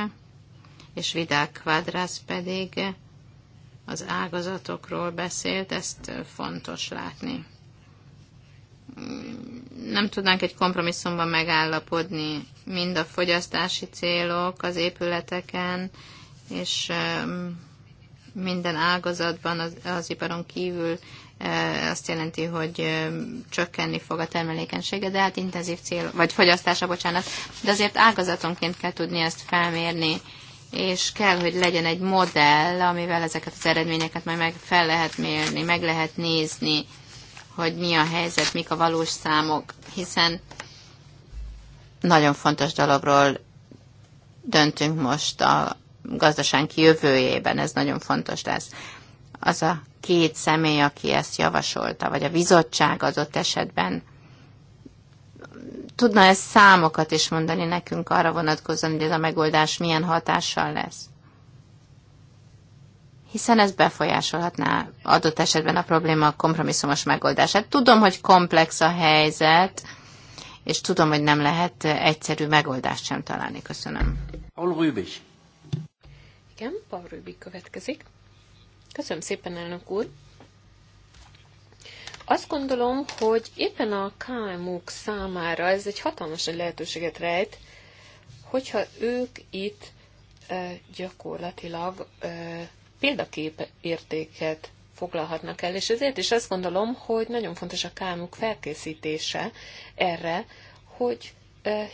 és Vidal Quadrász pedig az ágazatokról beszélt, ezt fontos látni. Nem tudnánk egy kompromisszumban megállapodni mind a fogyasztási célok az épületeken, és um, minden ágazatban az, az iparon kívül uh, azt jelenti, hogy um, csökkenni fog a termelékenysége, de hát intenzív cél, vagy fogyasztása, bocsánat, de azért ágazatonként kell tudni ezt felmérni, és kell, hogy legyen egy modell, amivel ezeket az eredményeket majd meg fel lehet mérni, meg lehet nézni, hogy mi a helyzet, mik a valós számok, hiszen nagyon fontos dologról döntünk most a gazdaság jövőjében, ez nagyon fontos lesz. Az a két személy, aki ezt javasolta, vagy a bizottság ott esetben, tudna ezt számokat is mondani nekünk arra vonatkozóan, hogy ez a megoldás milyen hatással lesz? Hiszen ez befolyásolhatná adott esetben a probléma kompromisszumos megoldását. Tudom, hogy komplex a helyzet, és tudom, hogy nem lehet egyszerű megoldást sem találni. Köszönöm. Paul Rübig. Igen, Paul Rübig következik. Köszönöm szépen, elnök úr. Azt gondolom, hogy éppen a KMU-k számára ez egy hatalmas lehetőséget rejt, hogyha ők itt gyakorlatilag példaképértéket foglalhatnak el, és ezért is azt gondolom, hogy nagyon fontos a kálmuk felkészítése erre, hogy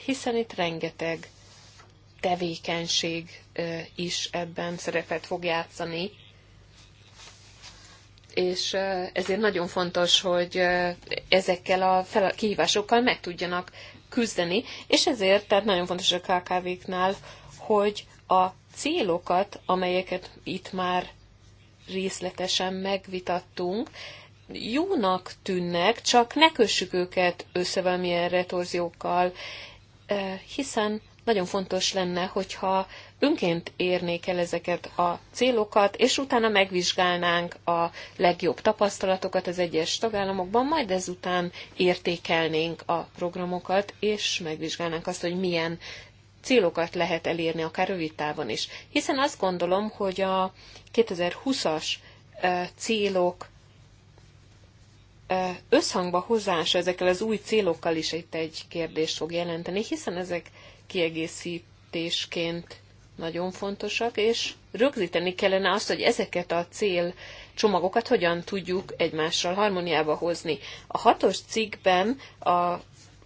hiszen itt rengeteg tevékenység is ebben szerepet fog játszani, és ezért nagyon fontos, hogy ezekkel a kihívásokkal meg tudjanak küzdeni, és ezért tehát nagyon fontos a KKV-knál, hogy a célokat, amelyeket itt már részletesen megvitattunk, jónak tűnnek, csak ne kössük őket össze valamilyen retorziókkal, eh, hiszen nagyon fontos lenne, hogyha önként érnék el ezeket a célokat, és utána megvizsgálnánk a legjobb tapasztalatokat az egyes tagállamokban, majd ezután értékelnénk a programokat, és megvizsgálnánk azt, hogy milyen célokat lehet elérni, akár rövid távon is. Hiszen azt gondolom, hogy a 2020-as célok összhangba hozása ezekkel az új célokkal is itt egy kérdés, fog jelenteni, hiszen ezek kiegészítésként nagyon fontosak, és rögzíteni kellene azt, hogy ezeket a cél csomagokat hogyan tudjuk egymással harmóniába hozni. A hatos cikkben a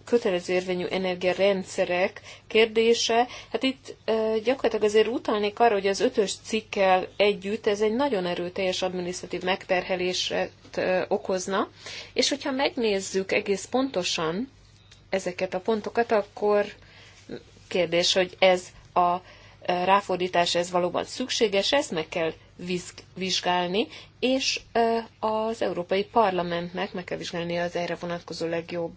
kötelező érvényű energiarendszerek kérdése. Hát itt gyakorlatilag azért utalnék arra, hogy az ötös cikkel együtt ez egy nagyon erőteljes adminisztratív megterhelést okozna, és hogyha megnézzük egész pontosan ezeket a pontokat, akkor kérdés, hogy ez a ráfordítás, ez valóban szükséges, ezt meg kell vizsgálni, és az Európai Parlamentnek meg kell vizsgálni az erre vonatkozó legjobb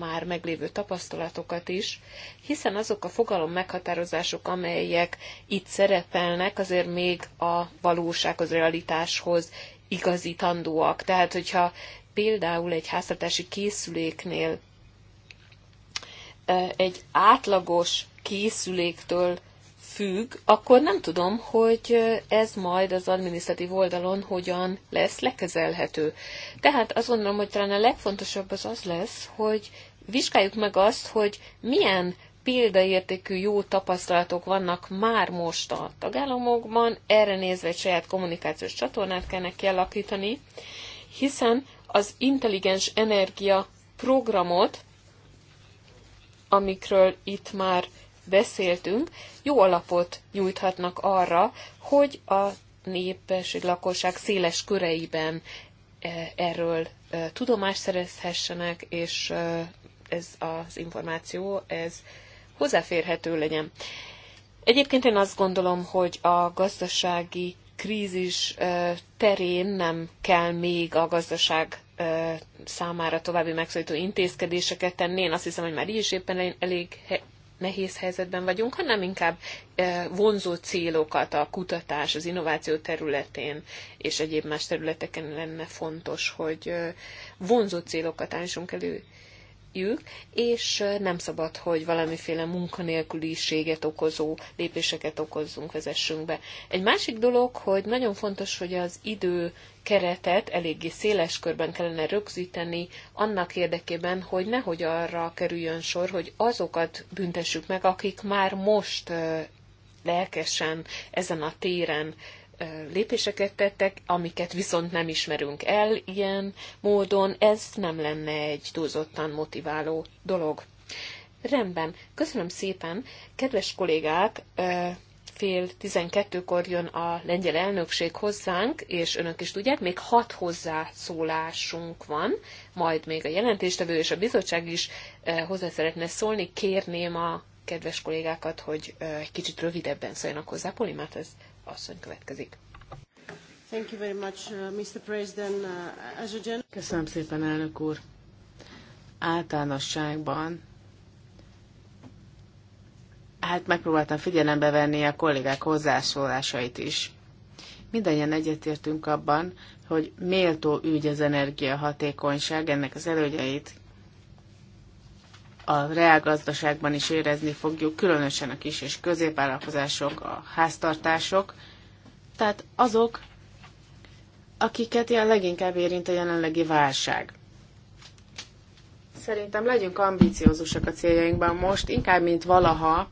már meglévő tapasztalatokat is, hiszen azok a fogalom meghatározások, amelyek itt szerepelnek, azért még a valósághoz, realitáshoz igazítandóak. Tehát, hogyha például egy háztartási készüléknél egy átlagos készüléktől függ, akkor nem tudom, hogy ez majd az adminisztratív oldalon hogyan lesz lekezelhető. Tehát azt gondolom, hogy talán a legfontosabb az az lesz, hogy vizsgáljuk meg azt, hogy milyen példaértékű jó tapasztalatok vannak már most a tagállamokban, erre nézve egy saját kommunikációs csatornát kellene kialakítani, hiszen az intelligens energia programot, amikről itt már beszéltünk, jó alapot nyújthatnak arra, hogy a népesség lakosság széles köreiben eh, erről eh, tudomást szerezhessenek, és eh, ez az információ, ez hozzáférhető legyen. Egyébként én azt gondolom, hogy a gazdasági krízis terén nem kell még a gazdaság számára további megszólító intézkedéseket tenni. Én azt hiszem, hogy már így is éppen elég nehéz helyzetben vagyunk, hanem inkább vonzó célokat a kutatás, az innováció területén és egyéb más területeken lenne fontos, hogy vonzó célokat állítsunk elő ők, és nem szabad, hogy valamiféle munkanélküliséget okozó lépéseket okozzunk, vezessünk be. Egy másik dolog, hogy nagyon fontos, hogy az idő keretet eléggé széles körben kellene rögzíteni, annak érdekében, hogy nehogy arra kerüljön sor, hogy azokat büntessük meg, akik már most lelkesen ezen a téren lépéseket tettek, amiket viszont nem ismerünk el ilyen módon, ez nem lenne egy túlzottan motiváló dolog. Rendben, köszönöm szépen, kedves kollégák, fél 12-kor jön a lengyel elnökség hozzánk, és önök is tudják, még hat hozzászólásunk van, majd még a jelentéstevő és a bizottság is hozzá szeretne szólni. Kérném a kedves kollégákat, hogy egy kicsit rövidebben szóljanak hozzá. Polimát, ez asszony következik. Thank you very much, uh, Mr. President. Uh, as a general... Köszönöm szépen, elnök úr. Általánosságban hát megpróbáltam figyelembe venni a kollégák hozzászólásait is. Mindannyian egyetértünk abban, hogy méltó ügy az energiahatékonyság, ennek az előnyeit a reálgazdaságban is érezni fogjuk, különösen a kis és középvállalkozások, a háztartások, tehát azok, akiket ilyen leginkább érint a jelenlegi válság. Szerintem legyünk ambiciózusak a céljainkban most, inkább, mint valaha,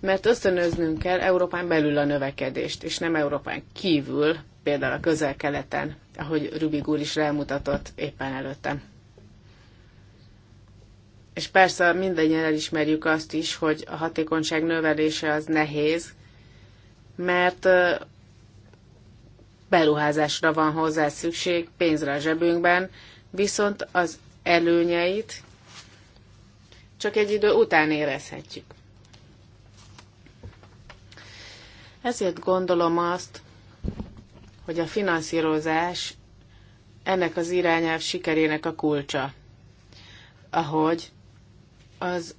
mert ösztönöznünk kell Európán belül a növekedést, és nem Európán kívül, például a közel-keleten, ahogy Rubik úr is rámutatott éppen előttem. És persze mindennyire elismerjük azt is, hogy a hatékonyság növelése az nehéz, mert beruházásra van hozzá szükség, pénzre a zsebünkben, viszont az előnyeit csak egy idő után érezhetjük. Ezért gondolom azt, hogy a finanszírozás ennek az irányelv sikerének a kulcsa. Ahogy az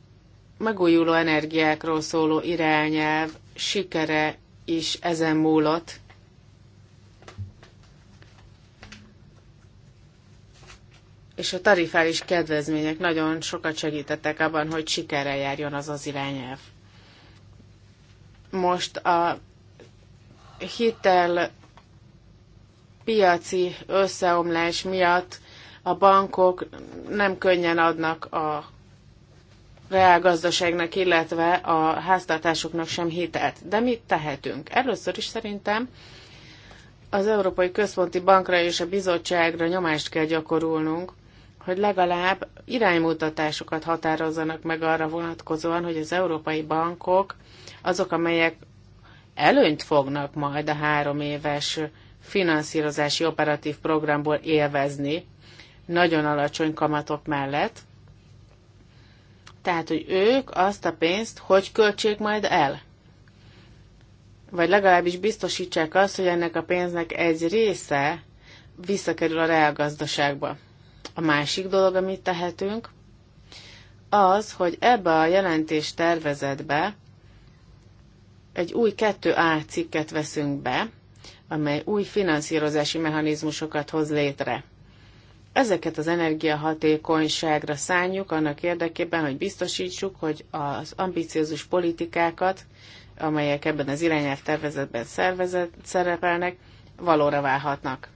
megújuló energiákról szóló irányelv sikere is ezen múlott. És a tarifális kedvezmények nagyon sokat segítettek abban, hogy sikere járjon az az irányelv. Most a hitel piaci összeomlás miatt a bankok nem könnyen adnak a reálgazdaságnak, illetve a háztartásoknak sem hitelt. De mit tehetünk? Először is szerintem az Európai Központi Bankra és a bizottságra nyomást kell gyakorolnunk, hogy legalább iránymutatásokat határozzanak meg arra vonatkozóan, hogy az európai bankok azok, amelyek előnyt fognak majd a három éves finanszírozási operatív programból élvezni, nagyon alacsony kamatok mellett, tehát, hogy ők azt a pénzt hogy költsék majd el? Vagy legalábbis biztosítsák azt, hogy ennek a pénznek egy része visszakerül a reálgazdaságba. A másik dolog, amit tehetünk, az, hogy ebbe a jelentés tervezetbe egy új 2A cikket veszünk be, amely új finanszírozási mechanizmusokat hoz létre ezeket az energiahatékonyságra szánjuk annak érdekében, hogy biztosítsuk, hogy az ambiciózus politikákat, amelyek ebben az irányelv tervezetben szerepelnek, valóra válhatnak.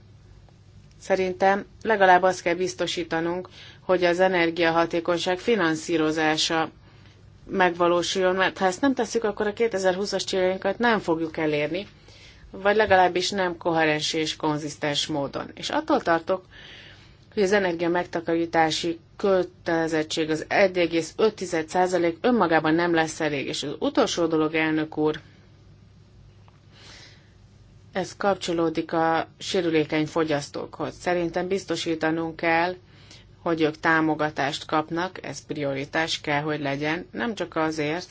Szerintem legalább azt kell biztosítanunk, hogy az energiahatékonyság finanszírozása megvalósuljon, mert ha ezt nem tesszük, akkor a 2020-as céljainkat nem fogjuk elérni, vagy legalábbis nem koherens és konzisztens módon. És attól tartok, hogy az energia megtakarítási kötelezettség az 1,5% önmagában nem lesz elég. És az utolsó dolog, elnök úr, ez kapcsolódik a sérülékeny fogyasztókhoz. Szerintem biztosítanunk kell, hogy ők támogatást kapnak, ez prioritás kell, hogy legyen, nem csak azért,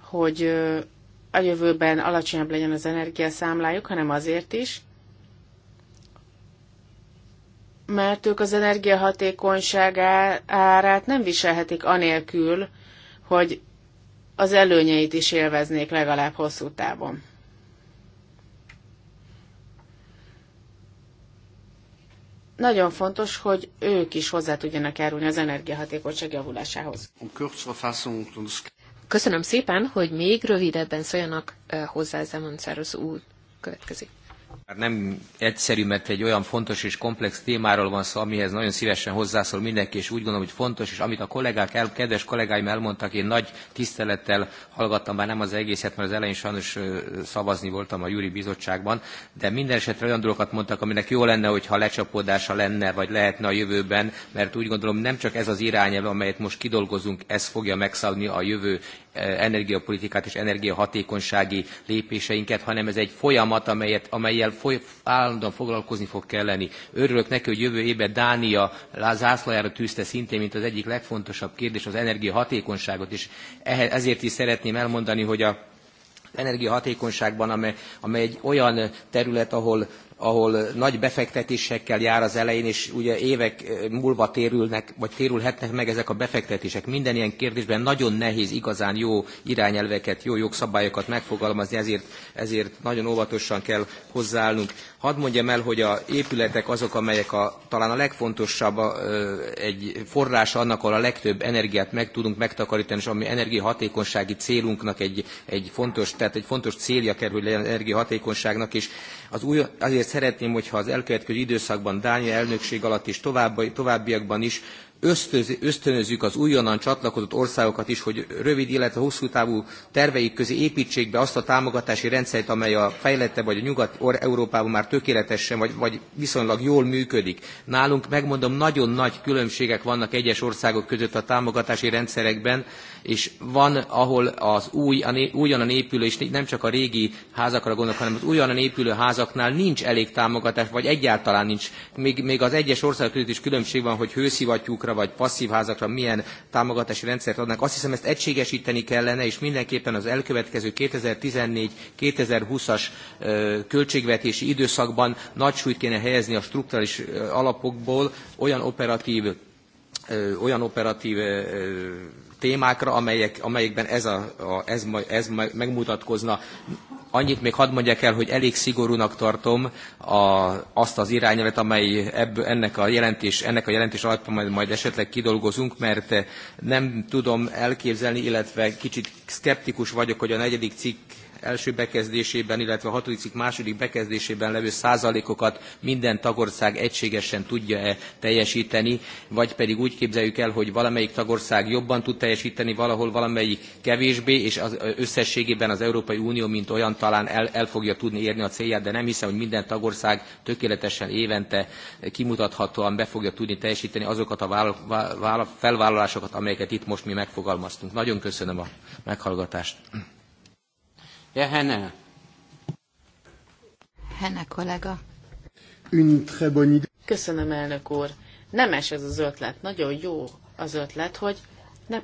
hogy a jövőben alacsonyabb legyen az energiaszámlájuk, hanem azért is, mert ők az energiahatékonyság árát nem viselhetik anélkül, hogy az előnyeit is élveznék legalább hosszú távon. Nagyon fontos, hogy ők is hozzá tudjanak járulni az energiahatékonyság javulásához. Köszönöm szépen, hogy még rövidebben szóljanak eh, hozzá Zemanszáros úr. Következik. Nem egyszerű, mert egy olyan fontos és komplex témáról van szó, amihez nagyon szívesen hozzászól mindenki, és úgy gondolom, hogy fontos, és amit a kollégák, el, kedves kollégáim elmondtak, én nagy tisztelettel hallgattam, bár nem az egészet, mert az elején sajnos szavazni voltam a Júri Bizottságban, de minden esetre olyan dolgokat mondtak, aminek jó lenne, hogyha lecsapódása lenne, vagy lehetne a jövőben, mert úgy gondolom, nem csak ez az irányelv, amelyet most kidolgozunk, ez fogja megszabni a jövő energiapolitikát és energiahatékonysági lépéseinket, hanem ez egy folyamat, amelyet, amelyel állandóan foglalkozni fog kelleni. Örülök neki, hogy jövő évben Dánia zászlajára tűzte szintén, mint az egyik legfontosabb kérdés az energiahatékonyságot, és ezért is szeretném elmondani, hogy a energiahatékonyságban, amely, amely egy olyan terület, ahol ahol nagy befektetésekkel jár az elején, és ugye évek múlva térülnek, vagy térülhetnek meg ezek a befektetések. Minden ilyen kérdésben nagyon nehéz igazán jó irányelveket, jó jogszabályokat megfogalmazni, ezért, ezért nagyon óvatosan kell hozzáállnunk. Hadd mondjam el, hogy a épületek azok, amelyek a, talán a legfontosabb a, egy forrása annak, ahol a legtöbb energiát meg tudunk megtakarítani, és ami energiahatékonysági célunknak egy, egy fontos, tehát egy fontos célja kell, hogy legyen energiahatékonyságnak, és az új, azért ezért szeretném, hogyha az elkövetkező időszakban Dánia elnökség alatt és további, továbbiakban is ösztönözzük az újonnan csatlakozott országokat is, hogy rövid, illetve hosszú távú terveik közé építsék be azt a támogatási rendszert, amely a fejlettebb vagy a nyugat-európában már tökéletesen vagy, vagy viszonylag jól működik. Nálunk, megmondom, nagyon nagy különbségek vannak egyes országok között a támogatási rendszerekben, és van, ahol az új, a né, újonnan épülő, és nem csak a régi házakra gondolok, hanem az újonnan épülő házaknál nincs elég támogatás, vagy egyáltalán nincs. Még, még az egyes országok között is különbség van, hogy hőszivattyúkra házakra vagy passzív házakra milyen támogatási rendszert adnak. Azt hiszem ezt egységesíteni kellene, és mindenképpen az elkövetkező 2014-2020-as költségvetési időszakban nagy súlyt kéne helyezni a strukturális alapokból olyan operatív olyan operatív témákra, amelyek, amelyekben ez, a, a, ez, ez megmutatkozna. Annyit még hadd mondjak el, hogy elég szigorúnak tartom a, azt az irányelvet, amely ebből, ennek, a jelentés, ennek a jelentés alapján majd, majd esetleg kidolgozunk, mert nem tudom elképzelni, illetve kicsit szkeptikus vagyok, hogy a negyedik cikk első bekezdésében, illetve a hatodik cikk második bekezdésében levő százalékokat minden tagország egységesen tudja-e teljesíteni, vagy pedig úgy képzeljük el, hogy valamelyik tagország jobban tud teljesíteni, valahol valamelyik kevésbé, és az összességében az Európai Unió, mint olyan talán el, el fogja tudni érni a célját, de nem hiszem, hogy minden tagország tökéletesen évente kimutathatóan be fogja tudni teljesíteni azokat a felvállalásokat, amelyeket itt most mi megfogalmaztunk. Nagyon köszönöm a meghallgatást. Ja, Henne. Henne kollega. Köszönöm, elnök úr. Nemes ez az ötlet. Nagyon jó az ötlet, hogy ne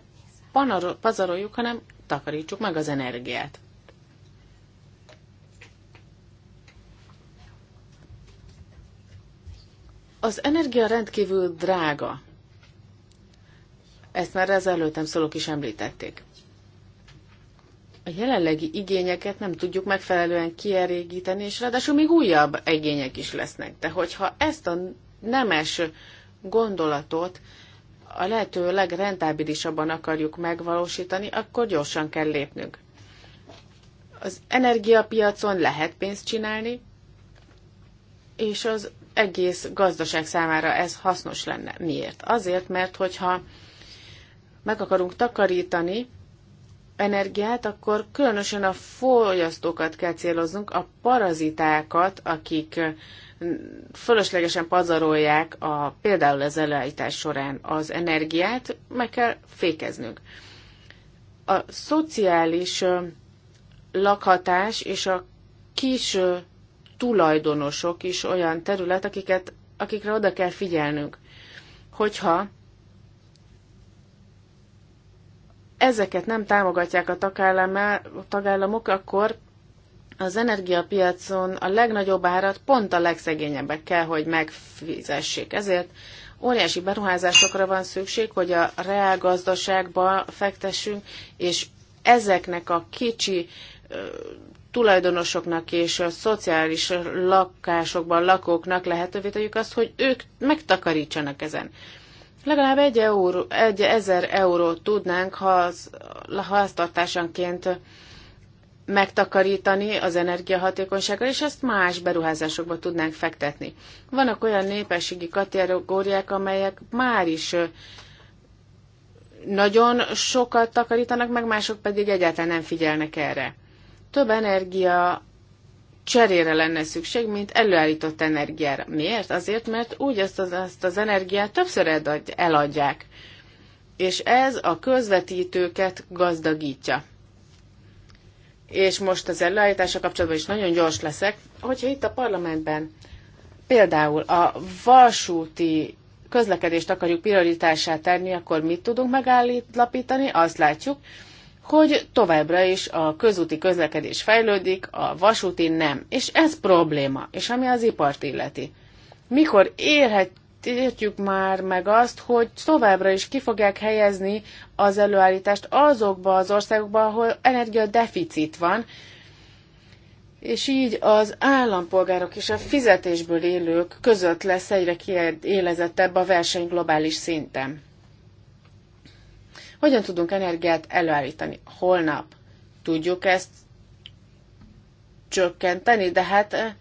pazaroljuk, hanem takarítsuk meg az energiát. Az energia rendkívül drága. Ezt már az előttem szólók is említették a jelenlegi igényeket nem tudjuk megfelelően kierégíteni, és ráadásul még újabb igények is lesznek. De hogyha ezt a nemes gondolatot a lehető legrentábilisabban akarjuk megvalósítani, akkor gyorsan kell lépnünk. Az energiapiacon lehet pénzt csinálni, és az egész gazdaság számára ez hasznos lenne. Miért? Azért, mert hogyha meg akarunk takarítani, energiát, akkor különösen a fogyasztókat kell céloznunk, a parazitákat, akik fölöslegesen pazarolják a, például az előállítás során az energiát, meg kell fékeznünk. A szociális lakhatás és a kis tulajdonosok is olyan terület, akiket, akikre oda kell figyelnünk. Hogyha ezeket nem támogatják a tagállamok, akkor az energiapiacon a legnagyobb árat pont a legszegényebbek kell, hogy megfizessék. Ezért óriási beruházásokra van szükség, hogy a reál gazdaságba fektessünk, és ezeknek a kicsi tulajdonosoknak és a szociális lakásokban lakóknak lehetővé tegyük azt, hogy ők megtakarítsanak ezen. Legalább egy, euró, egy ezer eurót tudnánk ha háztartásanként megtakarítani az energiahatékonysággal, és ezt más beruházásokba tudnánk fektetni. Vannak olyan népességi kategóriák, amelyek már is nagyon sokat takarítanak, meg mások pedig egyáltalán nem figyelnek erre. Több energia cserére lenne szükség, mint előállított energiára. Miért? Azért, mert úgy azt az, azt az energiát többször eladják. És ez a közvetítőket gazdagítja. És most az előállítása kapcsolatban is nagyon gyors leszek, hogyha itt a parlamentben például a vasúti közlekedést akarjuk prioritását tenni, akkor mit tudunk megállapítani? Azt látjuk, hogy továbbra is a közúti közlekedés fejlődik, a vasúti nem. És ez probléma, és ami az ipart illeti. Mikor érhetjük már meg azt, hogy továbbra is ki fogják helyezni az előállítást azokba az országokba, ahol energiadeficit van, és így az állampolgárok és a fizetésből élők között lesz egyre kiélezettebb a verseny globális szinten. Hogyan tudunk energiát előállítani? Holnap tudjuk ezt csökkenteni, de hát eh,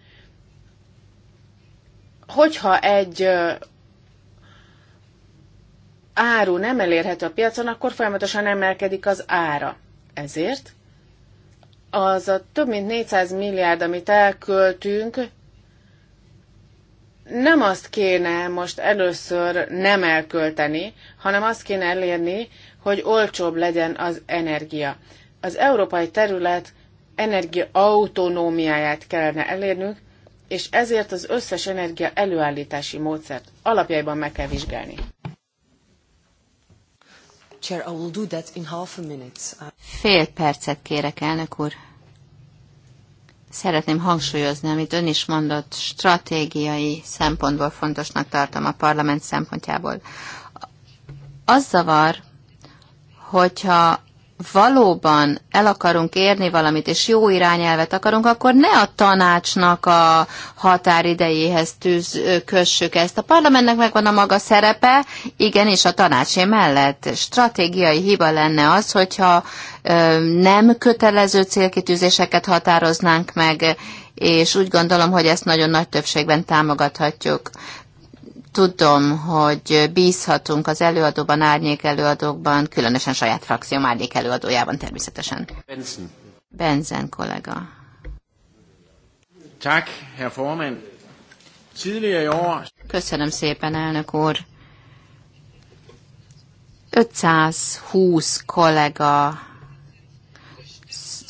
hogyha egy eh, áru nem elérhető a piacon, akkor folyamatosan emelkedik az ára. Ezért az a több mint 400 milliárd, amit elköltünk, nem azt kéne most először nem elkölteni, hanem azt kéne elérni, hogy olcsóbb legyen az energia. Az európai terület energia autonómiáját kellene elérnünk, és ezért az összes energia előállítási módszert alapjaiban meg kell vizsgálni. Chair, I will do that in half a minute. Fél percet kérek, elnök úr. Szeretném hangsúlyozni, amit ön is mondott, stratégiai szempontból fontosnak tartom a parlament szempontjából. Az zavar, hogyha valóban el akarunk érni valamit, és jó irányelvet akarunk, akkor ne a tanácsnak a határidejéhez tűz, kössük ezt. A parlamentnek megvan a maga szerepe, igenis a tanácsé mellett. Stratégiai hiba lenne az, hogyha ö, nem kötelező célkitűzéseket határoznánk meg, és úgy gondolom, hogy ezt nagyon nagy többségben támogathatjuk tudom, hogy bízhatunk az előadóban, árnyék előadókban, különösen saját frakcióm árnyék előadójában természetesen. Benson. Benzen kollega. Tak, herr Forman. Köszönöm szépen, elnök úr. 520 kollega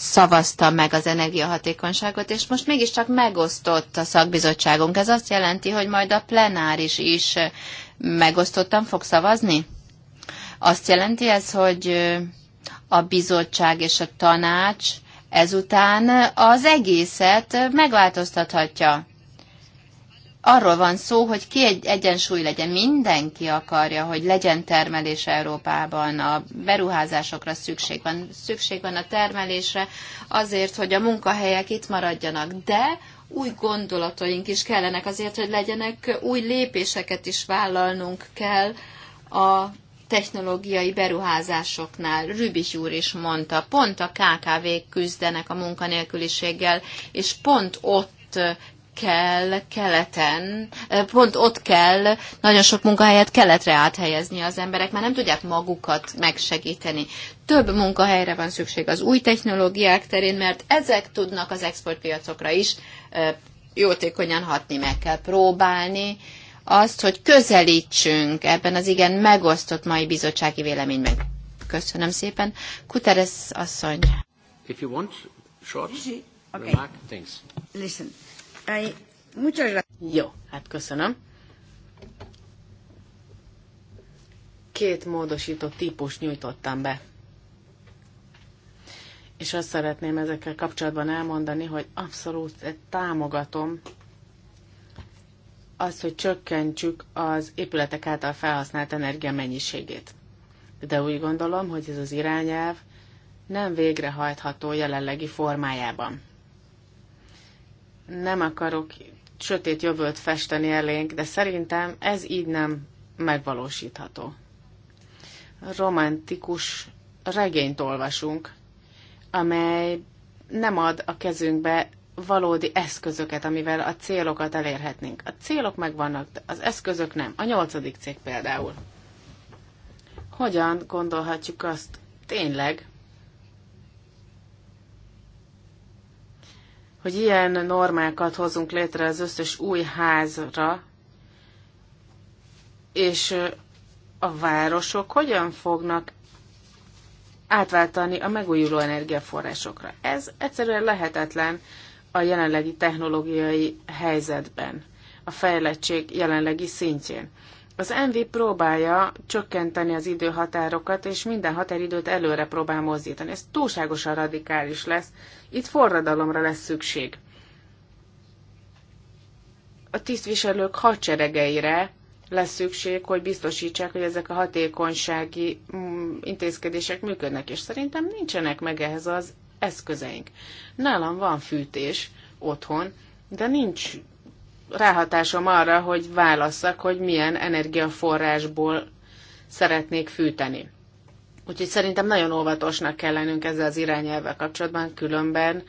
szavazta meg az energiahatékonyságot, és most mégiscsak megosztott a szakbizottságunk. Ez azt jelenti, hogy majd a plenáris is megosztottan fog szavazni? Azt jelenti ez, hogy a bizottság és a tanács ezután az egészet megváltoztathatja arról van szó, hogy ki egy egyensúly legyen. Mindenki akarja, hogy legyen termelés Európában, a beruházásokra szükség van, szükség van a termelésre azért, hogy a munkahelyek itt maradjanak, de új gondolataink is kellenek azért, hogy legyenek új lépéseket is vállalnunk kell a technológiai beruházásoknál. Rübis úr is mondta, pont a KKV-k küzdenek a munkanélküliséggel, és pont ott ott kell keleten, pont ott kell nagyon sok munkahelyet keletre áthelyezni az emberek, már nem tudják magukat megsegíteni. Több munkahelyre van szükség az új technológiák terén, mert ezek tudnak az exportpiacokra is jótékonyan hatni, meg kell próbálni azt, hogy közelítsünk ebben az igen megosztott mai bizottsági véleményben. Köszönöm szépen. Kuteres asszony. If you want, short remark, thanks. Listen. Ay, muchas Jó, hát köszönöm. Két módosító típus nyújtottam be. És azt szeretném ezekkel kapcsolatban elmondani, hogy abszolút támogatom azt, hogy csökkentsük az épületek által felhasznált energia mennyiségét. De úgy gondolom, hogy ez az irányelv nem végrehajtható jelenlegi formájában nem akarok sötét jövőt festeni elénk, de szerintem ez így nem megvalósítható. Romantikus regényt olvasunk, amely nem ad a kezünkbe valódi eszközöket, amivel a célokat elérhetnénk. A célok megvannak, de az eszközök nem. A nyolcadik cég például. Hogyan gondolhatjuk azt tényleg, hogy ilyen normákat hozzunk létre az összes új házra, és a városok hogyan fognak átváltani a megújuló energiaforrásokra. Ez egyszerűen lehetetlen a jelenlegi technológiai helyzetben, a fejlettség jelenlegi szintjén. Az NV próbálja csökkenteni az időhatárokat, és minden határidőt előre próbál mozdítani. Ez túlságosan radikális lesz. Itt forradalomra lesz szükség. A tisztviselők hadseregeire lesz szükség, hogy biztosítsák, hogy ezek a hatékonysági mm, intézkedések működnek, és szerintem nincsenek meg ehhez az eszközeink. Nálam van fűtés otthon, de nincs ráhatásom arra, hogy válasszak, hogy milyen energiaforrásból szeretnék fűteni. Úgyhogy szerintem nagyon óvatosnak kell lennünk ezzel az irányelvvel kapcsolatban, különben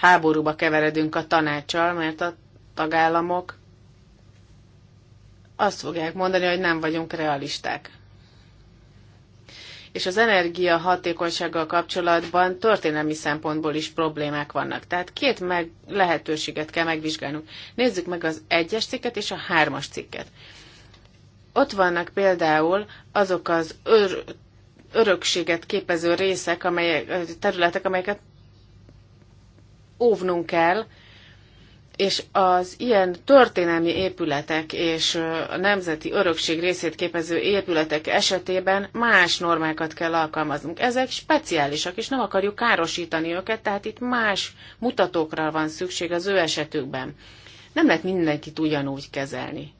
háborúba keveredünk a tanácsal, mert a tagállamok azt fogják mondani, hogy nem vagyunk realisták és az energia hatékonysággal kapcsolatban történelmi szempontból is problémák vannak. Tehát két meg lehetőséget kell megvizsgálnunk. Nézzük meg az egyes cikket és a hármas cikket. Ott vannak például azok az ör- örökséget képező részek, amelyek, területek, amelyeket óvnunk kell, és az ilyen történelmi épületek és a nemzeti örökség részét képező épületek esetében más normákat kell alkalmaznunk. Ezek speciálisak, és nem akarjuk károsítani őket, tehát itt más mutatókra van szükség az ő esetükben. Nem lehet mindenkit ugyanúgy kezelni.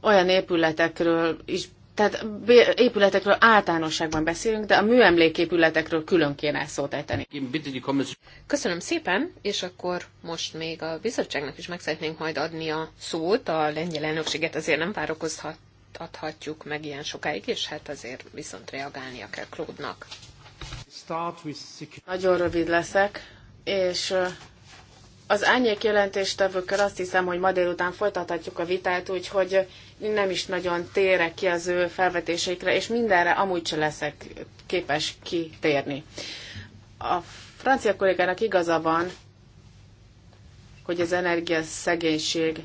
Olyan épületekről is tehát épületekről általánosságban beszélünk, de a műemléképületekről külön kéne szót ejteni. Köszönöm szépen, és akkor most még a bizottságnak is meg szeretnénk majd adni a szót. A lengyel elnökséget azért nem várokozhatjuk meg ilyen sokáig, és hát azért viszont reagálnia kell Klódnak. Nagyon rövid leszek, és az árnyék jelentéstevőkkel azt hiszem, hogy ma délután folytathatjuk a vitát, úgyhogy nem is nagyon térek ki az ő felvetéseikre, és mindenre amúgy se leszek képes kitérni. A francia kollégának igaza van, hogy az energiaszegénység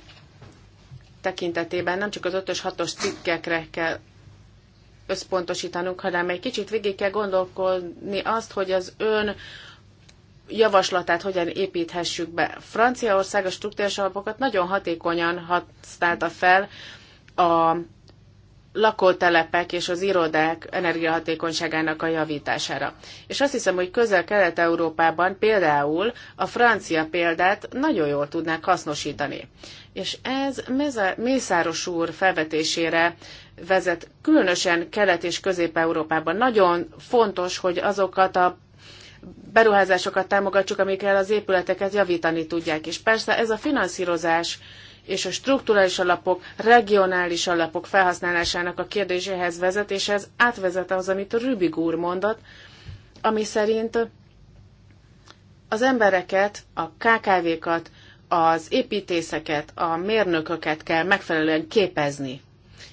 tekintetében nem csak az 5-ös, 6-os cikkekre kell összpontosítanunk, hanem egy kicsit végig kell gondolkodni azt, hogy az ön javaslatát hogyan építhessük be. Franciaország a struktúrás alapokat nagyon hatékonyan használta fel, a lakótelepek és az irodák energiahatékonyságának a javítására. És azt hiszem, hogy közel-kelet-európában például a francia példát nagyon jól tudnák hasznosítani. És ez Mészáros úr felvetésére vezet, különösen Kelet- és Közép-Európában. Nagyon fontos, hogy azokat a beruházásokat támogatjuk, amikkel az épületeket javítani tudják. És persze ez a finanszírozás és a strukturális alapok, regionális alapok felhasználásának a kérdéséhez vezet, és ez átvezet az, amit a Rübig úr mondott, ami szerint az embereket, a KKV-kat, az építészeket, a mérnököket kell megfelelően képezni.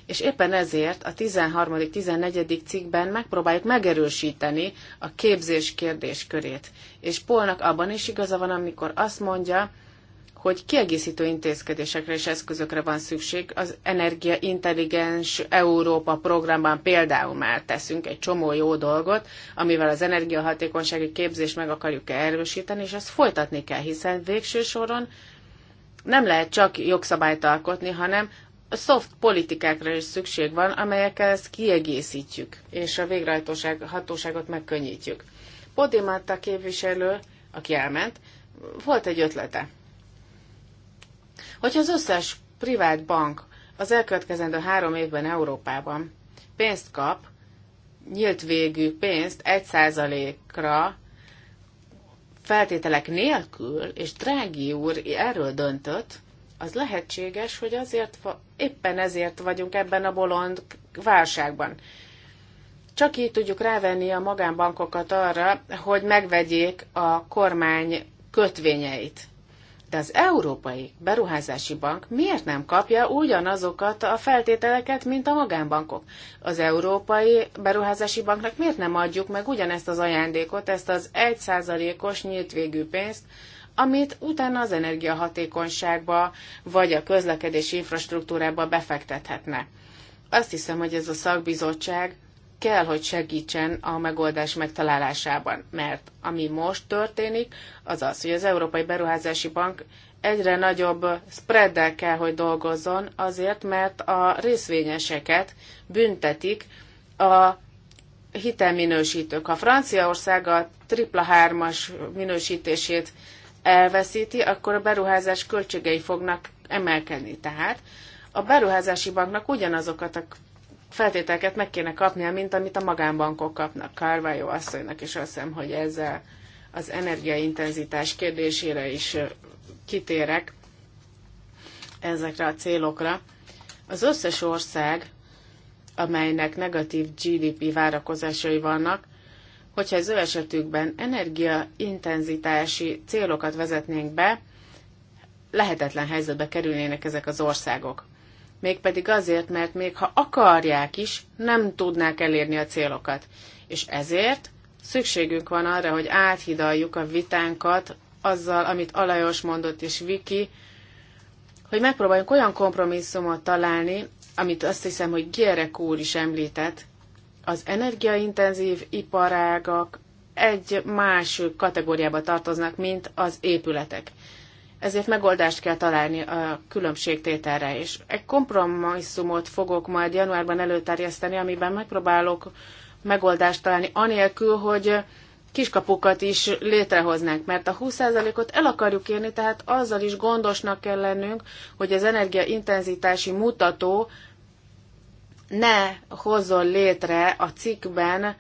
És éppen ezért a 13.-14. cikkben megpróbáljuk megerősíteni a képzés kérdéskörét. És Polnak abban is igaza van, amikor azt mondja, hogy kiegészítő intézkedésekre és eszközökre van szükség. Az Energia Intelligens Európa programban például már teszünk egy csomó jó dolgot, amivel az energiahatékonysági képzést meg akarjuk erősíteni, és ezt folytatni kell, hiszen végső soron nem lehet csak jogszabályt alkotni, hanem a soft politikákra is szükség van, amelyekkel ezt kiegészítjük, és a végrehajtóság hatóságot megkönnyítjük. Podimatta képviselő, aki elment, volt egy ötlete Hogyha az összes privát bank az elkövetkezendő három évben Európában pénzt kap, nyílt végű pénzt egy százalékra feltételek nélkül, és Drági úr erről döntött, az lehetséges, hogy azért, éppen ezért vagyunk ebben a bolond válságban. Csak így tudjuk rávenni a magánbankokat arra, hogy megvegyék a kormány kötvényeit. De az Európai Beruházási Bank miért nem kapja ugyanazokat a feltételeket, mint a magánbankok? Az Európai Beruházási Banknak miért nem adjuk meg ugyanezt az ajándékot, ezt az 1%-os nyílt végű pénzt, amit utána az energiahatékonyságba vagy a közlekedési infrastruktúrába befektethetne? Azt hiszem, hogy ez a szakbizottság kell, hogy segítsen a megoldás megtalálásában, mert ami most történik, az az, hogy az Európai Beruházási Bank egyre nagyobb spreaddel kell, hogy dolgozzon, azért, mert a részvényeseket büntetik a hitelminősítők. Ha Franciaország a tripla hármas minősítését elveszíti, akkor a beruházás költségei fognak emelkedni. Tehát a beruházási banknak ugyanazokat a feltételeket meg kéne kapnia, mint amit a magánbankok kapnak. Carvalho asszonynak és azt hiszem, hogy ezzel az energiaintenzitás kérdésére is kitérek ezekre a célokra. Az összes ország, amelynek negatív GDP várakozásai vannak, hogyha az ő esetükben energiaintenzitási célokat vezetnénk be, lehetetlen helyzetbe kerülnének ezek az országok mégpedig azért, mert még ha akarják is, nem tudnák elérni a célokat. És ezért szükségünk van arra, hogy áthidaljuk a vitánkat azzal, amit Alajos mondott és Viki, hogy megpróbáljunk olyan kompromisszumot találni, amit azt hiszem, hogy Gyerek úr is említett, az energiaintenzív iparágak egy más kategóriába tartoznak, mint az épületek ezért megoldást kell találni a különbségtételre, és egy kompromisszumot fogok majd januárban előterjeszteni, amiben megpróbálok megoldást találni, anélkül, hogy kiskapukat is létrehoznánk, mert a 20%-ot el akarjuk érni, tehát azzal is gondosnak kell lennünk, hogy az energiaintenzitási mutató ne hozzon létre a cikkben,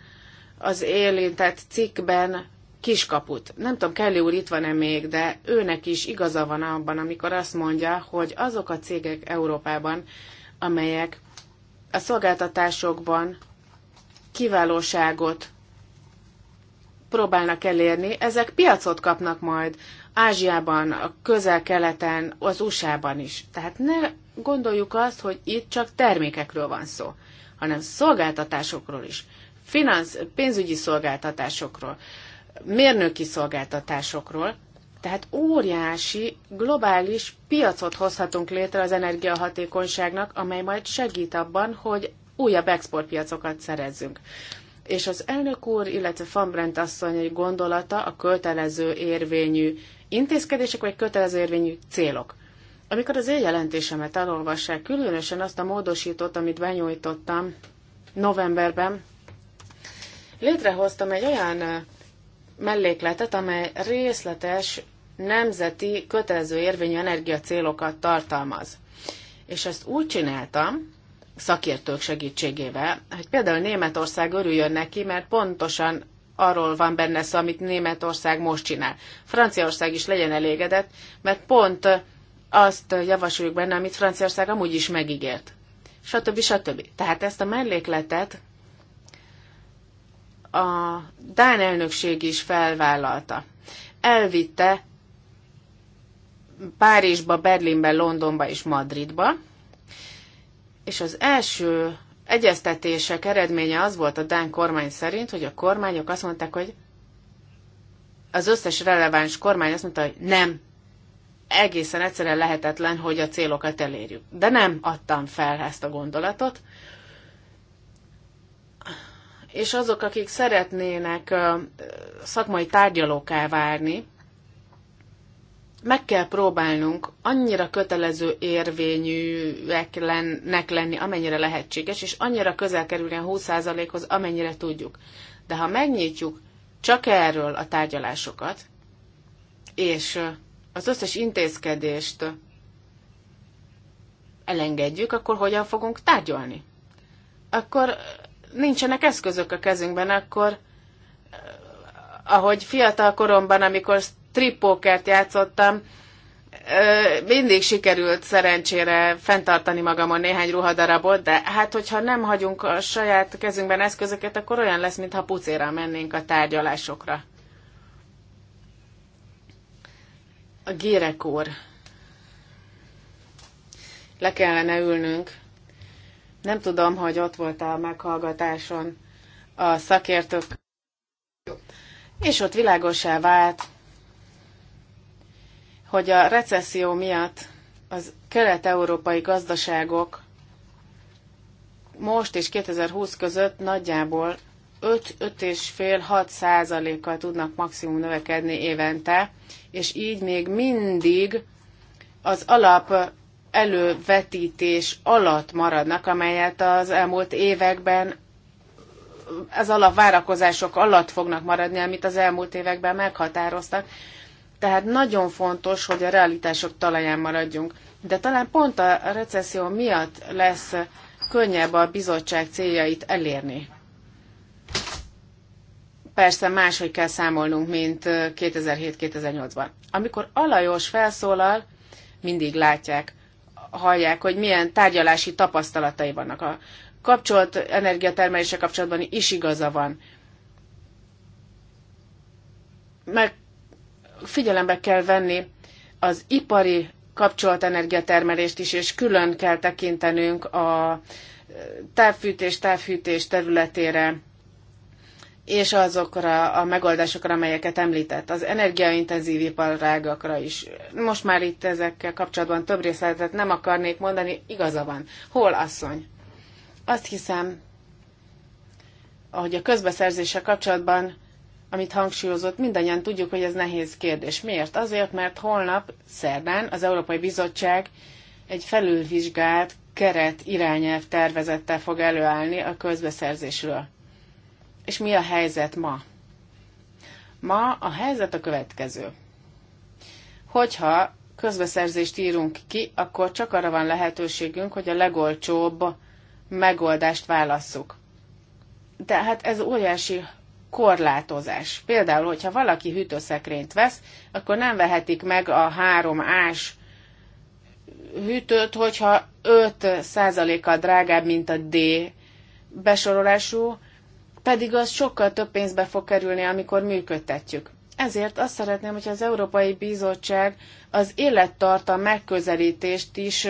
az élintett cikkben kiskaput. Nem tudom, Kelly úr itt van-e még, de őnek is igaza van abban, amikor azt mondja, hogy azok a cégek Európában, amelyek a szolgáltatásokban kiválóságot próbálnak elérni, ezek piacot kapnak majd Ázsiában, a közel-keleten, az USA-ban is. Tehát ne gondoljuk azt, hogy itt csak termékekről van szó, hanem szolgáltatásokról is, finansz, pénzügyi szolgáltatásokról, mérnöki szolgáltatásokról, tehát óriási globális piacot hozhatunk létre az energiahatékonyságnak, amely majd segít abban, hogy újabb exportpiacokat szerezzünk. És az elnök úr, illetve Van asszony egy gondolata a kötelező érvényű intézkedések, vagy kötelező érvényű célok. Amikor az én jelentésemet elolvassák, különösen azt a módosítót, amit benyújtottam novemberben, létrehoztam egy olyan mellékletet, amely részletes nemzeti kötelező érvényű energiacélokat tartalmaz. És ezt úgy csináltam, szakértők segítségével, hogy például Németország örüljön neki, mert pontosan arról van benne szó, amit Németország most csinál. Franciaország is legyen elégedett, mert pont azt javasoljuk benne, amit Franciaország amúgy is megígért. Stb. stb. Tehát ezt a mellékletet a Dán elnökség is felvállalta. Elvitte Párizsba, Berlinbe, Londonba és Madridba, és az első egyeztetések eredménye az volt a Dán kormány szerint, hogy a kormányok azt mondták, hogy az összes releváns kormány azt mondta, hogy nem, egészen egyszerűen lehetetlen, hogy a célokat elérjük. De nem adtam fel ezt a gondolatot, és azok, akik szeretnének szakmai tárgyalóká várni, meg kell próbálnunk annyira kötelező érvényűek lennek lenni, amennyire lehetséges, és annyira közel kerülni a 20%-hoz, amennyire tudjuk. De ha megnyitjuk csak erről a tárgyalásokat, és az összes intézkedést elengedjük, akkor hogyan fogunk tárgyalni? Akkor nincsenek eszközök a kezünkben, akkor eh, ahogy fiatal koromban, amikor strippókert játszottam, eh, mindig sikerült szerencsére fenntartani magamon néhány ruhadarabot, de hát hogyha nem hagyunk a saját kezünkben eszközöket, akkor olyan lesz, mintha pucéra mennénk a tárgyalásokra. A gérekor. Le kellene ülnünk nem tudom, hogy ott voltál a meghallgatáson a szakértők. És ott világosá vált, hogy a recesszió miatt az kelet-európai gazdaságok most és 2020 között nagyjából 5-5,5-6 százalékkal tudnak maximum növekedni évente, és így még mindig az alap elővetítés alatt maradnak, amelyet az elmúlt években az alapvárakozások alatt fognak maradni, amit az elmúlt években meghatároztak. Tehát nagyon fontos, hogy a realitások talaján maradjunk. De talán pont a recesszió miatt lesz könnyebb a bizottság céljait elérni. Persze máshogy kell számolnunk, mint 2007-2008-ban. Amikor alajos felszólal, mindig látják, hallják, hogy milyen tárgyalási tapasztalatai vannak. A kapcsolat energiatermelése kapcsolatban is igaza van. Meg figyelembe kell venni az ipari kapcsolat energiatermelést is, és külön kell tekintenünk a távfűtés, távfűtés területére és azokra a megoldásokra, amelyeket említett, az energiaintenzív iparágakra is. Most már itt ezekkel kapcsolatban több részletet nem akarnék mondani, igaza van. Hol asszony? Azt hiszem, ahogy a közbeszerzéssel kapcsolatban, amit hangsúlyozott, mindannyian tudjuk, hogy ez nehéz kérdés. Miért? Azért, mert holnap, szerdán az Európai Bizottság egy felülvizsgált keret irányelv tervezettel fog előállni a közbeszerzésről és mi a helyzet ma? Ma a helyzet a következő. Hogyha közbeszerzést írunk ki, akkor csak arra van lehetőségünk, hogy a legolcsóbb megoldást válasszuk. De hát ez óriási korlátozás. Például, hogyha valaki hűtőszekrényt vesz, akkor nem vehetik meg a három ás hűtőt, hogyha 5%-kal drágább, mint a D besorolású, pedig az sokkal több pénzbe fog kerülni, amikor működtetjük. Ezért azt szeretném, hogy az Európai Bizottság az élettartam megközelítést is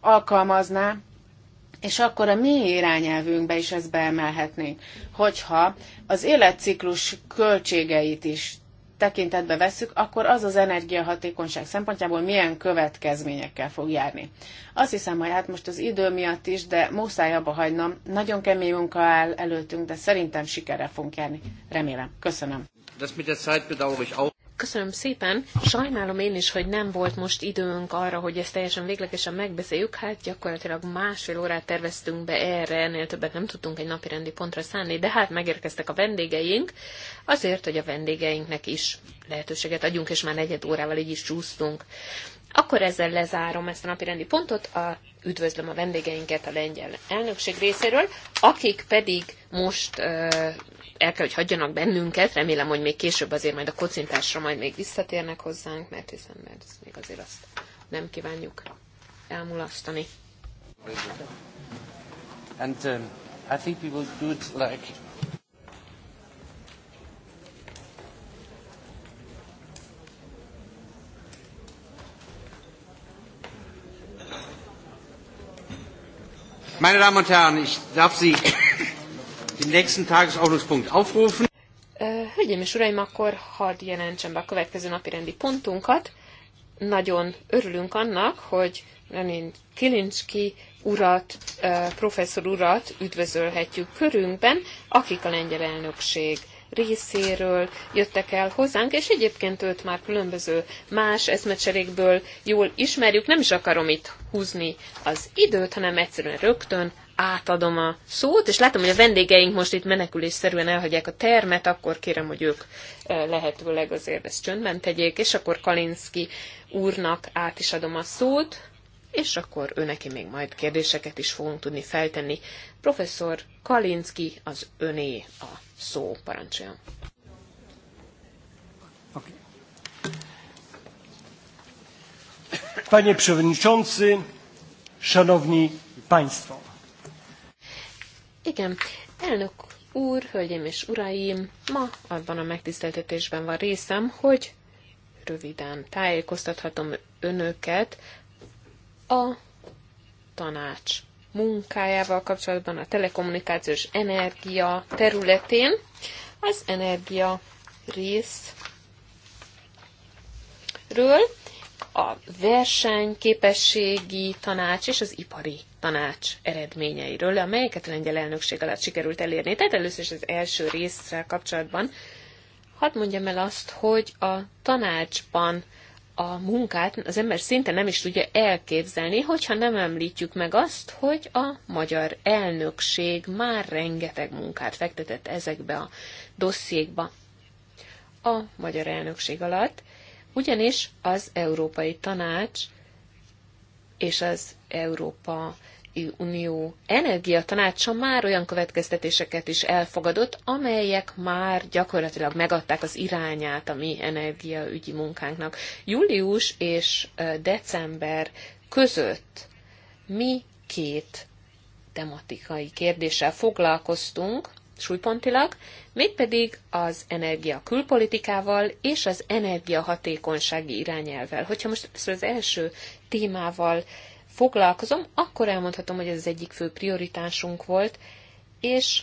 alkalmazná, és akkor a mi irányelvünkbe is ezt beemelhetnénk, hogyha az életciklus költségeit is tekintetbe vesszük, akkor az az energiahatékonyság szempontjából milyen következményekkel fog járni. Azt hiszem, hogy hát most az idő miatt is, de muszáj abba hagynom. Nagyon kemény munka áll előttünk, de szerintem sikerrel fogunk járni. Remélem. Köszönöm. Köszönöm szépen. Sajnálom én is, hogy nem volt most időnk arra, hogy ezt teljesen véglegesen megbeszéljük. Hát gyakorlatilag másfél órát terveztünk be erre, ennél többet nem tudtunk egy napi rendi pontra szánni, de hát megérkeztek a vendégeink, azért, hogy a vendégeinknek is lehetőséget adjunk, és már negyed órával így is csúsztunk. Akkor ezzel lezárom ezt a napirendi pontot, a, üdvözlöm a vendégeinket a lengyel elnökség részéről, akik pedig most el kell, hogy hagyjanak bennünket, remélem, hogy még később azért majd a kocintásra majd még visszatérnek hozzánk, mert hiszen mert ez még azért azt nem kívánjuk elmulasztani. And um, I think we will do it like Meine Damen und Herren, ich darf Sie den nächsten Tagesordnungspunkt aufrufen. Hölgyeim és uraim, akkor hadd jelentsem be a következő napi rendi pontunkat. Nagyon örülünk annak, hogy Lenin Kilinski urat, professzor urat üdvözölhetjük körünkben, akik a lengyel elnökség részéről jöttek el hozzánk, és egyébként őt már különböző más eszmecserékből jól ismerjük. Nem is akarom itt húzni az időt, hanem egyszerűen rögtön átadom a szót, és látom, hogy a vendégeink most itt menekülésszerűen elhagyják a termet, akkor kérem, hogy ők e, lehetőleg azért ezt csöndben tegyék, és akkor Kalinszki úrnak át is adom a szót, és akkor ő neki még majd kérdéseket is fogunk tudni feltenni. Professzor Kalinszki, az öné a szó, parancsoljon. Panie Przewodniczący, Szanowni Państwo. Igen, elnök úr, hölgyeim és uraim, ma abban a megtiszteltetésben van részem, hogy röviden tájékoztathatom önöket a tanács munkájával kapcsolatban a telekommunikációs energia területén. Az energia részről a versenyképességi tanács és az ipari tanács eredményeiről, amelyeket a lengyel elnökség alatt sikerült elérni. Tehát először is az első résszel kapcsolatban hadd mondjam el azt, hogy a tanácsban a munkát az ember szinte nem is tudja elképzelni, hogyha nem említjük meg azt, hogy a magyar elnökség már rengeteg munkát fektetett ezekbe a dossziékba a magyar elnökség alatt, ugyanis az Európai Tanács és az Európa Unió energiatanácsa már olyan következtetéseket is elfogadott, amelyek már gyakorlatilag megadták az irányát a mi energiaügyi munkánknak. Július és december között mi két tematikai kérdéssel foglalkoztunk, súlypontilag, mégpedig az energia külpolitikával és az energiahatékonysági irányelvel. Hogyha most az első témával foglalkozom, akkor elmondhatom, hogy ez az egyik fő prioritásunk volt, és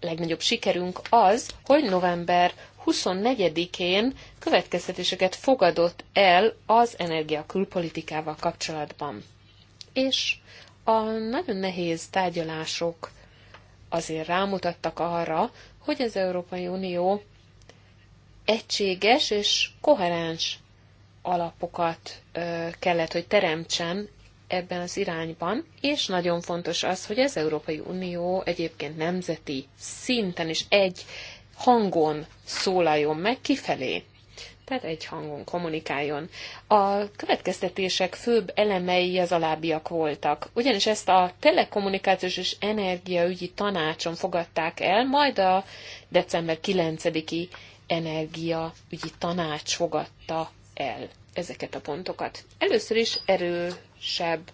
legnagyobb sikerünk az, hogy november 24-én következtetéseket fogadott el az energia külpolitikával kapcsolatban. És a nagyon nehéz tárgyalások azért rámutattak arra, hogy az Európai Unió egységes és koherens alapokat kellett, hogy teremtsen ebben az irányban, és nagyon fontos az, hogy az Európai Unió egyébként nemzeti szinten is egy hangon szólaljon meg kifelé. Tehát egy hangon kommunikáljon. A következtetések főbb elemei az alábbiak voltak. Ugyanis ezt a telekommunikációs és energiaügyi tanácson fogadták el, majd a december 9-i energiaügyi tanács fogadta el ezeket a pontokat. Először is erősebb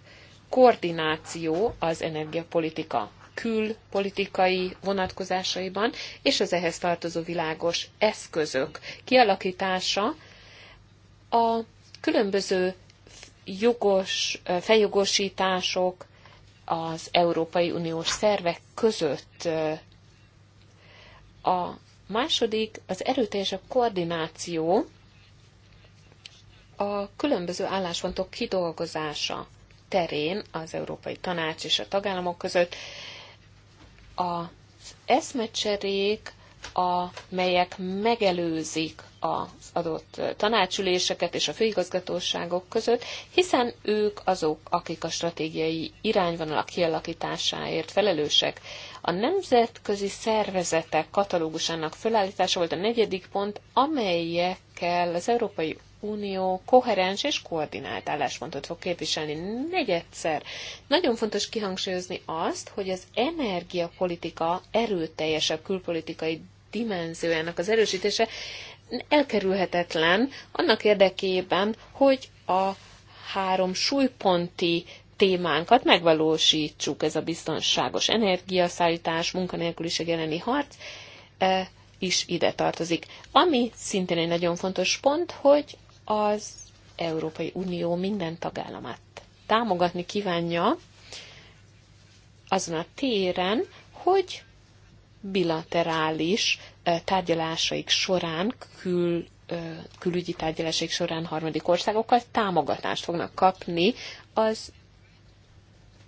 koordináció az energiapolitika külpolitikai vonatkozásaiban, és az ehhez tartozó világos eszközök kialakítása a különböző jogos, feljogosítások az Európai Uniós szervek között. A második az erőteljesebb koordináció a különböző álláspontok kidolgozása terén az Európai Tanács és a tagállamok között az eszmecserék, a, melyek megelőzik az adott tanácsüléseket és a főigazgatóságok között, hiszen ők azok, akik a stratégiai irányvonalak kialakításáért felelősek. A nemzetközi szervezetek katalógusának fölállítása volt a negyedik pont, amelyekkel az Európai Unió koherens és koordinált álláspontot fog képviselni. Negyedszer. Nagyon fontos kihangsúlyozni azt, hogy az energiapolitika erőteljesebb külpolitikai dimenziójának az erősítése elkerülhetetlen annak érdekében, hogy a három súlyponti témánkat megvalósítsuk, ez a biztonságos energiaszállítás, munkanélküliség elleni harc, eh, is ide tartozik. Ami szintén egy nagyon fontos pont, hogy az Európai Unió minden tagállamát támogatni kívánja azon a téren, hogy bilaterális tárgyalásaik során kül külügyi tárgyalásaik során harmadik országokkal támogatást fognak kapni az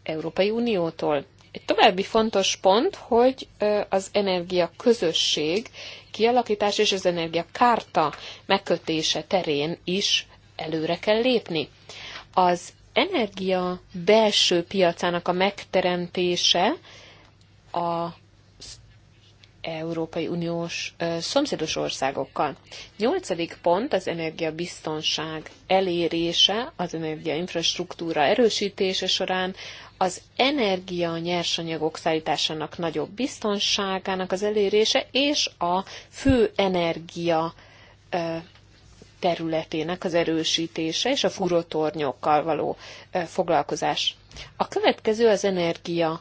Európai Uniótól. Egy további fontos pont, hogy az energia közösség kialakítása és az kárta megkötése terén is előre kell lépni. Az energia belső piacának a megteremtése a Európai Uniós szomszédos országokkal. Nyolcadik pont az energiabiztonság elérése, az energiainfrastruktúra erősítése során, az energia nyersanyagok szállításának nagyobb biztonságának az elérése, és a fő energia területének az erősítése és a furotornyokkal való foglalkozás. A következő az energia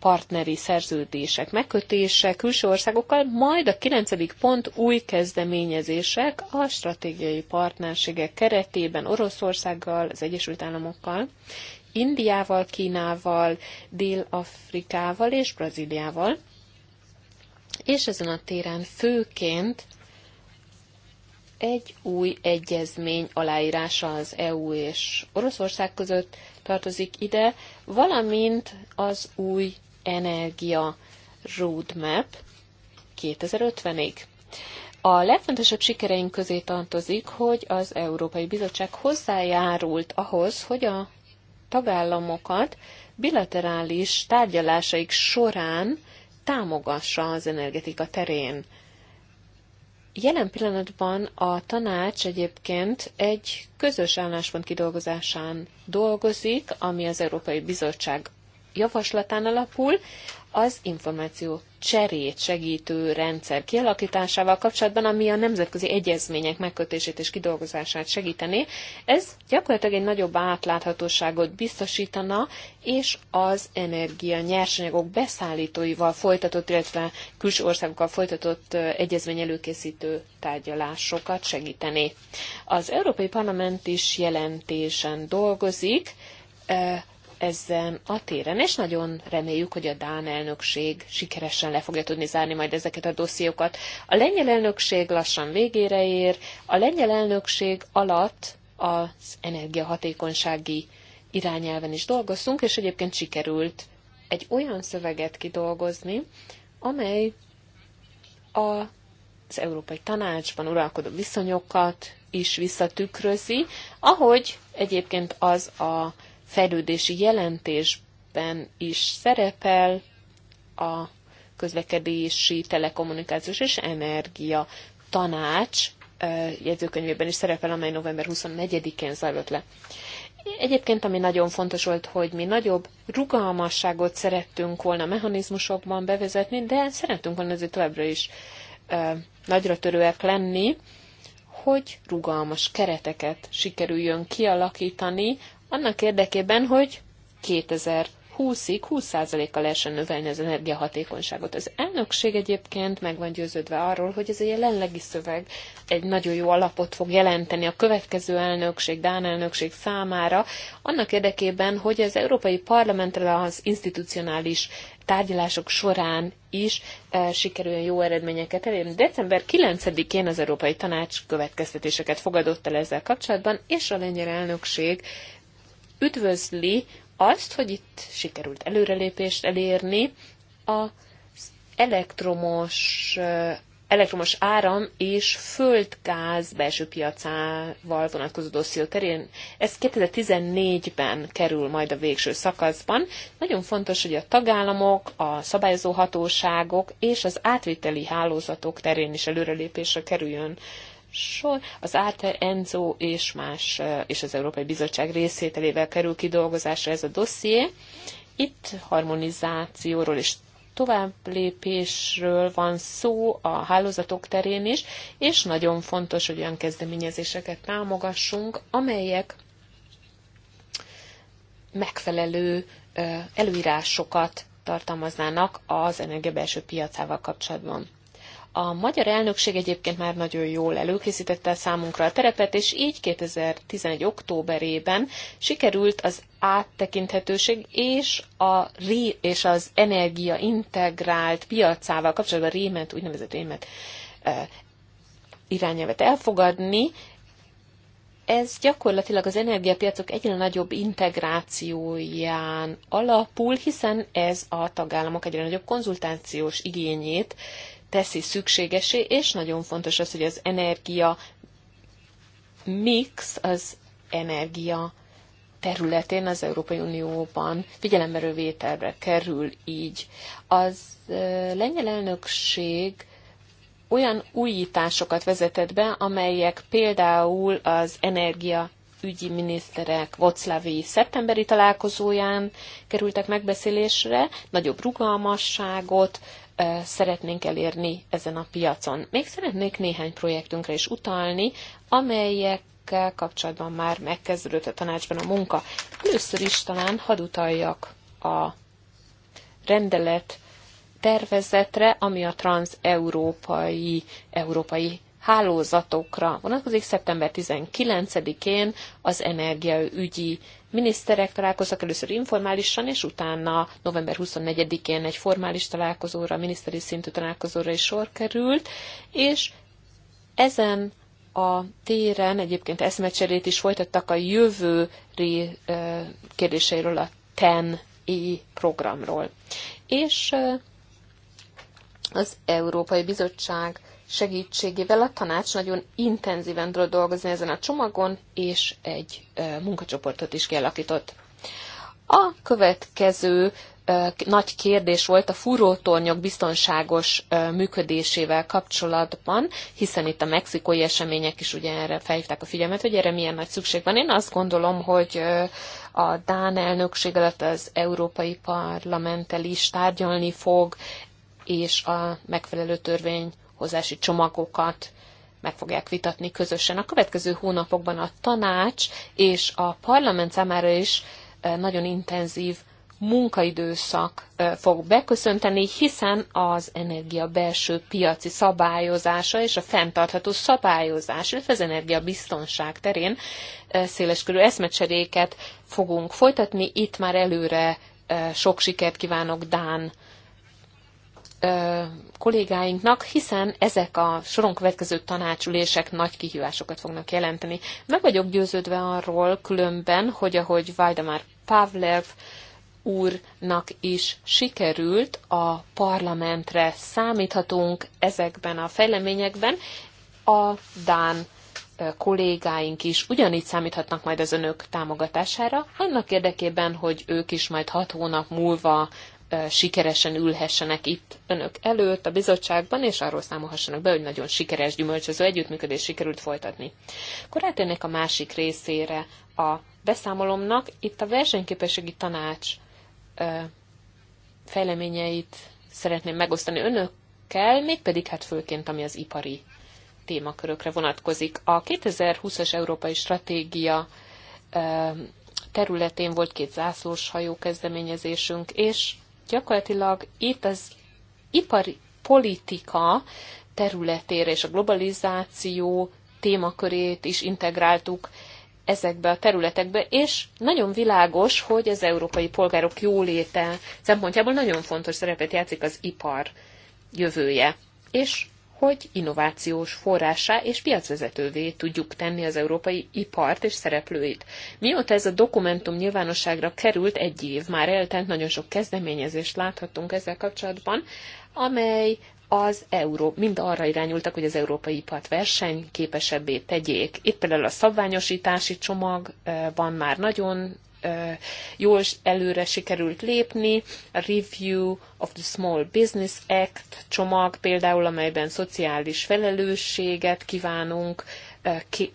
partneri szerződések megkötése külső országokkal, majd a kilencedik pont új kezdeményezések a stratégiai partnerségek keretében Oroszországgal, az Egyesült Államokkal, Indiával, Kínával, Dél-Afrikával és Brazíliával. És ezen a téren főként egy új egyezmény aláírása az EU és Oroszország között tartozik ide, valamint az új energia roadmap 2050-ig. A legfontosabb sikereink közé tartozik, hogy az Európai Bizottság hozzájárult ahhoz, hogy a tagállamokat bilaterális tárgyalásaik során támogassa az energetika terén. Jelen pillanatban a tanács egyébként egy közös álláspont kidolgozásán dolgozik, ami az Európai Bizottság javaslatán alapul, az információ cserét segítő rendszer kialakításával kapcsolatban, ami a nemzetközi egyezmények megkötését és kidolgozását segítené. Ez gyakorlatilag egy nagyobb átláthatóságot biztosítana, és az energia nyersanyagok beszállítóival folytatott, illetve külső országokkal folytatott egyezmény előkészítő tárgyalásokat segítené. Az Európai Parlament is jelentésen dolgozik, ezen a téren, és nagyon reméljük, hogy a Dán elnökség sikeresen le fogja tudni zárni majd ezeket a dossziókat. A lengyel elnökség lassan végére ér, a lengyel elnökség alatt az energiahatékonysági irányelven is dolgoztunk, és egyébként sikerült egy olyan szöveget kidolgozni, amely a, az Európai Tanácsban uralkodó viszonyokat is visszatükrözi, ahogy egyébként az a fejlődési jelentésben is szerepel a közlekedési, telekommunikációs és energia tanács jegyzőkönyvében is szerepel, amely november 24-én zajlott le. Egyébként, ami nagyon fontos volt, hogy mi nagyobb rugalmasságot szerettünk volna mechanizmusokban bevezetni, de szerettünk volna azért továbbra is ö, nagyra törőek lenni, hogy rugalmas kereteket sikerüljön kialakítani annak érdekében, hogy 2020-ig 20%-kal lehessen növelni az energiahatékonyságot. Az elnökség egyébként meg van győződve arról, hogy ez a jelenlegi szöveg egy nagyon jó alapot fog jelenteni a következő elnökség, Dán elnökség számára, annak érdekében, hogy az Európai Parlamentre az institucionális tárgyalások során is e, sikerüljön jó eredményeket elérni. December 9-én az Európai Tanács következtetéseket fogadott el ezzel kapcsolatban, és a lengyel elnökség üdvözli azt, hogy itt sikerült előrelépést elérni az elektromos elektromos áram és földgáz belső piacával vonatkozó dosszió terén. Ez 2014-ben kerül majd a végső szakaszban. Nagyon fontos, hogy a tagállamok, a szabályozó hatóságok és az átviteli hálózatok terén is előrelépésre kerüljön sor az ATE, ENZO és más, eh, és az Európai Bizottság részételével kerül kidolgozásra ez a dosszié. Itt harmonizációról és tovább lépésről van szó a hálózatok terén is, és nagyon fontos, hogy olyan kezdeményezéseket támogassunk, amelyek megfelelő eh, előírásokat tartalmaznának az energia belső piacával kapcsolatban. A magyar elnökség egyébként már nagyon jól előkészítette számunkra a terepet, és így 2011. októberében sikerült az áttekinthetőség és, a, és az energia integrált piacával kapcsolatban rémet, úgynevezett rémet e, irányelvet elfogadni, ez gyakorlatilag az energiapiacok egyre nagyobb integrációján alapul, hiszen ez a tagállamok egyre nagyobb konzultációs igényét teszi szükségesé, és nagyon fontos az, hogy az energia mix, az energia területén az Európai Unióban figyelembe vételre kerül így. Az lengyel elnökség olyan újításokat vezetett be, amelyek például az energia ügyi miniszterek Voclavi szeptemberi találkozóján kerültek megbeszélésre, nagyobb rugalmasságot szeretnénk elérni ezen a piacon. Még szeretnék néhány projektünkre is utalni, amelyek kapcsolatban már megkezdődött a tanácsban a munka. Először is talán hadd utaljak a rendelet tervezetre, ami a transeurópai európai hálózatokra vonatkozik. Szeptember 19-én az energiaügyi miniszterek találkoztak először informálisan, és utána november 24-én egy formális találkozóra, miniszteri szintű találkozóra is sor került, és ezen a téren egyébként eszmecserét is folytattak a jövőri kérdéseiről a TEN-I programról. És az Európai Bizottság segítségével a tanács nagyon intenzíven tudott dolgozni ezen a csomagon, és egy munkacsoportot is kialakított. A következő nagy kérdés volt a fúrótornyok biztonságos működésével kapcsolatban, hiszen itt a mexikói események is ugye erre felhívták a figyelmet, hogy erre milyen nagy szükség van. Én azt gondolom, hogy a Dán elnökség alatt az Európai Parlamenttel is tárgyalni fog, és a megfelelő törvény vállalkozási csomagokat meg fogják vitatni közösen. A következő hónapokban a tanács és a parlament számára is nagyon intenzív munkaidőszak fog beköszönteni, hiszen az energia belső piaci szabályozása és a fenntartható szabályozás, illetve az energiabiztonság terén széleskörű eszmecseréket fogunk folytatni. Itt már előre sok sikert kívánok Dán ö, kollégáinknak, hiszen ezek a soron következő tanácsülések nagy kihívásokat fognak jelenteni. Meg vagyok győződve arról különben, hogy ahogy Vajdamár Pavlev úrnak is sikerült, a parlamentre számíthatunk ezekben a fejleményekben, a Dán kollégáink is ugyanígy számíthatnak majd az önök támogatására, annak érdekében, hogy ők is majd hat hónap múlva sikeresen ülhessenek itt önök előtt a bizottságban, és arról számolhassanak be, hogy nagyon sikeres gyümölcsöző együttműködés sikerült folytatni. Akkor átérnék a másik részére a beszámolomnak. Itt a versenyképességi tanács fejleményeit szeretném megosztani önökkel, mégpedig hát főként, ami az ipari témakörökre vonatkozik. A 2020-as Európai Stratégia területén volt két zászlós hajó kezdeményezésünk, és gyakorlatilag itt az ipari politika területére és a globalizáció témakörét is integráltuk ezekbe a területekbe, és nagyon világos, hogy az európai polgárok jóléte szempontjából nagyon fontos szerepet játszik az ipar jövője. És hogy innovációs forrásá és piacvezetővé tudjuk tenni az európai ipart és szereplőit. Mióta ez a dokumentum nyilvánosságra került, egy év már eltelt, nagyon sok kezdeményezést láthatunk ezzel kapcsolatban, amely az euró, mind arra irányultak, hogy az európai ipart versenyképesebbé tegyék. Itt például a szabványosítási csomag eh, van már nagyon jól előre sikerült lépni. A Review of the Small Business Act csomag például, amelyben szociális felelősséget kívánunk ki,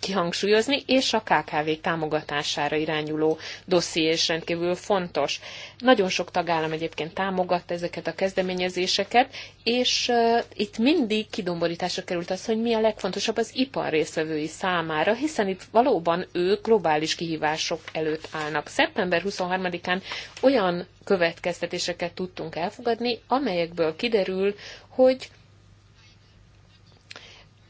kihangsúlyozni, és a KKV támogatására irányuló dosszié is rendkívül fontos. Nagyon sok tagállam egyébként támogatta ezeket a kezdeményezéseket, és itt mindig kidomborításra került az, hogy mi a legfontosabb az ipar részvevői számára, hiszen itt valóban ők globális kihívások előtt állnak. Szeptember 23-án olyan következtetéseket tudtunk elfogadni, amelyekből kiderül, hogy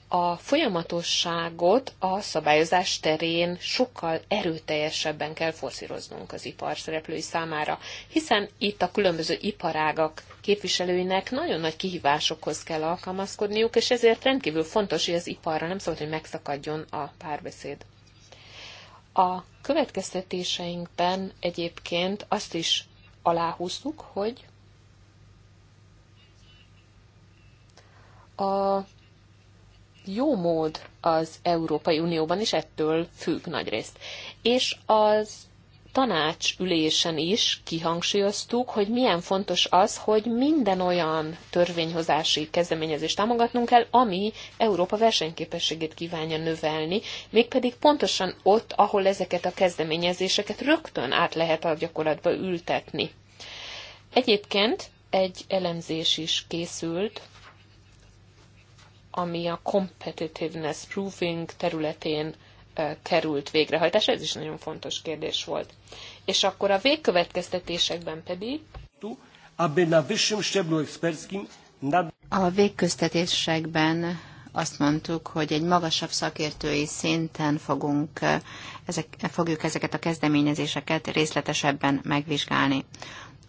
a folyamatosságot a szabályozás terén sokkal erőteljesebben kell forszíroznunk az ipar szereplői számára, hiszen itt a különböző iparágak képviselőinek nagyon nagy kihívásokhoz kell alkalmazkodniuk, és ezért rendkívül fontos, hogy az iparra nem szabad, hogy megszakadjon a párbeszéd. A következtetéseinkben egyébként azt is aláhúztuk, hogy a jó mód az Európai Unióban is ettől függ nagyrészt. És az tanács ülésen is kihangsúlyoztuk, hogy milyen fontos az, hogy minden olyan törvényhozási kezdeményezést támogatnunk kell, ami Európa versenyképességét kívánja növelni, mégpedig pontosan ott, ahol ezeket a kezdeményezéseket rögtön át lehet a gyakorlatba ültetni. Egyébként egy elemzés is készült ami a competitiveness proving területén került végrehajtás. Ez is nagyon fontos kérdés volt. És akkor a végkövetkeztetésekben pedig... A végköztetésekben azt mondtuk, hogy egy magasabb szakértői szinten fogunk, ezek, fogjuk ezeket a kezdeményezéseket részletesebben megvizsgálni.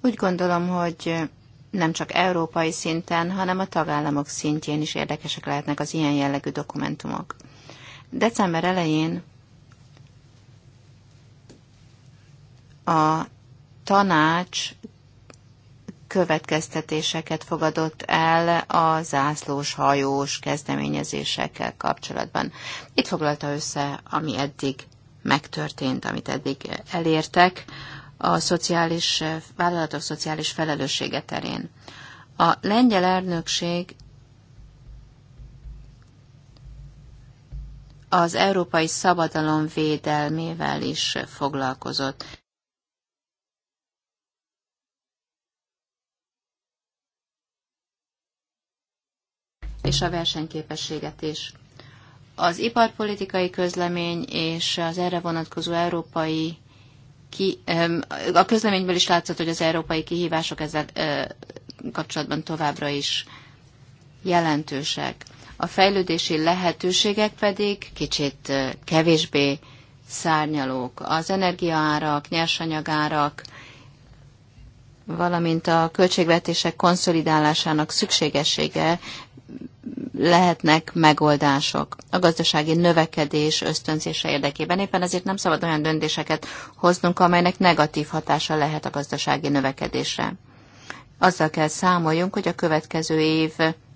Úgy gondolom, hogy nem csak európai szinten, hanem a tagállamok szintjén is érdekesek lehetnek az ilyen jellegű dokumentumok. December elején a tanács következtetéseket fogadott el a zászlós hajós kezdeményezésekkel kapcsolatban. Itt foglalta össze, ami eddig megtörtént, amit eddig elértek a szociális, eh, vállalatok szociális felelőssége terén. A lengyel elnökség az európai szabadalom védelmével is foglalkozott. és a versenyképességet is. Az iparpolitikai közlemény és az erre vonatkozó európai ki, a közleményből is látszott, hogy az európai kihívások ezzel kapcsolatban továbbra is jelentősek. A fejlődési lehetőségek pedig kicsit kevésbé szárnyalók. Az energiaárak, nyersanyagárak, valamint a költségvetések konszolidálásának szükségessége lehetnek megoldások a gazdasági növekedés ösztönzése érdekében. Éppen ezért nem szabad olyan döntéseket hoznunk, amelynek negatív hatása lehet a gazdasági növekedésre. Azzal kell számoljunk, hogy a következő év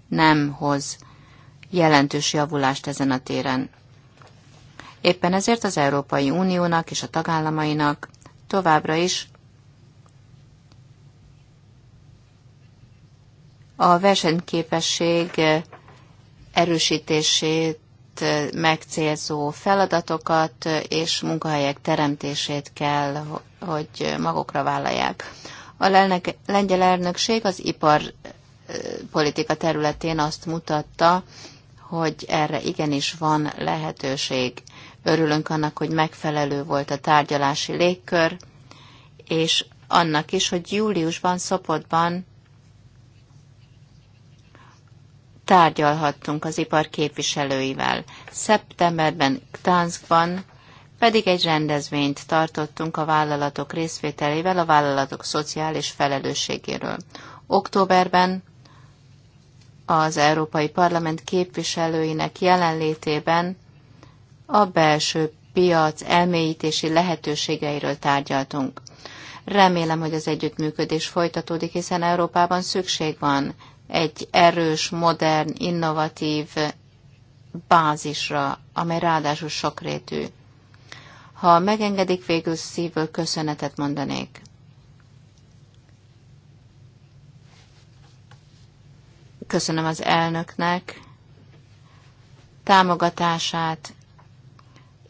nem hoz jelentős javulást ezen a téren. Éppen ezért az Európai Uniónak és a tagállamainak továbbra is a versenyképesség erősítését megcélzó feladatokat és munkahelyek teremtését kell, hogy magukra vállalják. A lengyel elnökség az iparpolitika területén azt mutatta, hogy erre igenis van lehetőség. Örülünk annak, hogy megfelelő volt a tárgyalási légkör, és annak is, hogy júliusban, Szopotban tárgyalhattunk az ipar képviselőivel. Szeptemberben Gdanskban pedig egy rendezvényt tartottunk a vállalatok részvételével a vállalatok szociális felelősségéről. Októberben az Európai Parlament képviselőinek jelenlétében a belső piac elmélyítési lehetőségeiről tárgyaltunk. Remélem, hogy az együttműködés folytatódik, hiszen Európában szükség van egy erős, modern, innovatív bázisra, amely ráadásul sokrétű. Ha megengedik, végül szívből köszönetet mondanék. Köszönöm az elnöknek támogatását,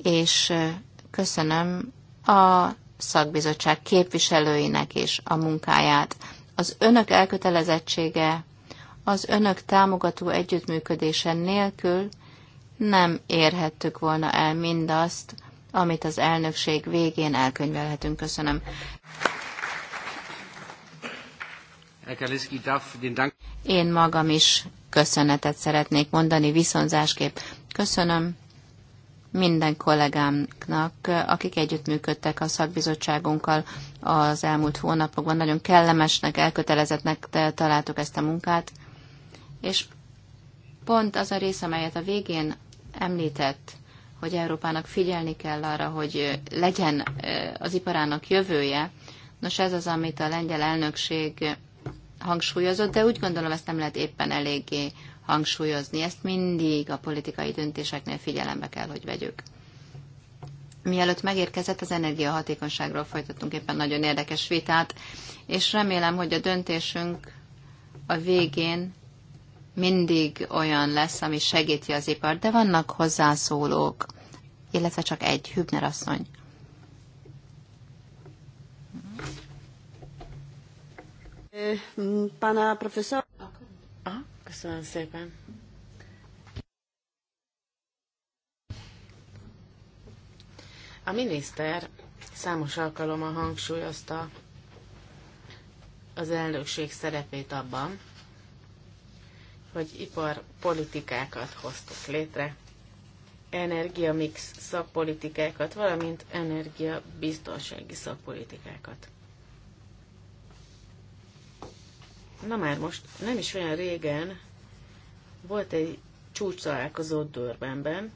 és köszönöm a szakbizottság képviselőinek is a munkáját. Az önök elkötelezettsége az önök támogató együttműködése nélkül nem érhettük volna el mindazt, amit az elnökség végén elkönyvelhetünk. Köszönöm. Én magam is köszönetet szeretnék mondani viszonzásképp. Köszönöm minden kollégámnak, akik együttműködtek a szakbizottságunkkal az elmúlt hónapokban. Nagyon kellemesnek, elkötelezettnek találtuk ezt a munkát és pont az a rész, amelyet a végén említett, hogy Európának figyelni kell arra, hogy legyen az iparának jövője, nos ez az, amit a lengyel elnökség hangsúlyozott, de úgy gondolom ezt nem lehet éppen eléggé hangsúlyozni. Ezt mindig a politikai döntéseknél figyelembe kell, hogy vegyük. Mielőtt megérkezett, az energiahatékonyságról folytattunk éppen nagyon érdekes vitát, és remélem, hogy a döntésünk a végén mindig olyan lesz, ami segíti az ipart, de vannak hozzászólók, illetve csak egy, Hübner asszony. Pana professzor. Köszönöm szépen. A miniszter számos alkalommal hangsúlyozta az elnökség szerepét abban, hogy iparpolitikákat hoztuk létre, energiamix szakpolitikákat, valamint energiabiztonsági szakpolitikákat. Na már most nem is olyan régen volt egy csúcs találkozó Dörbenben.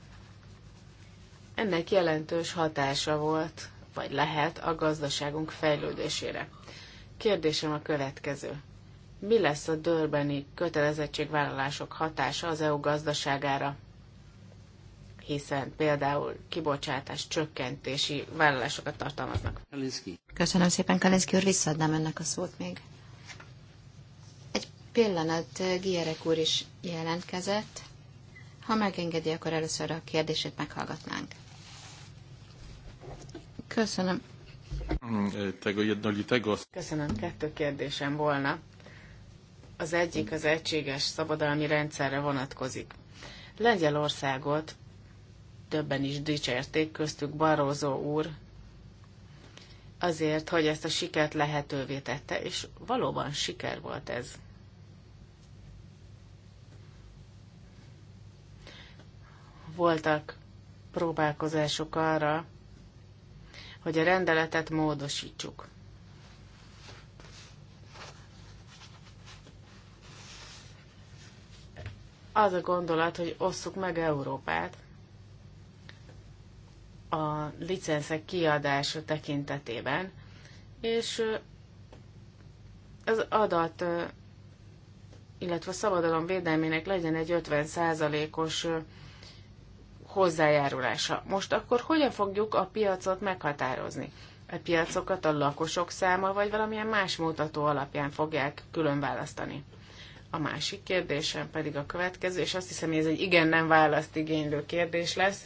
Ennek jelentős hatása volt, vagy lehet a gazdaságunk fejlődésére. Kérdésem a következő mi lesz a dörbeni kötelezettségvállalások hatása az EU gazdaságára, hiszen például kibocsátás csökkentési vállalásokat tartalmaznak. Köszönöm szépen, Kalinszki úr, visszaadnám önnek a szót még. Egy pillanat, Gierek úr is jelentkezett. Ha megengedi, akkor először a kérdését meghallgatnánk. Köszönöm. Köszönöm, kettő kérdésem volna az egyik az egységes szabadalmi rendszerre vonatkozik. Lengyelországot többen is dicsérték, köztük Barózó úr, azért, hogy ezt a sikert lehetővé tette, és valóban siker volt ez. Voltak próbálkozások arra, hogy a rendeletet módosítsuk. az a gondolat, hogy osszuk meg Európát a licenszek kiadása tekintetében, és az adat, illetve a szabadalom védelmének legyen egy 50%-os hozzájárulása. Most akkor hogyan fogjuk a piacot meghatározni? A piacokat a lakosok száma, vagy valamilyen más mutató alapján fogják külön választani? A másik kérdésem pedig a következő, és azt hiszem, hogy ez egy igen-nem választ igénylő kérdés lesz.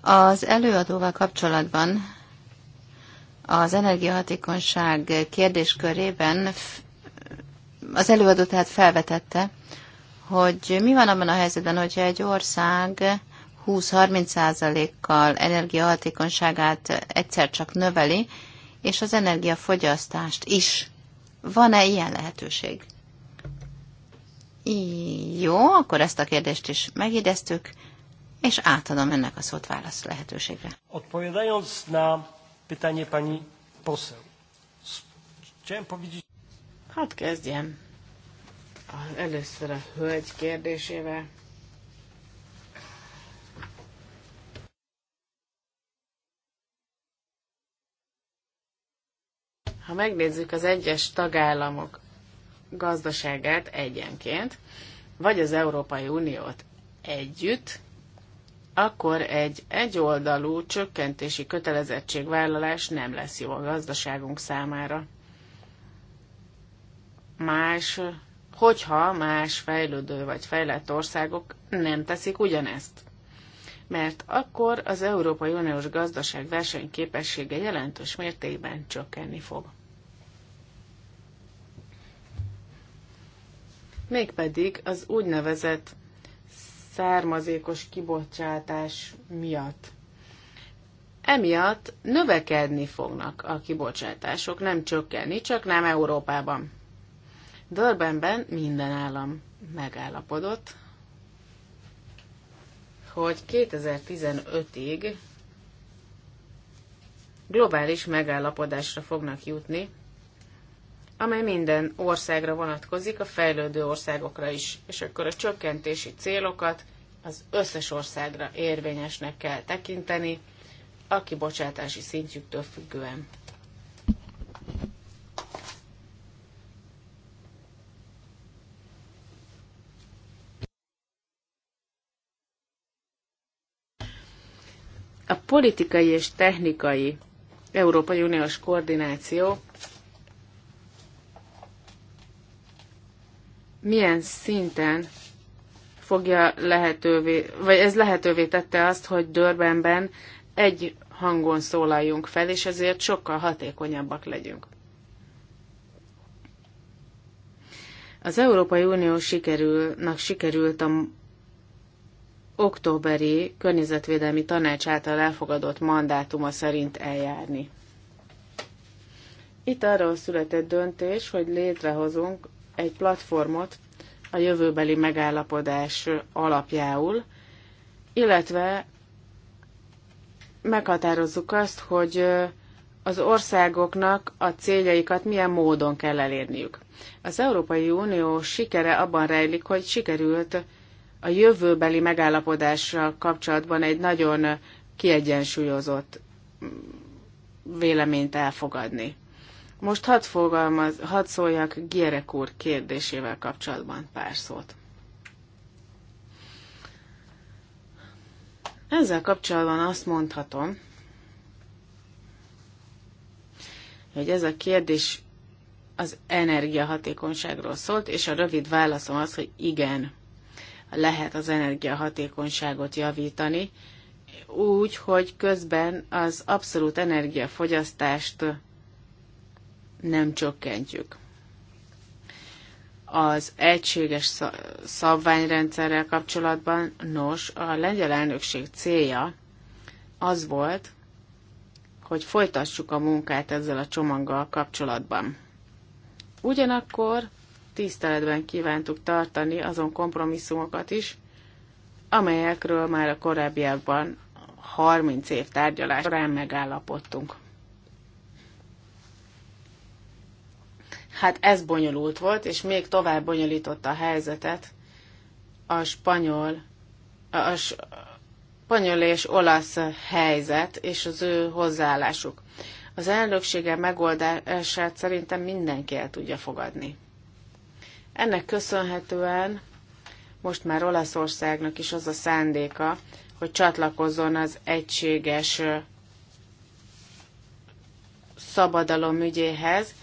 Az előadóval kapcsolatban az energiahatékonyság kérdéskörében az előadó tehát felvetette, hogy mi van abban a helyzetben, hogyha egy ország 20-30%-kal energiahatékonyságát egyszer csak növeli, és az energiafogyasztást is. Van-e ilyen lehetőség? Jó, akkor ezt a kérdést is megidéztük, és átadom ennek a szót válasz lehetőségre. pani Hát kezdjem. Először a hölgy kérdésével. Ha megnézzük az egyes tagállamok gazdaságát egyenként, vagy az Európai Uniót együtt, akkor egy egyoldalú csökkentési kötelezettségvállalás nem lesz jó a gazdaságunk számára. Más, hogyha más fejlődő vagy fejlett országok nem teszik ugyanezt. Mert akkor az Európai Uniós gazdaság versenyképessége jelentős mértékben csökkenni fog. mégpedig az úgynevezett származékos kibocsátás miatt. Emiatt növekedni fognak a kibocsátások, nem csökkenni, csak nem Európában. Dörbenben minden állam megállapodott, hogy 2015-ig globális megállapodásra fognak jutni amely minden országra vonatkozik, a fejlődő országokra is, és akkor a csökkentési célokat az összes országra érvényesnek kell tekinteni, a kibocsátási szintjüktől függően. A politikai és technikai Európai Uniós koordináció milyen szinten fogja lehetővé, vagy ez lehetővé tette azt, hogy Dörbenben egy hangon szólaljunk fel, és ezért sokkal hatékonyabbak legyünk. Az Európai Unió sikerülnak sikerült a októberi környezetvédelmi tanács által elfogadott mandátuma szerint eljárni. Itt arról született döntés, hogy létrehozunk egy platformot a jövőbeli megállapodás alapjául, illetve meghatározzuk azt, hogy az országoknak a céljaikat milyen módon kell elérniük. Az Európai Unió sikere abban rejlik, hogy sikerült a jövőbeli megállapodással kapcsolatban egy nagyon kiegyensúlyozott mm, véleményt elfogadni. Most hadd, fogalmaz, hadd szóljak Gierek úr kérdésével kapcsolatban pár szót. Ezzel kapcsolatban azt mondhatom, hogy ez a kérdés az energiahatékonyságról szólt, és a rövid válaszom az, hogy igen, lehet az energiahatékonyságot javítani, úgy, hogy közben az abszolút energiafogyasztást nem csökkentjük. Az egységes szabványrendszerrel kapcsolatban, nos, a lengyel elnökség célja az volt, hogy folytassuk a munkát ezzel a csomaggal kapcsolatban. Ugyanakkor tiszteletben kívántuk tartani azon kompromisszumokat is, amelyekről már a korábbiakban 30 év tárgyalás során megállapodtunk. Hát ez bonyolult volt, és még tovább bonyolította a helyzetet a spanyol, a spanyol és olasz helyzet és az ő hozzáállásuk. Az elnöksége megoldását szerintem mindenki el tudja fogadni. Ennek köszönhetően most már Olaszországnak is az a szándéka, hogy csatlakozzon az egységes szabadalom ügyéhez,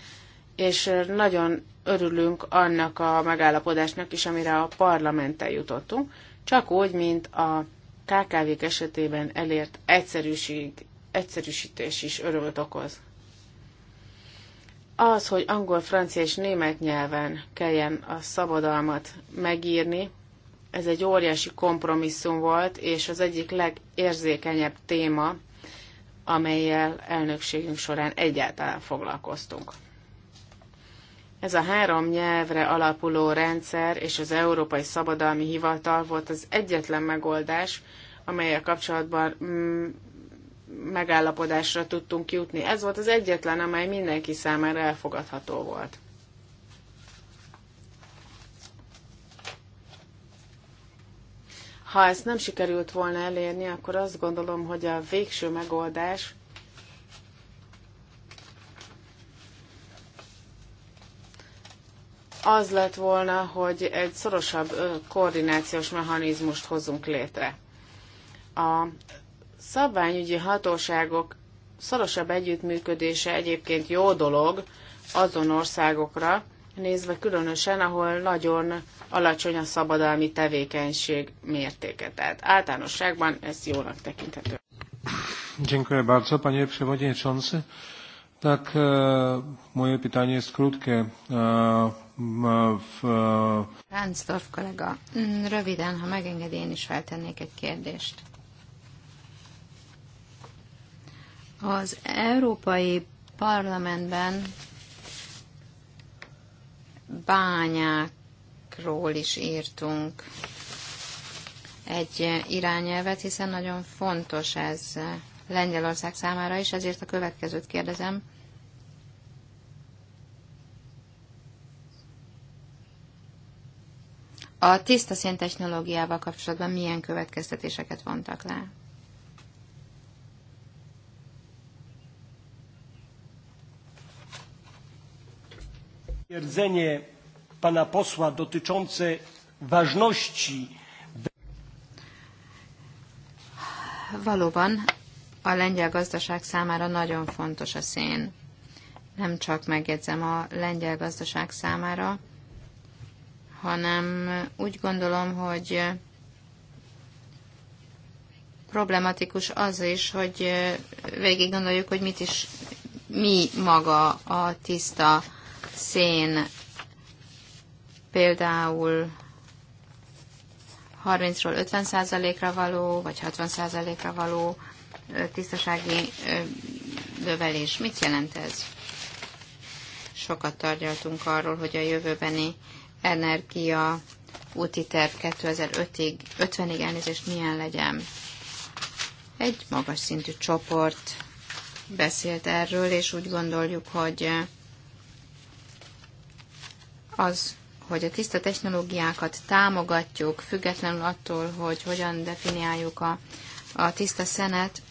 és nagyon örülünk annak a megállapodásnak is, amire a parlamenttel jutottunk, csak úgy, mint a kkv esetében elért egyszerűség, egyszerűsítés is örömöt okoz. Az, hogy angol, francia és német nyelven kelljen a szabadalmat megírni, ez egy óriási kompromisszum volt, és az egyik legérzékenyebb téma, amelyel elnökségünk során egyáltalán foglalkoztunk. Ez a három nyelvre alapuló rendszer és az Európai Szabadalmi Hivatal volt az egyetlen megoldás, amelyek kapcsolatban mm, megállapodásra tudtunk jutni. Ez volt az egyetlen, amely mindenki számára elfogadható volt. Ha ezt nem sikerült volna elérni, akkor azt gondolom, hogy a végső megoldás az lett volna, hogy egy szorosabb koordinációs mechanizmust hozunk létre. A szabványügyi hatóságok szorosabb együttműködése egyébként jó dolog azon országokra, nézve különösen, ahol nagyon alacsony a szabadalmi tevékenység mértéke. Tehát általánosságban ez jónak tekinthető. Dziękuję bardzo, panie przewodniczący. Tak, e, moje pytanie jest krótkie. E, Uh, Ránzdorf kollega, mm, röviden, ha megengedi, én is feltennék egy kérdést. Az Európai Parlamentben bányákról is írtunk egy irányelvet, hiszen nagyon fontos ez Lengyelország számára is, ezért a következőt kérdezem a tiszta szén technológiával kapcsolatban milyen következtetéseket vontak le? Twierdzenie pana posła dotyczące ważności. Valóban a lengyel gazdaság számára nagyon fontos a szén. Nem csak megjegyzem a lengyel gazdaság számára, hanem úgy gondolom, hogy problematikus az is, hogy végig gondoljuk, hogy mit is mi maga a tiszta szén. Például 30-ról 50%-ra való, vagy 60%-ra való tisztasági növelés. Mit jelent ez? Sokat tárgyaltunk arról, hogy a jövőbeni energia úti terv 2050-ig, 50-ig elnézést milyen legyen. Egy magas szintű csoport beszélt erről, és úgy gondoljuk, hogy az, hogy a tiszta technológiákat támogatjuk, függetlenül attól, hogy hogyan definiáljuk a, a tiszta szenet,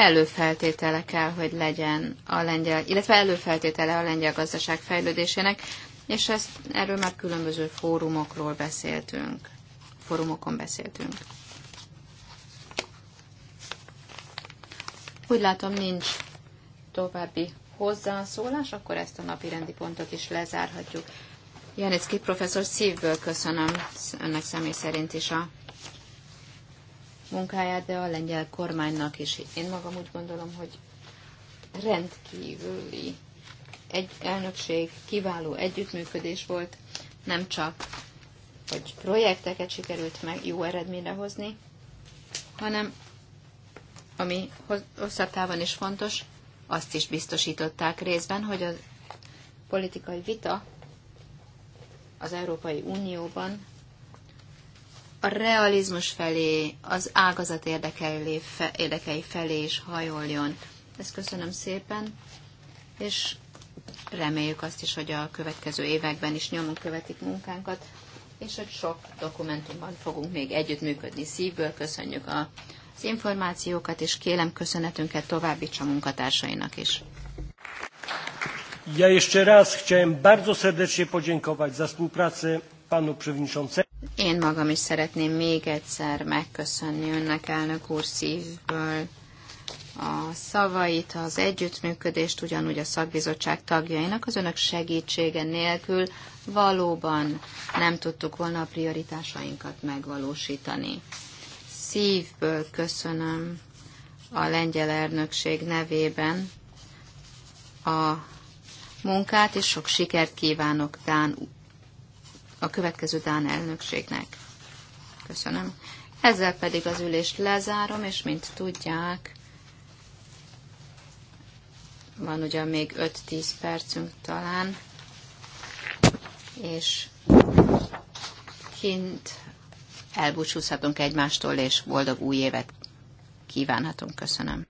előfeltétele kell, hogy legyen a lengyel, illetve előfeltétele a lengyel gazdaság fejlődésének, és ezt, erről már különböző fórumokról beszéltünk, fórumokon beszéltünk. Úgy látom, nincs további hozzászólás, akkor ezt a napi rendi pontot is lezárhatjuk. Janicki professzor, szívből köszönöm önnek személy szerint is a munkáját, de a lengyel kormánynak is. Én magam úgy gondolom, hogy rendkívüli egy elnökség, kiváló együttműködés volt, nem csak, hogy projekteket sikerült meg jó eredményre hozni, hanem ami hosszabb távon is fontos, azt is biztosították részben, hogy a politikai vita az Európai Unióban a realizmus felé, az ágazat érdekei, felé is hajoljon. Ezt köszönöm szépen, és reméljük azt is, hogy a következő években is nyomon követik munkánkat, és hogy sok dokumentumban fogunk még együttműködni szívből. Köszönjük a, az információkat, és kérem köszönetünket további munkatársainak is. Ja jeszcze raz chciałem bardzo serdecznie podziękować za współpracę panu przewodniczącemu. Én magam is szeretném még egyszer megköszönni önnek, elnök úr, szívből a szavait, az együttműködést, ugyanúgy a szakbizottság tagjainak az önök segítsége nélkül valóban nem tudtuk volna a prioritásainkat megvalósítani. Szívből köszönöm a lengyel elnökség nevében a munkát, és sok sikert kívánok Dán a következő Dán elnökségnek. Köszönöm. Ezzel pedig az ülést lezárom, és mint tudják, van ugyan még 5-10 percünk talán, és kint elbúcsúzhatunk egymástól, és boldog új évet kívánhatunk. Köszönöm.